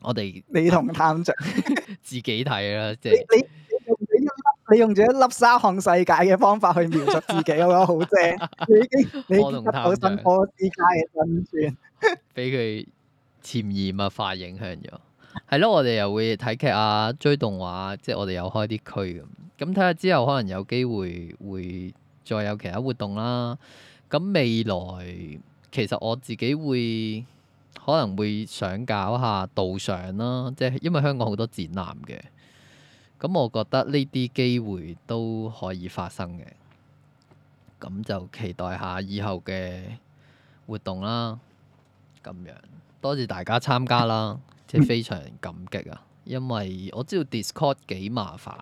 我哋你同探長 *laughs* 自己睇啦，即係你你你用住一粒沙看世界嘅方法去描述自己，我好和正探，你已經你同到辛波絲卡嘅真傳，俾佢和探。 *laughs* *laughs* 潛移默化影響咗，係咯，我哋又會睇劇啊，追動畫、啊，即係我哋有開啲區咁，咁睇下之後可能有機會會再有其他活動啦。咁未來其實我自己會可能會想搞下導賞啦，即係因為香港好多展覽嘅，咁我覺得呢啲機會都可以發生嘅，咁就期待下以後嘅活動啦，咁樣。多謝大家參加啦，即係非常感激啊！因為我知道 Discord 幾麻煩，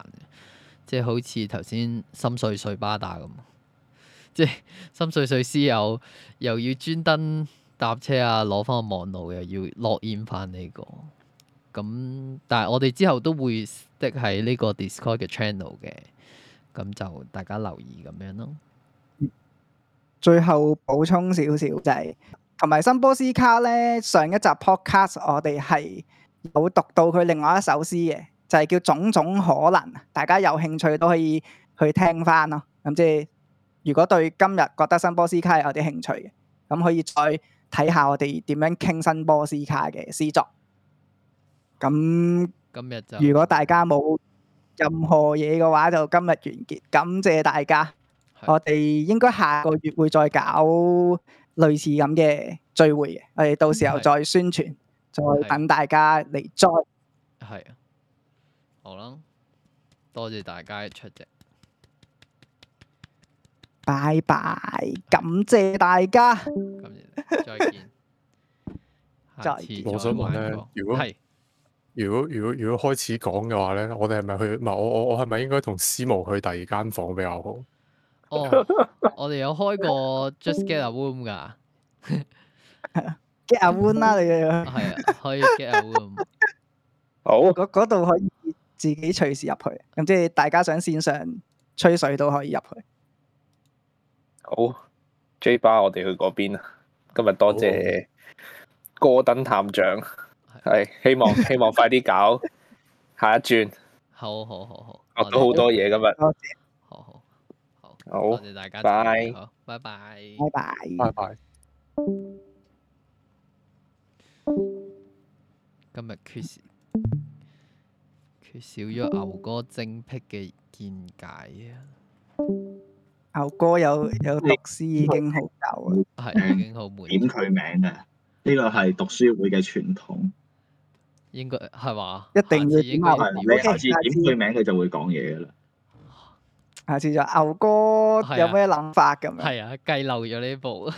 即係好似頭先深水埗巴打咁，即係深水埗絲打又要專登搭車啊，攞翻個網路又要 log in 翻呢個。咁但係我哋之後都會 stick 喺呢個 Discord 嘅 channel 嘅，咁就大家留意咁樣咯。最後補充少少就係、是。同埋辛波絲卡咧，上一集 podcast 我哋係有讀到佢另外一首詩嘅，就係、是、叫《種種可能》，大家有興趣都可以去聽翻咯。咁、嗯、即係如果對今日覺得辛波絲卡有啲興趣，嘅、嗯，咁可以再睇下我哋點樣傾辛波絲卡嘅詩作。咁、嗯、今日就如果大家冇任何嘢嘅話，就今日完結，感謝大家。的我哋應該下個月會再搞。類似咁嘅聚會嘅，我哋到時候再宣傳，的再等大家嚟再係啊好啦，多謝大家出席，拜拜，感謝大家，感謝你，再見。再見。 *laughs* 再我想問咧，如果的如果如果如果，如果開始講嘅話咧，我哋係咪去？唔係我我我係咪應該同司慕去第二間房比較好？ *laughs* 哦、我哋有開過 Just Get a Room 噶，Get a Room 啦，你嘅係啊，可以 Get a Room 好，嗰度好可以自己隨時入去，咁即係大家想線上吹水都可以入去。好，J 巴，我哋去嗰邊啊！今日多謝哥登探長，係、哦、的希望希望快啲搞 *laughs* 下一轉。好好好好，我都好，好，好，好多嘢今日。多謝 好，多謝大家，拜，好，拜拜，拜拜，拜拜。今日缺少缺少咗牛哥精辟嘅見解啊！牛哥有有歷史已經好舊啦，係已經好。點佢名嘅呢個係讀書會嘅傳統，應該係話？一定要點佢名，你下次點佢名佢就會講嘢噶啦。下次就牛哥有咩諗法咁樣？係啊，計、啊、漏咗呢步。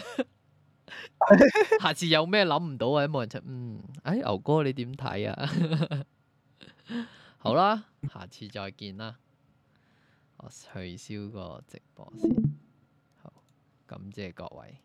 *laughs* 下次有咩諗唔到啊？冇人出。嗯，哎，牛哥你點睇啊？ *laughs* 好啦，下次再見啦。我取消個直播先。好，感謝各位。